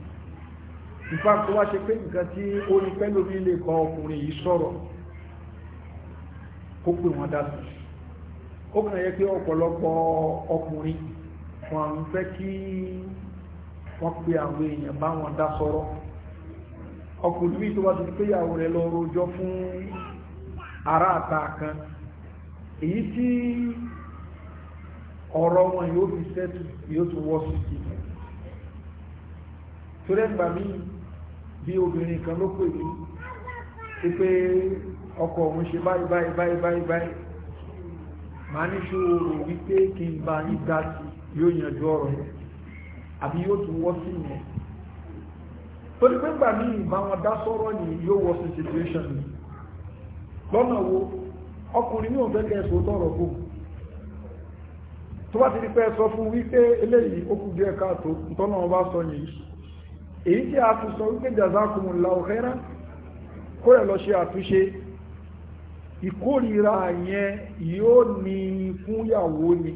nípa tó wá ṣe pé nǹkan tí ó ní pẹ́lú mi lè kọ ọkùnrin yìí sọ̀rọ̀ kó pè wọ́n dá sí ó kàn yẹ pé ọ̀pọ̀lọpọ̀ ọkùnrin wọn àwọn fẹ́ kí wọ́n pe àwọn èèyàn bá wọn dá sọ̀rọ̀ ọkùnrin mi tó wá ti pé ìyàwó rẹ̀ lọ rojọ́ fún aráàta kan èyí tí ọ̀rọ̀ wọn yóò fi sẹ́tù yóò tún wọ́ sí ti torí ẹgbà mí bí obìnrin kan ló pè mí sí pé ọkọ òun ṣe báyìí báyìí báyìí báyìí báyìí màá ní ṣòro wípé kí n bá yín dá sí yóò yanjú ọ̀rọ̀ yẹn àbí yóò tún wọ́ sí yẹn torí pé gbà mí ìbáwọn dá sọ́rọ̀ yìí yóò wọ́ sí situation yìí lọ́nà wo ọkùnrin ní òǹfẹ́ kẹsọ̀ tọ́rọ̀ fún tó bá ti rí pẹ́ sọ fún wípé eléyìí ó kù díẹ̀ káàtó tọ́nà ọba sọ yìí èyí tí a fi sọ wípé jazakumullahu khairan kó rẹ̀ lọ ṣe àtúnṣe ìkórìíra yẹn yóò ní fúnyàwó ni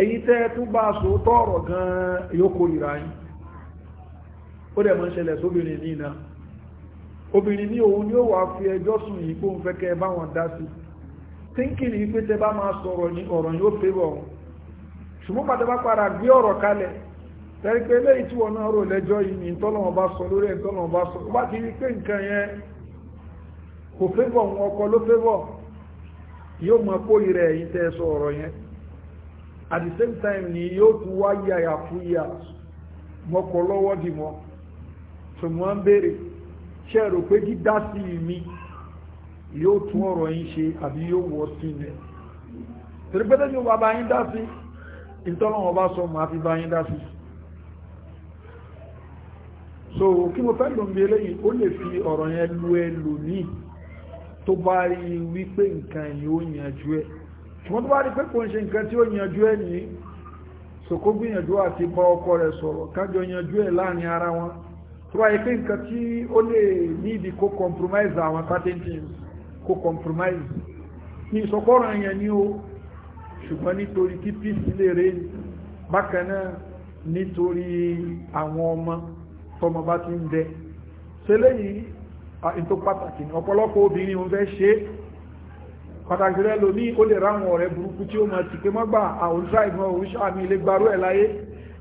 ẹ̀yí tẹ́ tó bá so tọ́rọ̀ gan-an yóò kórìíra yìí ó dẹ̀ mọ́ ṣẹlẹ̀ sóbìnrin ní obìnrin ní òun ni ó wà fi ẹjọ́ sùn yìí kó ń fẹ́ kẹ́ bá wọn dá sí tínkì ní pé tẹ bá máa sọ̀rọ̀ ní ọ̀rọ̀ yóò pé bọ̀ wọn ṣùgbọ́n padà bá gbé ọ̀rọ̀ kalẹ̀ tẹ́rí pé lẹ́yìn tí wọn náà rò lẹ́jọ́ yìí ní tọ́lọ́wọ́n bá sọ lórí bá sọ wá pé nǹkan sọ ọ̀rọ̀ yẹn at the same time ni yóò tún wá fún mọ́kọ lọ́wọ́ dì mọ́ ń béèrè ṣe rò pé dídá sí mi yóò tún ọ̀rọ̀ yín ṣe àbí yóò wọ́ sí ilẹ̀ tẹ̀lẹ́pẹ́tẹ́ tí ó bá bá yín dá sí ìtọ́lọ́wọ́ bá sọ ma fi bá yín dá sí so kí mo fẹ́ lòmí eléyìí ó lè fi ọ̀rọ̀ yẹn lu ẹlò ní tó bá rí wípé nǹkan yìí ó yànjú ẹ ṣùgbọ́n tó bá rí pé kò ń ṣe nǹkan tí ó yànjú ẹ nìyí so kó gbìyànjú àti bá ọkọ rẹ̀ sọ̀rọ̀ kájọ yànjú ẹ láàrin ara wọn tó wáyé pé nǹkan tí ó lè níbi kó compromise àwọn patentings kó compromise ní ìsọkọ́rọ̀ yẹn ni ó ṣùgbọ́n nítorí kí peace lè rẹ̀ bákan náà nítorí àwọn ọmọ tọmọ bá ti ń dẹ ṣẹlẹ́yìn ìtò pàtàkì ní ọ̀pọ̀lọpọ̀ obìnrin òun fẹ́ ṣe pàtàkì rẹ̀ lóní ó lè ráwọn ọ̀rẹ́ burúkú tí ó máa ti pé mọ́gbà àwọn ìṣàìmọ̀ òun ṣàmì ilé gbarú ẹ̀ láyé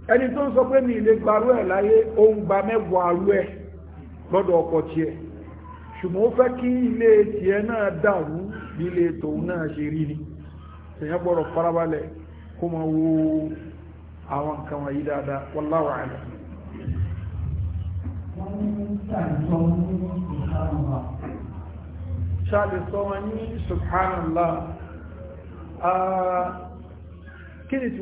ẹni tó ń sọ pé mi gba gbarú ẹ̀ láyé ó gba mẹ́wàá arú ẹ̀ lọ́dọ̀ ọkọ tiẹ̀ ṣùgbọ́n ó fẹ́ kí ilé tiẹ̀ náà dàrú bí ilé tòun náà ṣe rí ni tẹ̀yẹ́ gbọ́dọ̀ farabalẹ̀ kó máa wo àwọn nǹkan wọ̀nyí dáadáa ṣáàlì sọ wọn ní subhanallah kí ni tí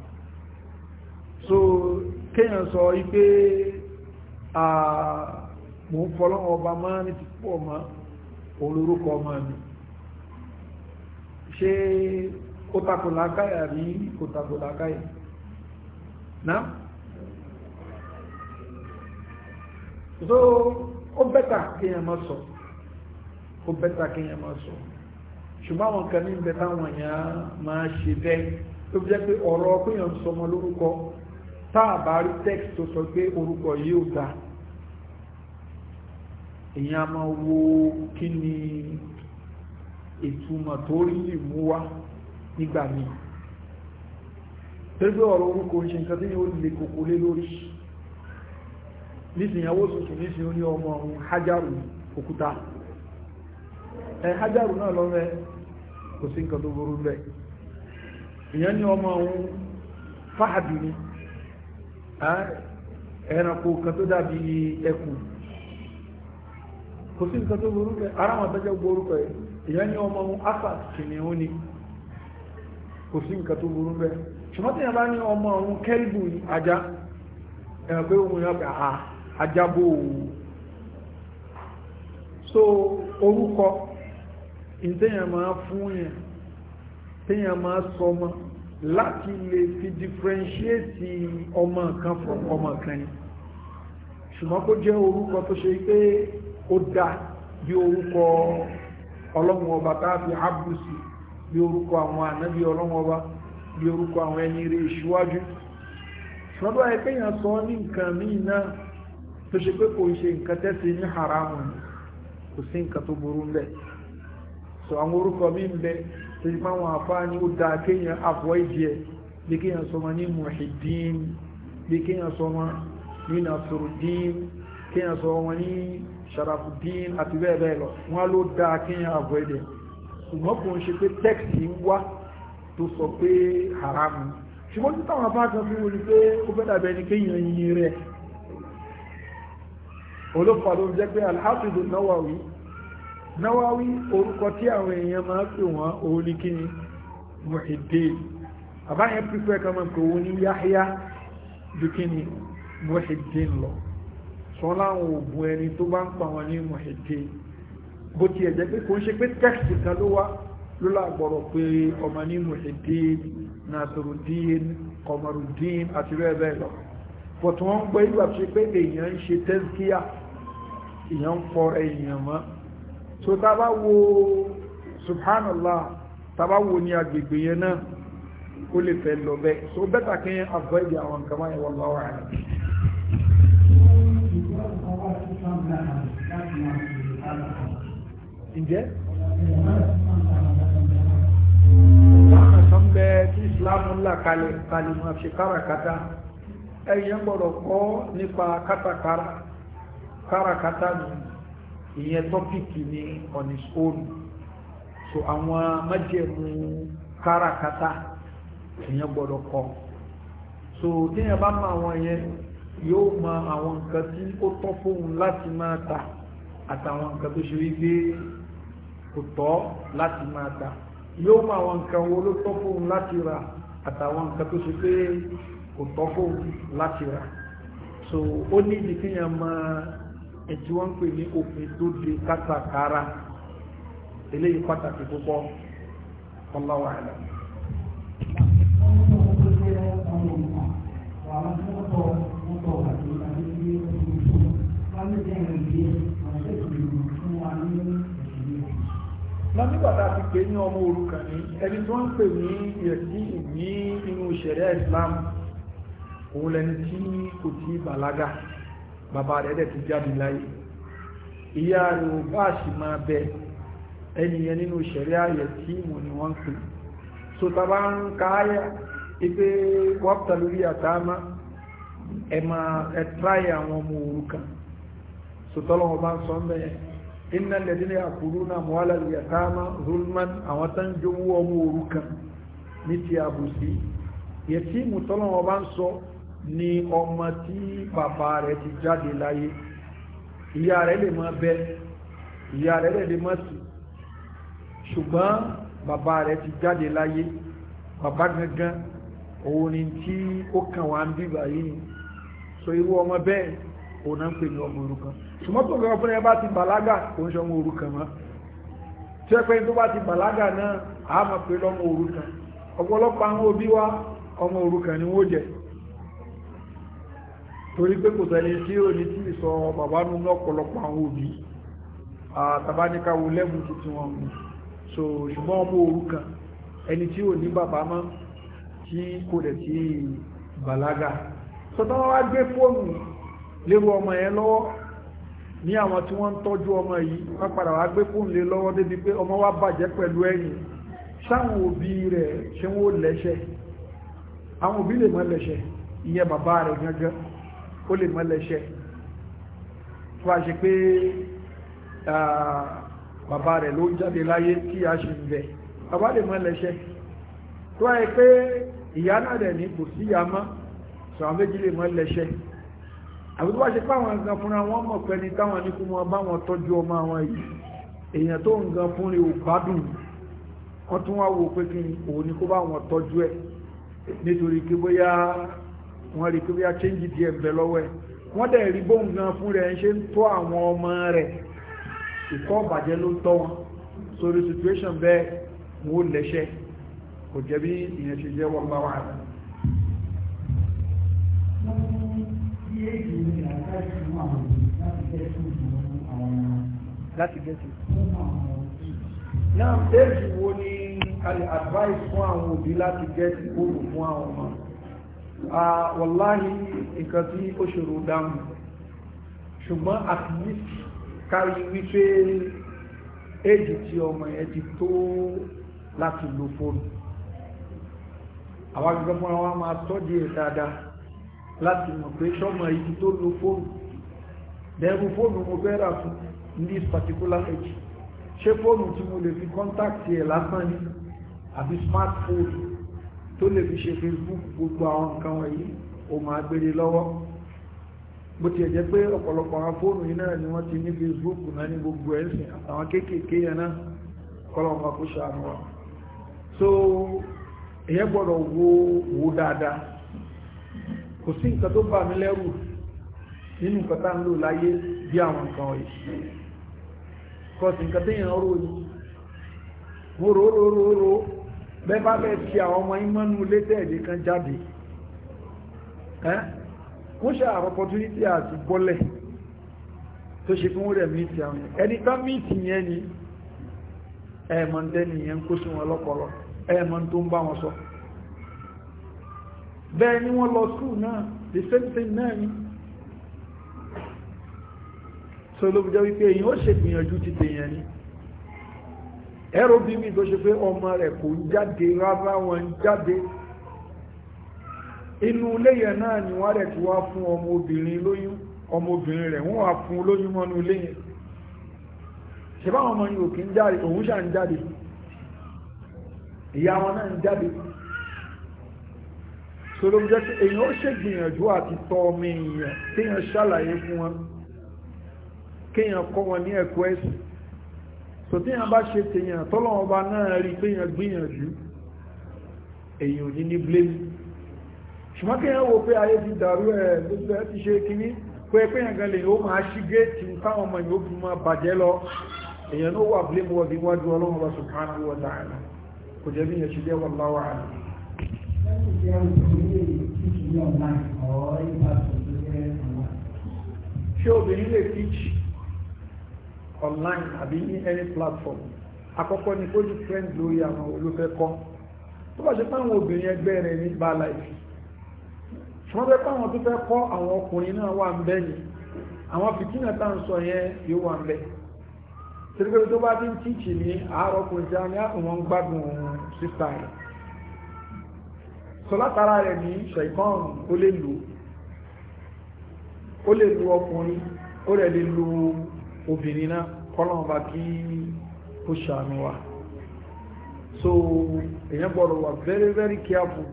so kéèyàn sọ ipé mò ń fọlọ́wọ́ ọba máa ní ti pọ̀ mọ́ olórúkọ ọmọ mi ṣé ó àbí kò náà so ó bẹ́tà kéèyàn máa sọ ó bẹ́tà kéèyàn máa sọ ṣùgbọ́n àwọn kan ní bẹ́tà wọ̀nyá máa ṣe bẹ́ẹ̀ tó jẹ́ pé ọ̀rọ̀ kéèyàn sọmọ lórúkọ taa rí text tó sọ pé orúkọ yìí ò èyàn a máa wo kí ni ìtumọ̀ tó rí lè mú wá nígbà míì tẹ́gbẹ́ ọ̀rọ̀ orúkọ ń nǹkan tí yóò lè kòkó lé lórí nísìnyàwó tuntun nísìn ó ní ọmọ hajaru òkúta ẹ hajaru náà lọ́rẹ́ kò sí nǹkan tó burú bẹ́ẹ̀ ìyẹn ẹranko kan tó dàbí ẹkùn kò sí nǹkan tó burú bẹ́ẹ̀ ara wọn tọ́jọ́ gborúkọ ẹ̀ ìyá ní ọmọ ohun asa kìnìún ni kò sí nǹkan tó burú bẹ́ẹ̀ ṣùgbọ́n tí yẹn ní ọmọ ohun kẹ́lìbù ajá ẹ̀rọ pé ohun ajá bò so orúkọ ìtẹ̀yàn máa fún yẹn tẹ̀yàn sọ láti lè fi differentiate ọmọ kan from ọmọ kan ni ṣùgbọ́n kó jẹ́ orúkọ tó ṣe pé ó bi bí orúkọ ọlọ́run ọba káàfi bi bí orúkọ àwọn ànábí ọlọ́run ọba bí orúkọ àwọn ẹni rẹ̀ ìṣíwájú ṣùgbọ́n báyìí pé èèyàn sọ ní nǹkan míì náà tó ṣe pé kò ṣe nǹkan tẹ́sí ní so àwọn orúkọ míì ń torí pé àwọn àfáà ni ó dáa kéèyàn àfọ́ ìdí ẹ̀ bí kéèyàn sọmọ ní Muhyiddin bí kéèyàn sọmọ ní Nasruddin kéèyàn sọmọ ní Sharafuddin àti bẹ́ẹ̀ bẹ́ẹ̀ lọ wọ́n ló dáa kéèyàn àfọ́ ìdí ẹ̀ ṣùgbọ́n kò ń ṣe pé tẹ́kìtì ń wá tó sọ pé haramu ṣùgbọ́n tí táwọn afáà kan fi wọlé pé ó fẹ́ dàbẹ́ ni kéèyàn yin rẹ̀ olófàdó jẹ́ pé Al-Hafidh náwáwí orúkọ tí àwọn èèyàn máa pè wọ́n òun ní kíni Muhiddin àbáyẹn pípẹ́ kan máa pè wọ́n ní Yahya ju kíni Muhiddin lọ sọ láwọn ògùn ẹni tó bá ń pa wọn ní Muhiddin bó ti ẹ̀jẹ̀ pé kò ń ṣe pé tẹ́kìtì kan ló wá ló lágbọ̀rọ̀ pé ọmọ ní Muhiddin Nasruddin Qamaruddin àti bẹ́ẹ̀ bẹ́ẹ̀ lọ pọ̀tù wọn ń gbọ́ ìgbà tó ṣe pé èèyàn ń ṣe tẹ́síkíyà èèyàn ń fọ èèyàn mọ́ so tàbá wo subhanallah tàbá wo ní agbègbè yẹn náà ó lè fẹ́ lọ bẹ́ so bẹ́ta kí yẹn avoid àwọn nǹkan máa yẹn wọ́n lọ́wọ́ ǹjẹ́ kan tí islamu là kalẹ̀ kalẹ̀ máa fi kárakátá ẹ̀yẹ́ gbọ́dọ̀ kọ́ nípa kátàkárà kárakátá nìyí ìyẹn tọ́pìkì ni on his own so àwọn májẹ̀mú káràkátà ìyẹn gbọ́dọ̀ kọ́ so téèyàn bá mọ àwọn yẹn yóò mọ àwọn nǹkan tí ó tọ́ fóun láti máa ta àtàwọn nǹkan tó ṣe wípé kò tọ́ láti máa ta yóò mọ àwọn nǹkan wo ló tọ́ fóun láti rà àtàwọn nǹkan tó ṣe pé kò tọ́ fóun láti rà so ó ní ìdí kéèyàn máa ẹ̀tí wọ́n ń pè ní òfin tó de kátàkárà eléyìí pàtàkì púpọ̀ Allahu a'lam. lọ nígbàtà ti pè ní ọmọ òrukàn ní ẹni tó ń pè ní ìrẹ̀sí ní inú ìṣẹ̀rẹ́ Islam òun lẹni tí kò tí bàlágà bàbá rẹ̀ dẹ̀ ti jáde láyé ìyá rẹ̀ ò bá sì máa bẹ ẹniyẹn nínú ṣẹ̀rí ààyẹ̀ tí mò ní wọ́n pè so tàbá ń káyà ipé wọ́pta lórí àtàmà ẹ̀tráyè àwọn ọmọ òrukàn so tọ́lọ́wọ́ bá ń sọ ń bẹ̀yẹn iná lẹ́dínlẹ̀ àkùrúnà mọ́wálà lórí àtàmà zulman àwọn tán jówó ọmọ òrukàn ní ti àbùsí yẹtí mù tọ́lọ́wọ́ bá ń sọ ni ọmọ tí bàbá rẹ̀ ti jáde láyé ìyá rẹ̀ lè mọ́ bẹ́ ìyá rẹ̀ lè mọ́ sí ṣùgbọ́n bàbá rẹ̀ ti jáde láyé bàbá gangan òun ni tí ó kàn wá ń bí báyìí so irú ọmọ bẹ́ẹ̀ òun náà ń pè ní ọmọ òrukàn ṣùgbọ́n tó gbọ́ fúnra bá ti bàlágà kò ń ṣe ọmọ òrukàn mọ́ tí ẹ pé tó bá ti bàlágà náà a mọ̀ pé lọ́mọ òrukàn ọ̀pọ̀lọpọ̀ àwọn òbí wa ọmọ òrukàn ni wọ́n jẹ́ torí pé kò tẹ́lẹ̀ tí ò ní tí sọ bàbá nù lọ́pọ̀lọpọ̀ àwọn òbí àtàbáníkàwò lẹ́bù tuntun wọn so ṣùgbọ́n ọmọ òrukàn ẹni tí ò ní bàbá mọ́ tí kò dẹ̀ tí bàlágà so tán wá gbé fóònù lérú ọmọ yẹn lọ́wọ́ ní àwọn tí wọ́n ń tọ́jú ọmọ yìí wọ́n padà wá gbé fóònù lé lọ́wọ́ débi pé ọmọ wá bàjẹ́ pẹ̀lú ẹ̀yìn sáwọn òbí rẹ̀ ṣe wọ́n lẹ́ṣẹ̀ àwọn òbí lè mọ́ lẹ́ṣẹ̀ ìyẹn bàbá rẹ̀ gángan ó lè mọ́ lẹ́ṣẹ́ tó a ṣe pé bàbá rẹ̀ ló jáde láyé tí a ṣe ń bẹ̀ bàbá lè mọ́ lẹ́ṣẹ́ tó a yẹ pé ìyá náà rẹ̀ ní kò sí ìyá mọ́ sọ àwọn méjì lè mọ́ lẹ́ṣẹ́ àbí tó a ṣe pé àwọn gan fúnra wọn mọ̀ pẹ́ni táwọn ní kó bá wọn tọ́jú ọmọ àwọn yìí èèyàn tó ń gan fúnra ò gbádùn wọ́n tún wá wo pé kí òun ni kó bá wọn tọ́jú ẹ̀ nítorí kí bóyá wọ́n rí pé bí a change díẹ̀ bẹ̀ lọ́wọ́ ẹ̀ wọ́n dẹ̀ rí bóun gan fún rẹ̀ ń ṣe ń tọ́ àwọn ọmọ rẹ̀ ìkọ́ ọ̀bàjẹ́ ló ń tọ́ wọn sórí situation bẹ́ẹ̀ wọ́n ó lẹ́ṣẹ́ kò jẹ́ bí ìyẹn ṣe jẹ́ wọ́n bá wà rẹ̀. láti gẹ́sì náà éèjì wo ni a lè advice fún àwọn òbí láti gẹ́sì fún àwọn ọmọ Ah, wàláhì nǹkan tí ó ṣòro dáhùn ṣùgbọ́n at least kárí wípé éjì tí ọmọ yẹn ti tó láti lo fóònù àwọn agbègbè fúnra wa máa tọ́jú ẹ̀ dáadáa láti mọ̀ pé ṣọ́mọ yìí tó lo fóònù bẹ̀rù fóònù mo fẹ́ rà fún in this particular age ṣé fóònù tí mo lè fi kọ́ńtàkì ẹ̀ lásán ni àbí smartphone tó lè fi ṣe facebook gbogbo àwọn nǹkan wọ̀nyí o máa gbére lọ́wọ́ bó ti ẹ̀jẹ́ pé ọ̀pọ̀lọpọ̀ àwọn fóònù yìí náà ni wọ́n ti ní facebook náà ní gbogbo ẹ̀sìn àtàwọn kéékèèké yẹn náà kọ́lọ̀ wọn kó ṣàánú wa so ìyẹn gbọ́dọ̀ wo wo dáadáa kò sí nǹkan tó bà mí lẹ́rù nínú nǹkan tá ń lò láyé bí àwọn nǹkan wọ̀nyí kọ́sì nǹkan téèyàn rò yìí mo rò rò rò rò bẹ́bá bẹ́ ti àwọn ọmọ imọ́nú létẹ̀ẹ̀dì kan jáde kún ṣe àwọn opportunity àti bọ́lẹ̀ tó ṣe fún rẹ̀ mìí ti àwọn ẹni tán mìí ti yẹn ni ẹ̀mọ̀ tẹ́ni yẹn kó sí wọn lọ́pọ̀lọ́ ẹ̀mọ̀ tó ń bá wọn sọ bẹ́ẹ̀ ni wọ́n lọ skúù náà the same thing náà ni so ló jẹ́ wípé èyí ó ṣègbìyànjú ti tèèyàn ni ẹ̀rọ bí mi tó ṣe pé ọmọ rẹ̀ kò ń jáde rárá wọn ń jáde inú ilé yẹn náà ni wọ́n rẹ̀ ti wá fún ọmọ obìnrin lóyún ọmọ obìnrin rẹ̀ wọ́n wá fún lóyún mọ́nú ilé yẹn ṣe báwọn ọmọ yìí ò kí ń jáde òun ṣà ń jáde ìyá wọn náà ń jáde sọ́dọ̀ jẹ́ pé èèyàn ó ṣègbìyànjú àti tọ́ ọmọ èèyàn kéèyàn ṣàlàyé fún wọn kéèyàn kọ́ wọn ní ẹ̀kọ́ ẹ̀sìn tó tí yàn bá ṣe tèyàn tọ́lọ́wọ́ bá náà rí pé yàn gbìyànjú èyàn ò ní ní blame ṣùgbọ́n kí yàn wò pé ayé ti dàrú ẹ̀ gbogbo ẹ̀ ti ṣe kíní pé pé yàn gan lè ó máa ṣí géètì táwọn ọmọ yìí ó fi máa bàjẹ́ lọ èyàn ló wà blame wọ́n níwájú ọlọ́run wa subhanahu wa ta'ala kò jẹ́ bí yàn ṣe jẹ́ wọn láwà á ṣé obìnrin lè teach online àbí ní any platform àkọ́kọ́ ni kó ní trend lórí àwọn olófẹ́ kọ́ tó bá ṣe pé àwọn obìnrin ẹgbẹ́ rẹ̀ ní bá láìsí wọ́n fẹ́ pàwọn tó fẹ́ kọ́ àwọn ọkùnrin náà wà ń bẹ́ ni àwọn fìtínà tá ń sọ yẹn yóò wà ń bẹ́ tẹ́lẹ̀kẹ́ tó bá ti ń tíìtì ní àárọ̀ kò já ní àwọn gbádùn sísá rẹ̀ sọ látara rẹ̀ ní ṣẹ̀kọ́n ó lè lu ọkùnrin ó rẹ̀ lè lu obìnrin náà kọ́lọ́n bá kí ó ṣàánú wa so èèyàn gbọ́dọ̀ wà very very careful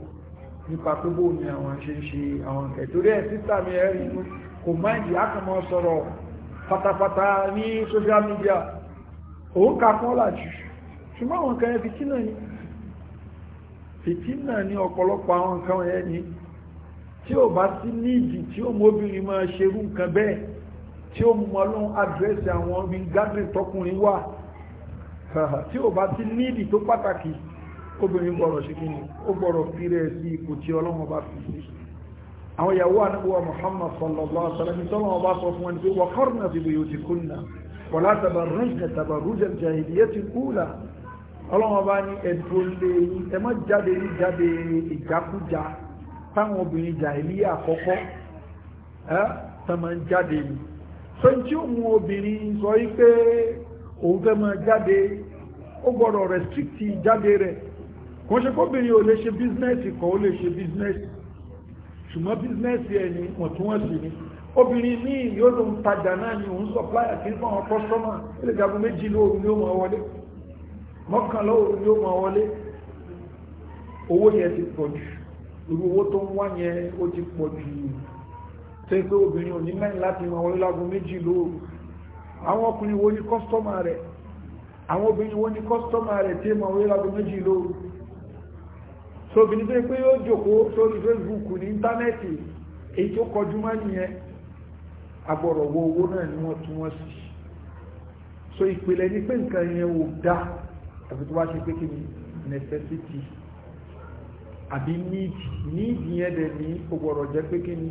nípa pé bóun ni àwọn ṣe ń ṣe àwọn nǹkan ìtòrí ẹ̀ sísá mi ẹ̀ rí inú kò máìdì ákàmọ́ sọ̀rọ̀ pátápátá ní social media òun kà kọ́ làjù ṣùgbọ́n àwọn nǹkan ẹ̀ fìtínà ni fìtínà ni ọ̀pọ̀lọpọ̀ àwọn nǹkan ẹ̀ ni tí ò bá sí níìdì tí ó mọ́bìnrin máa ṣerú nǹkan bẹ́ẹ̀ tí ó mọ lóhun àdírẹ́sì àwọn ibi gádùn tọkùnrin wà tí ò bá ti níìdì tó pàtàkì obìnrin gbọ́rọ̀ sí kíni ó gbọ́rọ̀ fírẹ̀ sí ipò tí ọlọ́run bá fi sí àwọn ìyàwó àníwá Muhammad sallallahu alaihi wasallam tọ́lọ́wọ́ bá sọ fún wọn pé waqarna fi buyutikunna wala tabarrujna tabarruj al-jahiliyyati al-ula ọlọ́wọ́ bá ní ẹ̀dùn lè ẹ má jáde ní jáde ìjákújá táwọn obìnrin jahiliya àkọ́kọ́ ẹ́ tọ́mọ jáde ní so tí ó mú obìnrin sọ wípé òun fẹ́ máa jáde ó gbọ́dọ̀ restrict jáde rẹ̀ kò ṣe kóbìnrin ò lè ṣe bísínẹ́sì kan ó lè ṣe bísínẹ́sì ṣùgbọ́n bísínẹ́sì ẹ̀ ni wọ̀ntúnwọ̀nsì ni obìnrin míì yóò lòun tajà náà ni òun supplier kì í fún àwọn customer ó lè jagun méjì lóru ni ó máa wọlé mọ́kànlá òru ni ó máa wọlé owó yẹn ti pọ̀ jù irú owó tó ń wá yẹn ó ti pọ̀ jù tó ń pé obìnrin ò ní mẹ́rin láti mọ àwọn olágun méjì lóòrù àwọn ọkùnrin wo ní kọ́sítọ́mà rẹ̀ àwọn obìnrin wo ní kọ́sítọ́mà rẹ̀ tí mọ àwọn olágun méjì lóòrù so obìnrin tó ń pé yóò jókòó sórí facebook ní íńtánẹ́ẹ̀tì èyí tó kọjú mọ́ nìyẹn agbọ̀rọ̀ wo owó náà ni wọ́n tún wọ́n sí so ìpìlẹ̀ ní pé nǹkan yẹn ò dá àbí tó bá ṣe pé kí ni necessity àbí need need yẹn dẹ̀ ní ó jẹ́ pé kí ni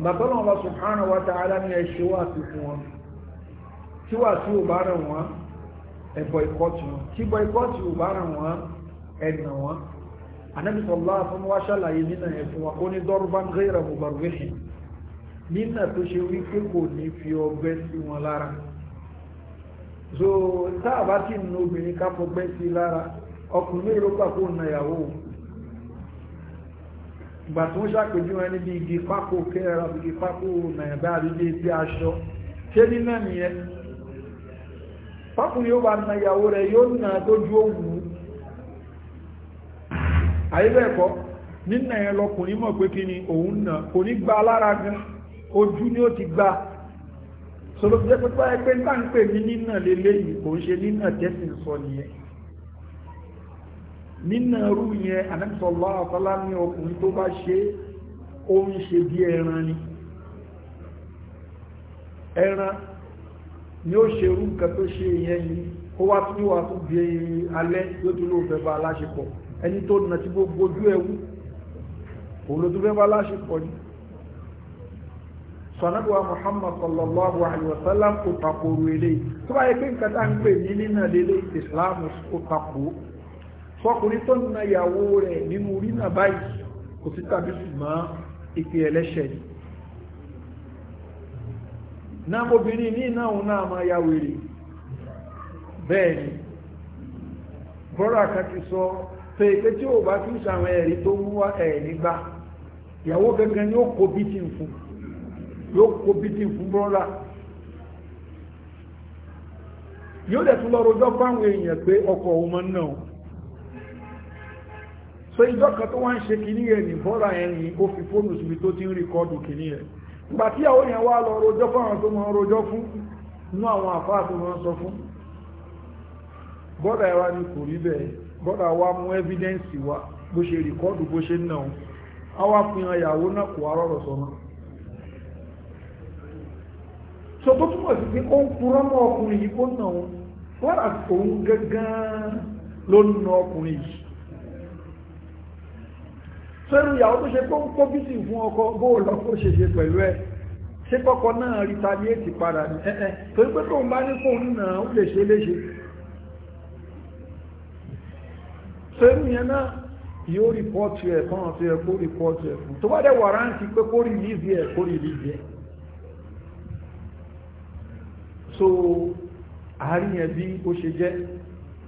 gbàtọ́nà ọba subhanahu wa ta'ala ní ẹṣẹ́ wà sí fún wọn tí wà sí ò bá rẹ̀ wọ́n ẹ boycott wọn tí boycott ò bá rẹ̀ wọ́n ẹ̀nà wọn anábì sallallahu alaihi wa ṣàlàyé nínà ẹ̀ fún wa ó ní darban ghayra mubarrihin nínà tó ṣe wí pé kò ní fi ọgbẹ́ sí wọn lára so tá a bá ti nu obìnrin ká fọgbẹ́ sí lára ọkùnrin ló gbà kó na ìgbà tó ń ṣàpèjú wọn níbi igi pákó kẹrọ igi pákó nàìjíríà àrílé ibi aṣọ ṣé nínà nìyẹn pákùnrin ó bá na ìyàwó rẹ̀ yóò nà lójú òwú àyíbẹ̀ẹ̀kọ́ nínà ẹ̀ lọkùnrin mọ̀ pé kí ni òun nà kò ní gba alára gan ojú ni ó ti gba sọlọ́pẹ́ pẹ́pẹ́ pé ń tà ń pè ní nínà lélẹ́yìn kò ń ṣe nínà tẹ́sìn sọ nìyẹn nínàrú yẹn anẹ́sọ̀lá àtọ́lá ní ọkùnrin tó bá ṣe ó ń ṣe bí ẹran ni ẹran ni ó ṣe rú nǹkan tó ṣe yẹn yìí ó wá tún wà tún bí alẹ́ yóò tún lóò fẹ́ bá aláṣepọ̀ ẹni tó nà tí gbogbo ojú ẹwú òun ló tún fẹ́ bá aláṣepọ̀ ni sọ̀nàbíwá muhammad sallallahu alayhi wa sallam kò takòrò eléyìí tó bá pé nǹkan tá ń pè ní nínà lélẹ́yìí islam kò fọkùnrin tó na ìyàwó rẹ̀ nínú orí náà báyìí kò sí tàbí ṣùgbọ́n ìpè ẹlẹ́ṣẹ̀ yìí náà obìnrin ní iná náà ya wèrè bẹ́ẹ̀ ni brọ́dà ti sọ pé pé tí ò bá tún ṣàwọn ẹ̀rí tó mú wá ẹ̀ nígbà ìyàwó gẹ́gẹ́ ni ó kó fún yóò kó fún ọkọ òun so ìjọ kan tó wá ń ṣe kìíní yẹn ní o ẹ̀yìn ó fi fóònù síbi tó ti ń rìkọ́dù kìíní yẹn ìgbà tí àwọn èèyàn wá lọ rojọ́ fáwọn tó mọ rojọ́ fún inú àwọn àfáà tó wọ́n sọ fún bọ́dà ẹ̀wà ni kò rí bẹ́ẹ̀ bọ́dà wa mú ẹ́fídẹ́ǹsì wa bó ṣe rìkọ́dù bó ṣe ń nà a wá fi hàn so ló sẹ́rù ìyàwó tó ṣe kó bísì fún ọkọ bóòlọ́ kó ṣe ṣe pẹ̀lú ẹ̀ ṣé kọ́kọ́ náà retaliate padà ní ẹ̀ẹ́ torí pé tóun bá ní fóun náà ó lè ṣe léṣe sẹ́rù yẹn náà yóò rìpọ́tù ẹ̀ fún ọ̀tún ẹ̀ kó rìpọ́tù ẹ̀ fún tó bá dẹ̀ wàrántì pé kó rìlíìsì ẹ̀ kó rìlíìsì ẹ̀ so àárín ẹ̀ bí ó ṣe jẹ́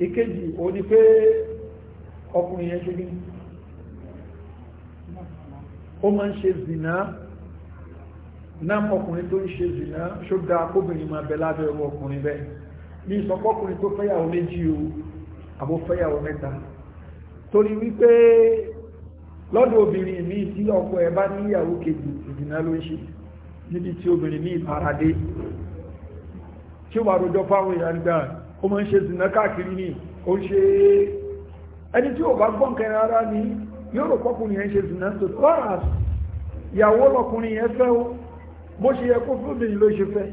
èkejì ó ní pé ọkùnrin yẹn ṣe gbìn ó máa ń ṣe zìnà náà ọkùnrin tó ń ṣe zìnà ṣó dá kóbìnrin máa bẹ lábẹ́ ọwọ́ ọkùnrin bẹ́ẹ̀ ní ìsọpọ́kùnrin tó fẹ́yàwó méjì o àbó fẹ́yàwó mẹ́ta torí wípé lọ́dọ̀ obìnrin míì tí ọkọ ẹ̀ bá níyàwó kejì ìdìnà ló ń ṣe níbi tí obìnrin míì paradé tí ó wà rọjọ́ fáwọn èèyàn gbà ó máa ń ṣe zìnà káàkiri ní ó ń ṣe ẹni tí ò bá gbọ́nkẹ́ rárá ní yóò rò pọ́kùnrin yẹn ṣe zùnà tó tọ́ra ìyàwó lọkùnrin yẹn fẹ́ ó bó ṣe yẹ kó fóbìnrin ló ṣe fẹ́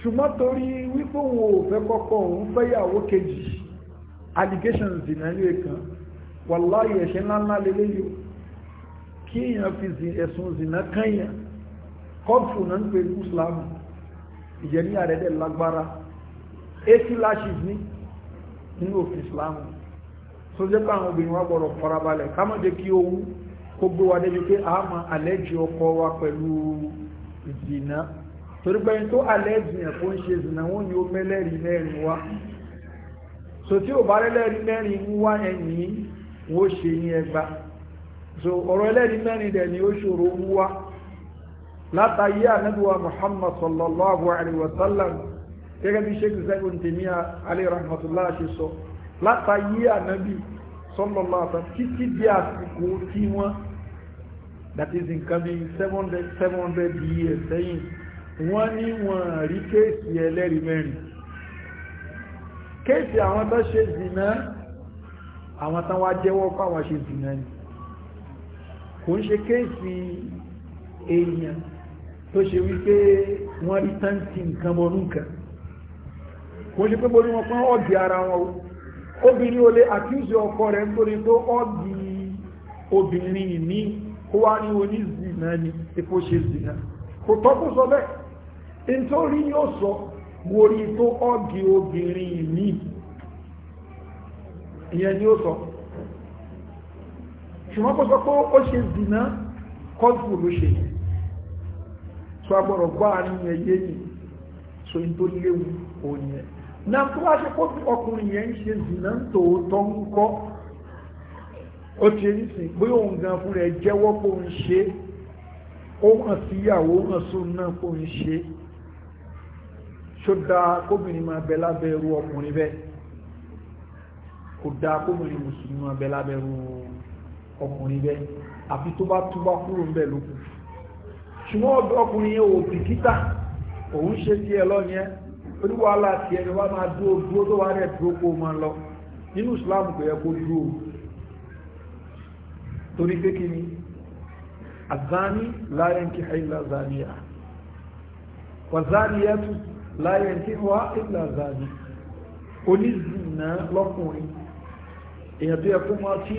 ṣùgbọ́n torí wípé òun ò fẹ́ kọ́kọ́ òun fẹ́ yàwó kejì allegations zìnà ilé kan wàláyé ẹ̀ṣẹ̀ ńláńlá lélẹ́yìí kí èèyàn fi ẹ̀sùn zìnà kányàn kọ́ọ̀tù náà ń pè Islam ìjẹ́ ní lágbára 80 lashes ní nínú òfin Islam tó jẹ́ pé àwọn obìnrin wa gbọ́dọ̀ farabalẹ̀ ká má jẹ́ kí owó kó gbé wa débi pé àmà àlẹ́jì ọkọ wa pẹ̀lú ìdìnà torí pé tó àlẹ́jì yẹn kó ń ṣe ìdìnà wọn ni ó mẹ́lẹ́rìí mẹ́rin wa so tí ò bá lẹ́lẹ́rìí mẹ́rin wá ẹ̀yìn wọ́n ṣe ní ẹgbà so ọ̀rọ̀ ẹlẹ́rìí mẹ́rin dẹ̀ ni ó ṣòro ń wá látàyé ànábíwá muhammad sallallahu alaihi wasallam gẹ́gẹ́ bí sheikh zagun tèmíà alaihi rahmatullah ṣe sọ látàyé ànábì sọ́lọ́lá àtà títí di àsìkò tí wọ́n that is in bí 700 700 years sẹ́yìn wọ́n ní wọ́n rí kéèsì ẹlẹ́rìí mẹ́rin kéèsì àwọn tó ṣe zìnà àwọn tán wá jẹ́wọ́ kọ́ àwọn ṣe zìnà ni kò ń ṣe kéèsì èèyàn tó ṣe wípé wọ́n rí táǹtì nǹkan mọ́nú nǹkan kò ń ṣe pé borí wọn pọ́n ọ̀dì ara wọn o obìnrin ole àkíúsì ọkọ rẹ̀ nítorí tó ọ́dì obìnrin kó wá ní ni epo ṣe zìnà kò tọ́kù sọ bẹ́ẹ̀ nítorí yóò sọ tó obìnrin ìyẹn ni ó sọ ṣùgbọ́n kó sọ pé ó ṣe zìnà ló ṣe yẹn so gbọ́ na tó wá ṣe kó ọkùnrin yẹn ń ṣe zìnà ń tòótọ́ ń kọ́ ó ti rí sìn pé òun gan fún rẹ̀ jẹ́wọ́ kó ń ṣe ó hàn síyàwó hàn sóun náà kó ń ṣe ṣó dáa kóbìnrin máa bẹ lábẹ́ ẹrú ọkùnrin bẹ́ẹ̀ kò dáa kóbìnrin mùsùlùmí máa bẹ lábẹ́ ẹrú ọkùnrin bẹ́ẹ̀ àfi tó bá túbá kúrò ń bẹ̀ lókun ṣùgbọ́n ọkùnrin yẹn ò bìkítà òun ṣe tiẹ̀ lọ́yẹn oníwàhálà tiẹ̀ ni wọ́n máa dúró dúró tó wà rẹ̀ dúró kó máa lọ nínú islam kò yẹ kó dúró torí pé kí ni azani láyẹn kí haila zaniya wà zaniya tu láyẹn kí wà illa zani onízìnà lọ́kùnrin èèyàn tó yẹ kó máa tí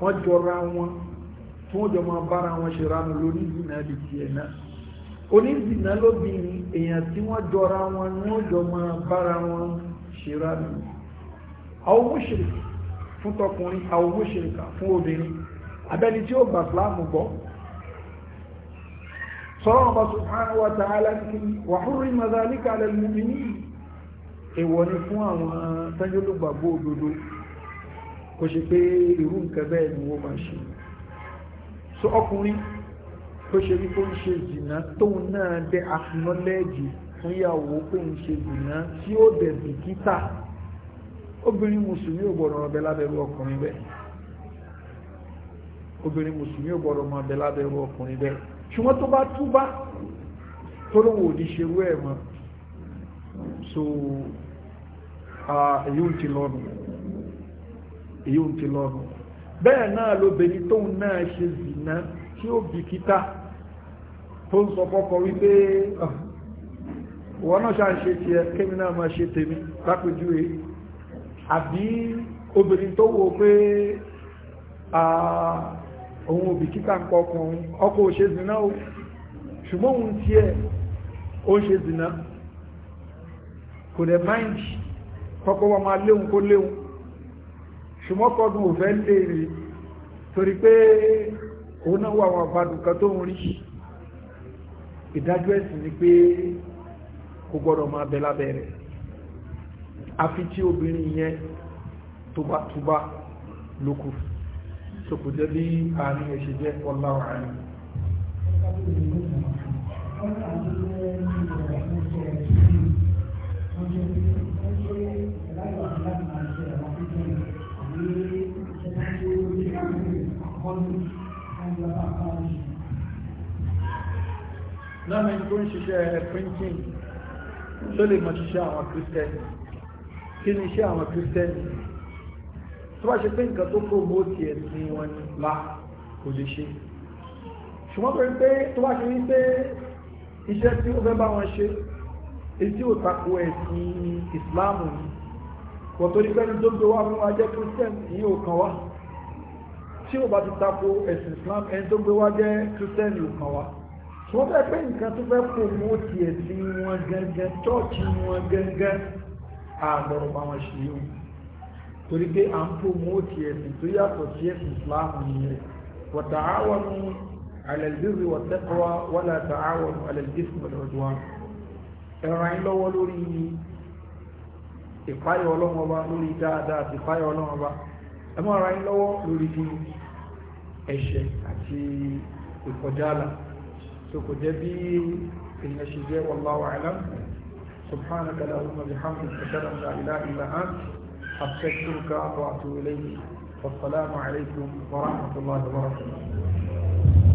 wọ́n jọra wọn tí wọ́n jọ máa bára wọn ṣe ránu lónízìnà lè tiẹ̀ náà onídìnnà lóbìnrin èèyàn tí wọ́n jọra wọn ni wọ́n jọ máa bára wọn ṣera nù àwọn mùṣírikí fún tọkùnrin àwọn mùṣírikà fún obìnrin abẹ́ni tí ó gbà fúlàmù bọ́ sọ́rọ̀ ọba subhanahu wa ta'ala ní wa hurrima dhalika 'ala al-mu'minin èwọ̀ ni fún àwọn tánjọ́lùgbàgbọ́ òdodo kò ṣe pé irú nǹkan bẹ́ẹ̀ ni wọ́n máa ṣe so ọkùnrin tó ṣe wípé ń ṣe zìnà tóun náà dé acknowledge fún ìyàwó pé ń ṣe zìnà tí ó dẹ̀ bìkítà obìnrin mùsùlùmí ò gbọ́dọ̀ ọ̀bẹ lábẹ́rú ọkùnrin bẹ́ẹ̀ obìnrin mùsùlùmí ò gbọ́dọ̀ ọ̀bẹ lábẹ́rú ọkùnrin bẹ́ẹ̀ ṣùgbọ́n tó bá túbá tó lóun ò ní ṣerú ẹ̀ mọ́ so èyí ń ti lọ́nu bẹ́ẹ̀ náà lóbìnrin tóun náà ṣe zìnà tí ó bìkítà tó ń sọ fọ́kọ wípé ah, wọ́n náà ṣe àṣe ti ẹ kémi náà máa ṣe tèmi lápèjúwe àbí obìnrin tó wo pé ah, òun òbìkítà ń pọ ọkùnrin ọkọ òṣè zina o ṣùgbọ́n òun tí ẹ ó ṣe zina kò dẹ̀ mind kọ́kọ́ wọn máa léhun kó léhun ṣùgbọ́n kọ́dún ò lè rí torí pé òun náà wà wọn àbádùn kan tó ń rí ìdájọ́ ẹ̀sìn ni pé kò gbọ́dọ̀ máa bẹ lábẹ́ rẹ̀ àfi tí obìnrin yẹn tóbátúbá lókù tó bí àárín ẹ̀ṣẹ̀ jẹ́ wallahu a'lam Thank you. láàrin tó ń ṣiṣẹ́ printing tó lè mọ̀ ṣiṣẹ́ àwọn kírísítẹ́nì kí ni iṣẹ́ àwọn kírísítẹ́nì tó bá ṣe pé nǹkan tó promote ẹ̀sìn wọn ni lá kò lè ṣe ṣùgbọ́n pé pé tó bá ṣe wípé iṣẹ́ tí ó fẹ́ bá wọn ṣe etí ò tako ẹ̀sìn ìsìláàmù ni wọ́n tó ní pẹ́ni tó gbé wá fún wa jẹ́ kírísítẹ́nì ìyẹn ò kàn wá tí ò bá ti tako ẹ̀sìn ìsìláàmù ẹni tó gbé wá jẹ́ kírísítẹ́nì ò kàn wá tí wọ́n fẹ́ pé nǹkan tó fẹ́ promote ẹ̀sìn wọn gangan chọ́ọ̀chì wọn gangan àgbọ̀rọ̀ bá wọn ṣe yóò torí pé à ń promote ẹ̀sìn tó yàtọ̀ sí ẹ̀sìn Islam nìyẹn wa ta'awanu 'ala al-birri wat-taqwa wa la ta'awanu 'ala ẹ̀ràn yín lọ́wọ́ lórí ìpáyọ̀ ọlọ́mọba lórí dáadáa àti ọlọ́mọba ẹ so kò jẹ́ bí èèyàn ṣe jẹ́ wallahu a'lam subhanaka allahumma bihamdika ashhadu an la ilaha illa anta astaghfiruka wa atubu ilayk wassalamu alaykum wa rahmatullahi wa barakatuh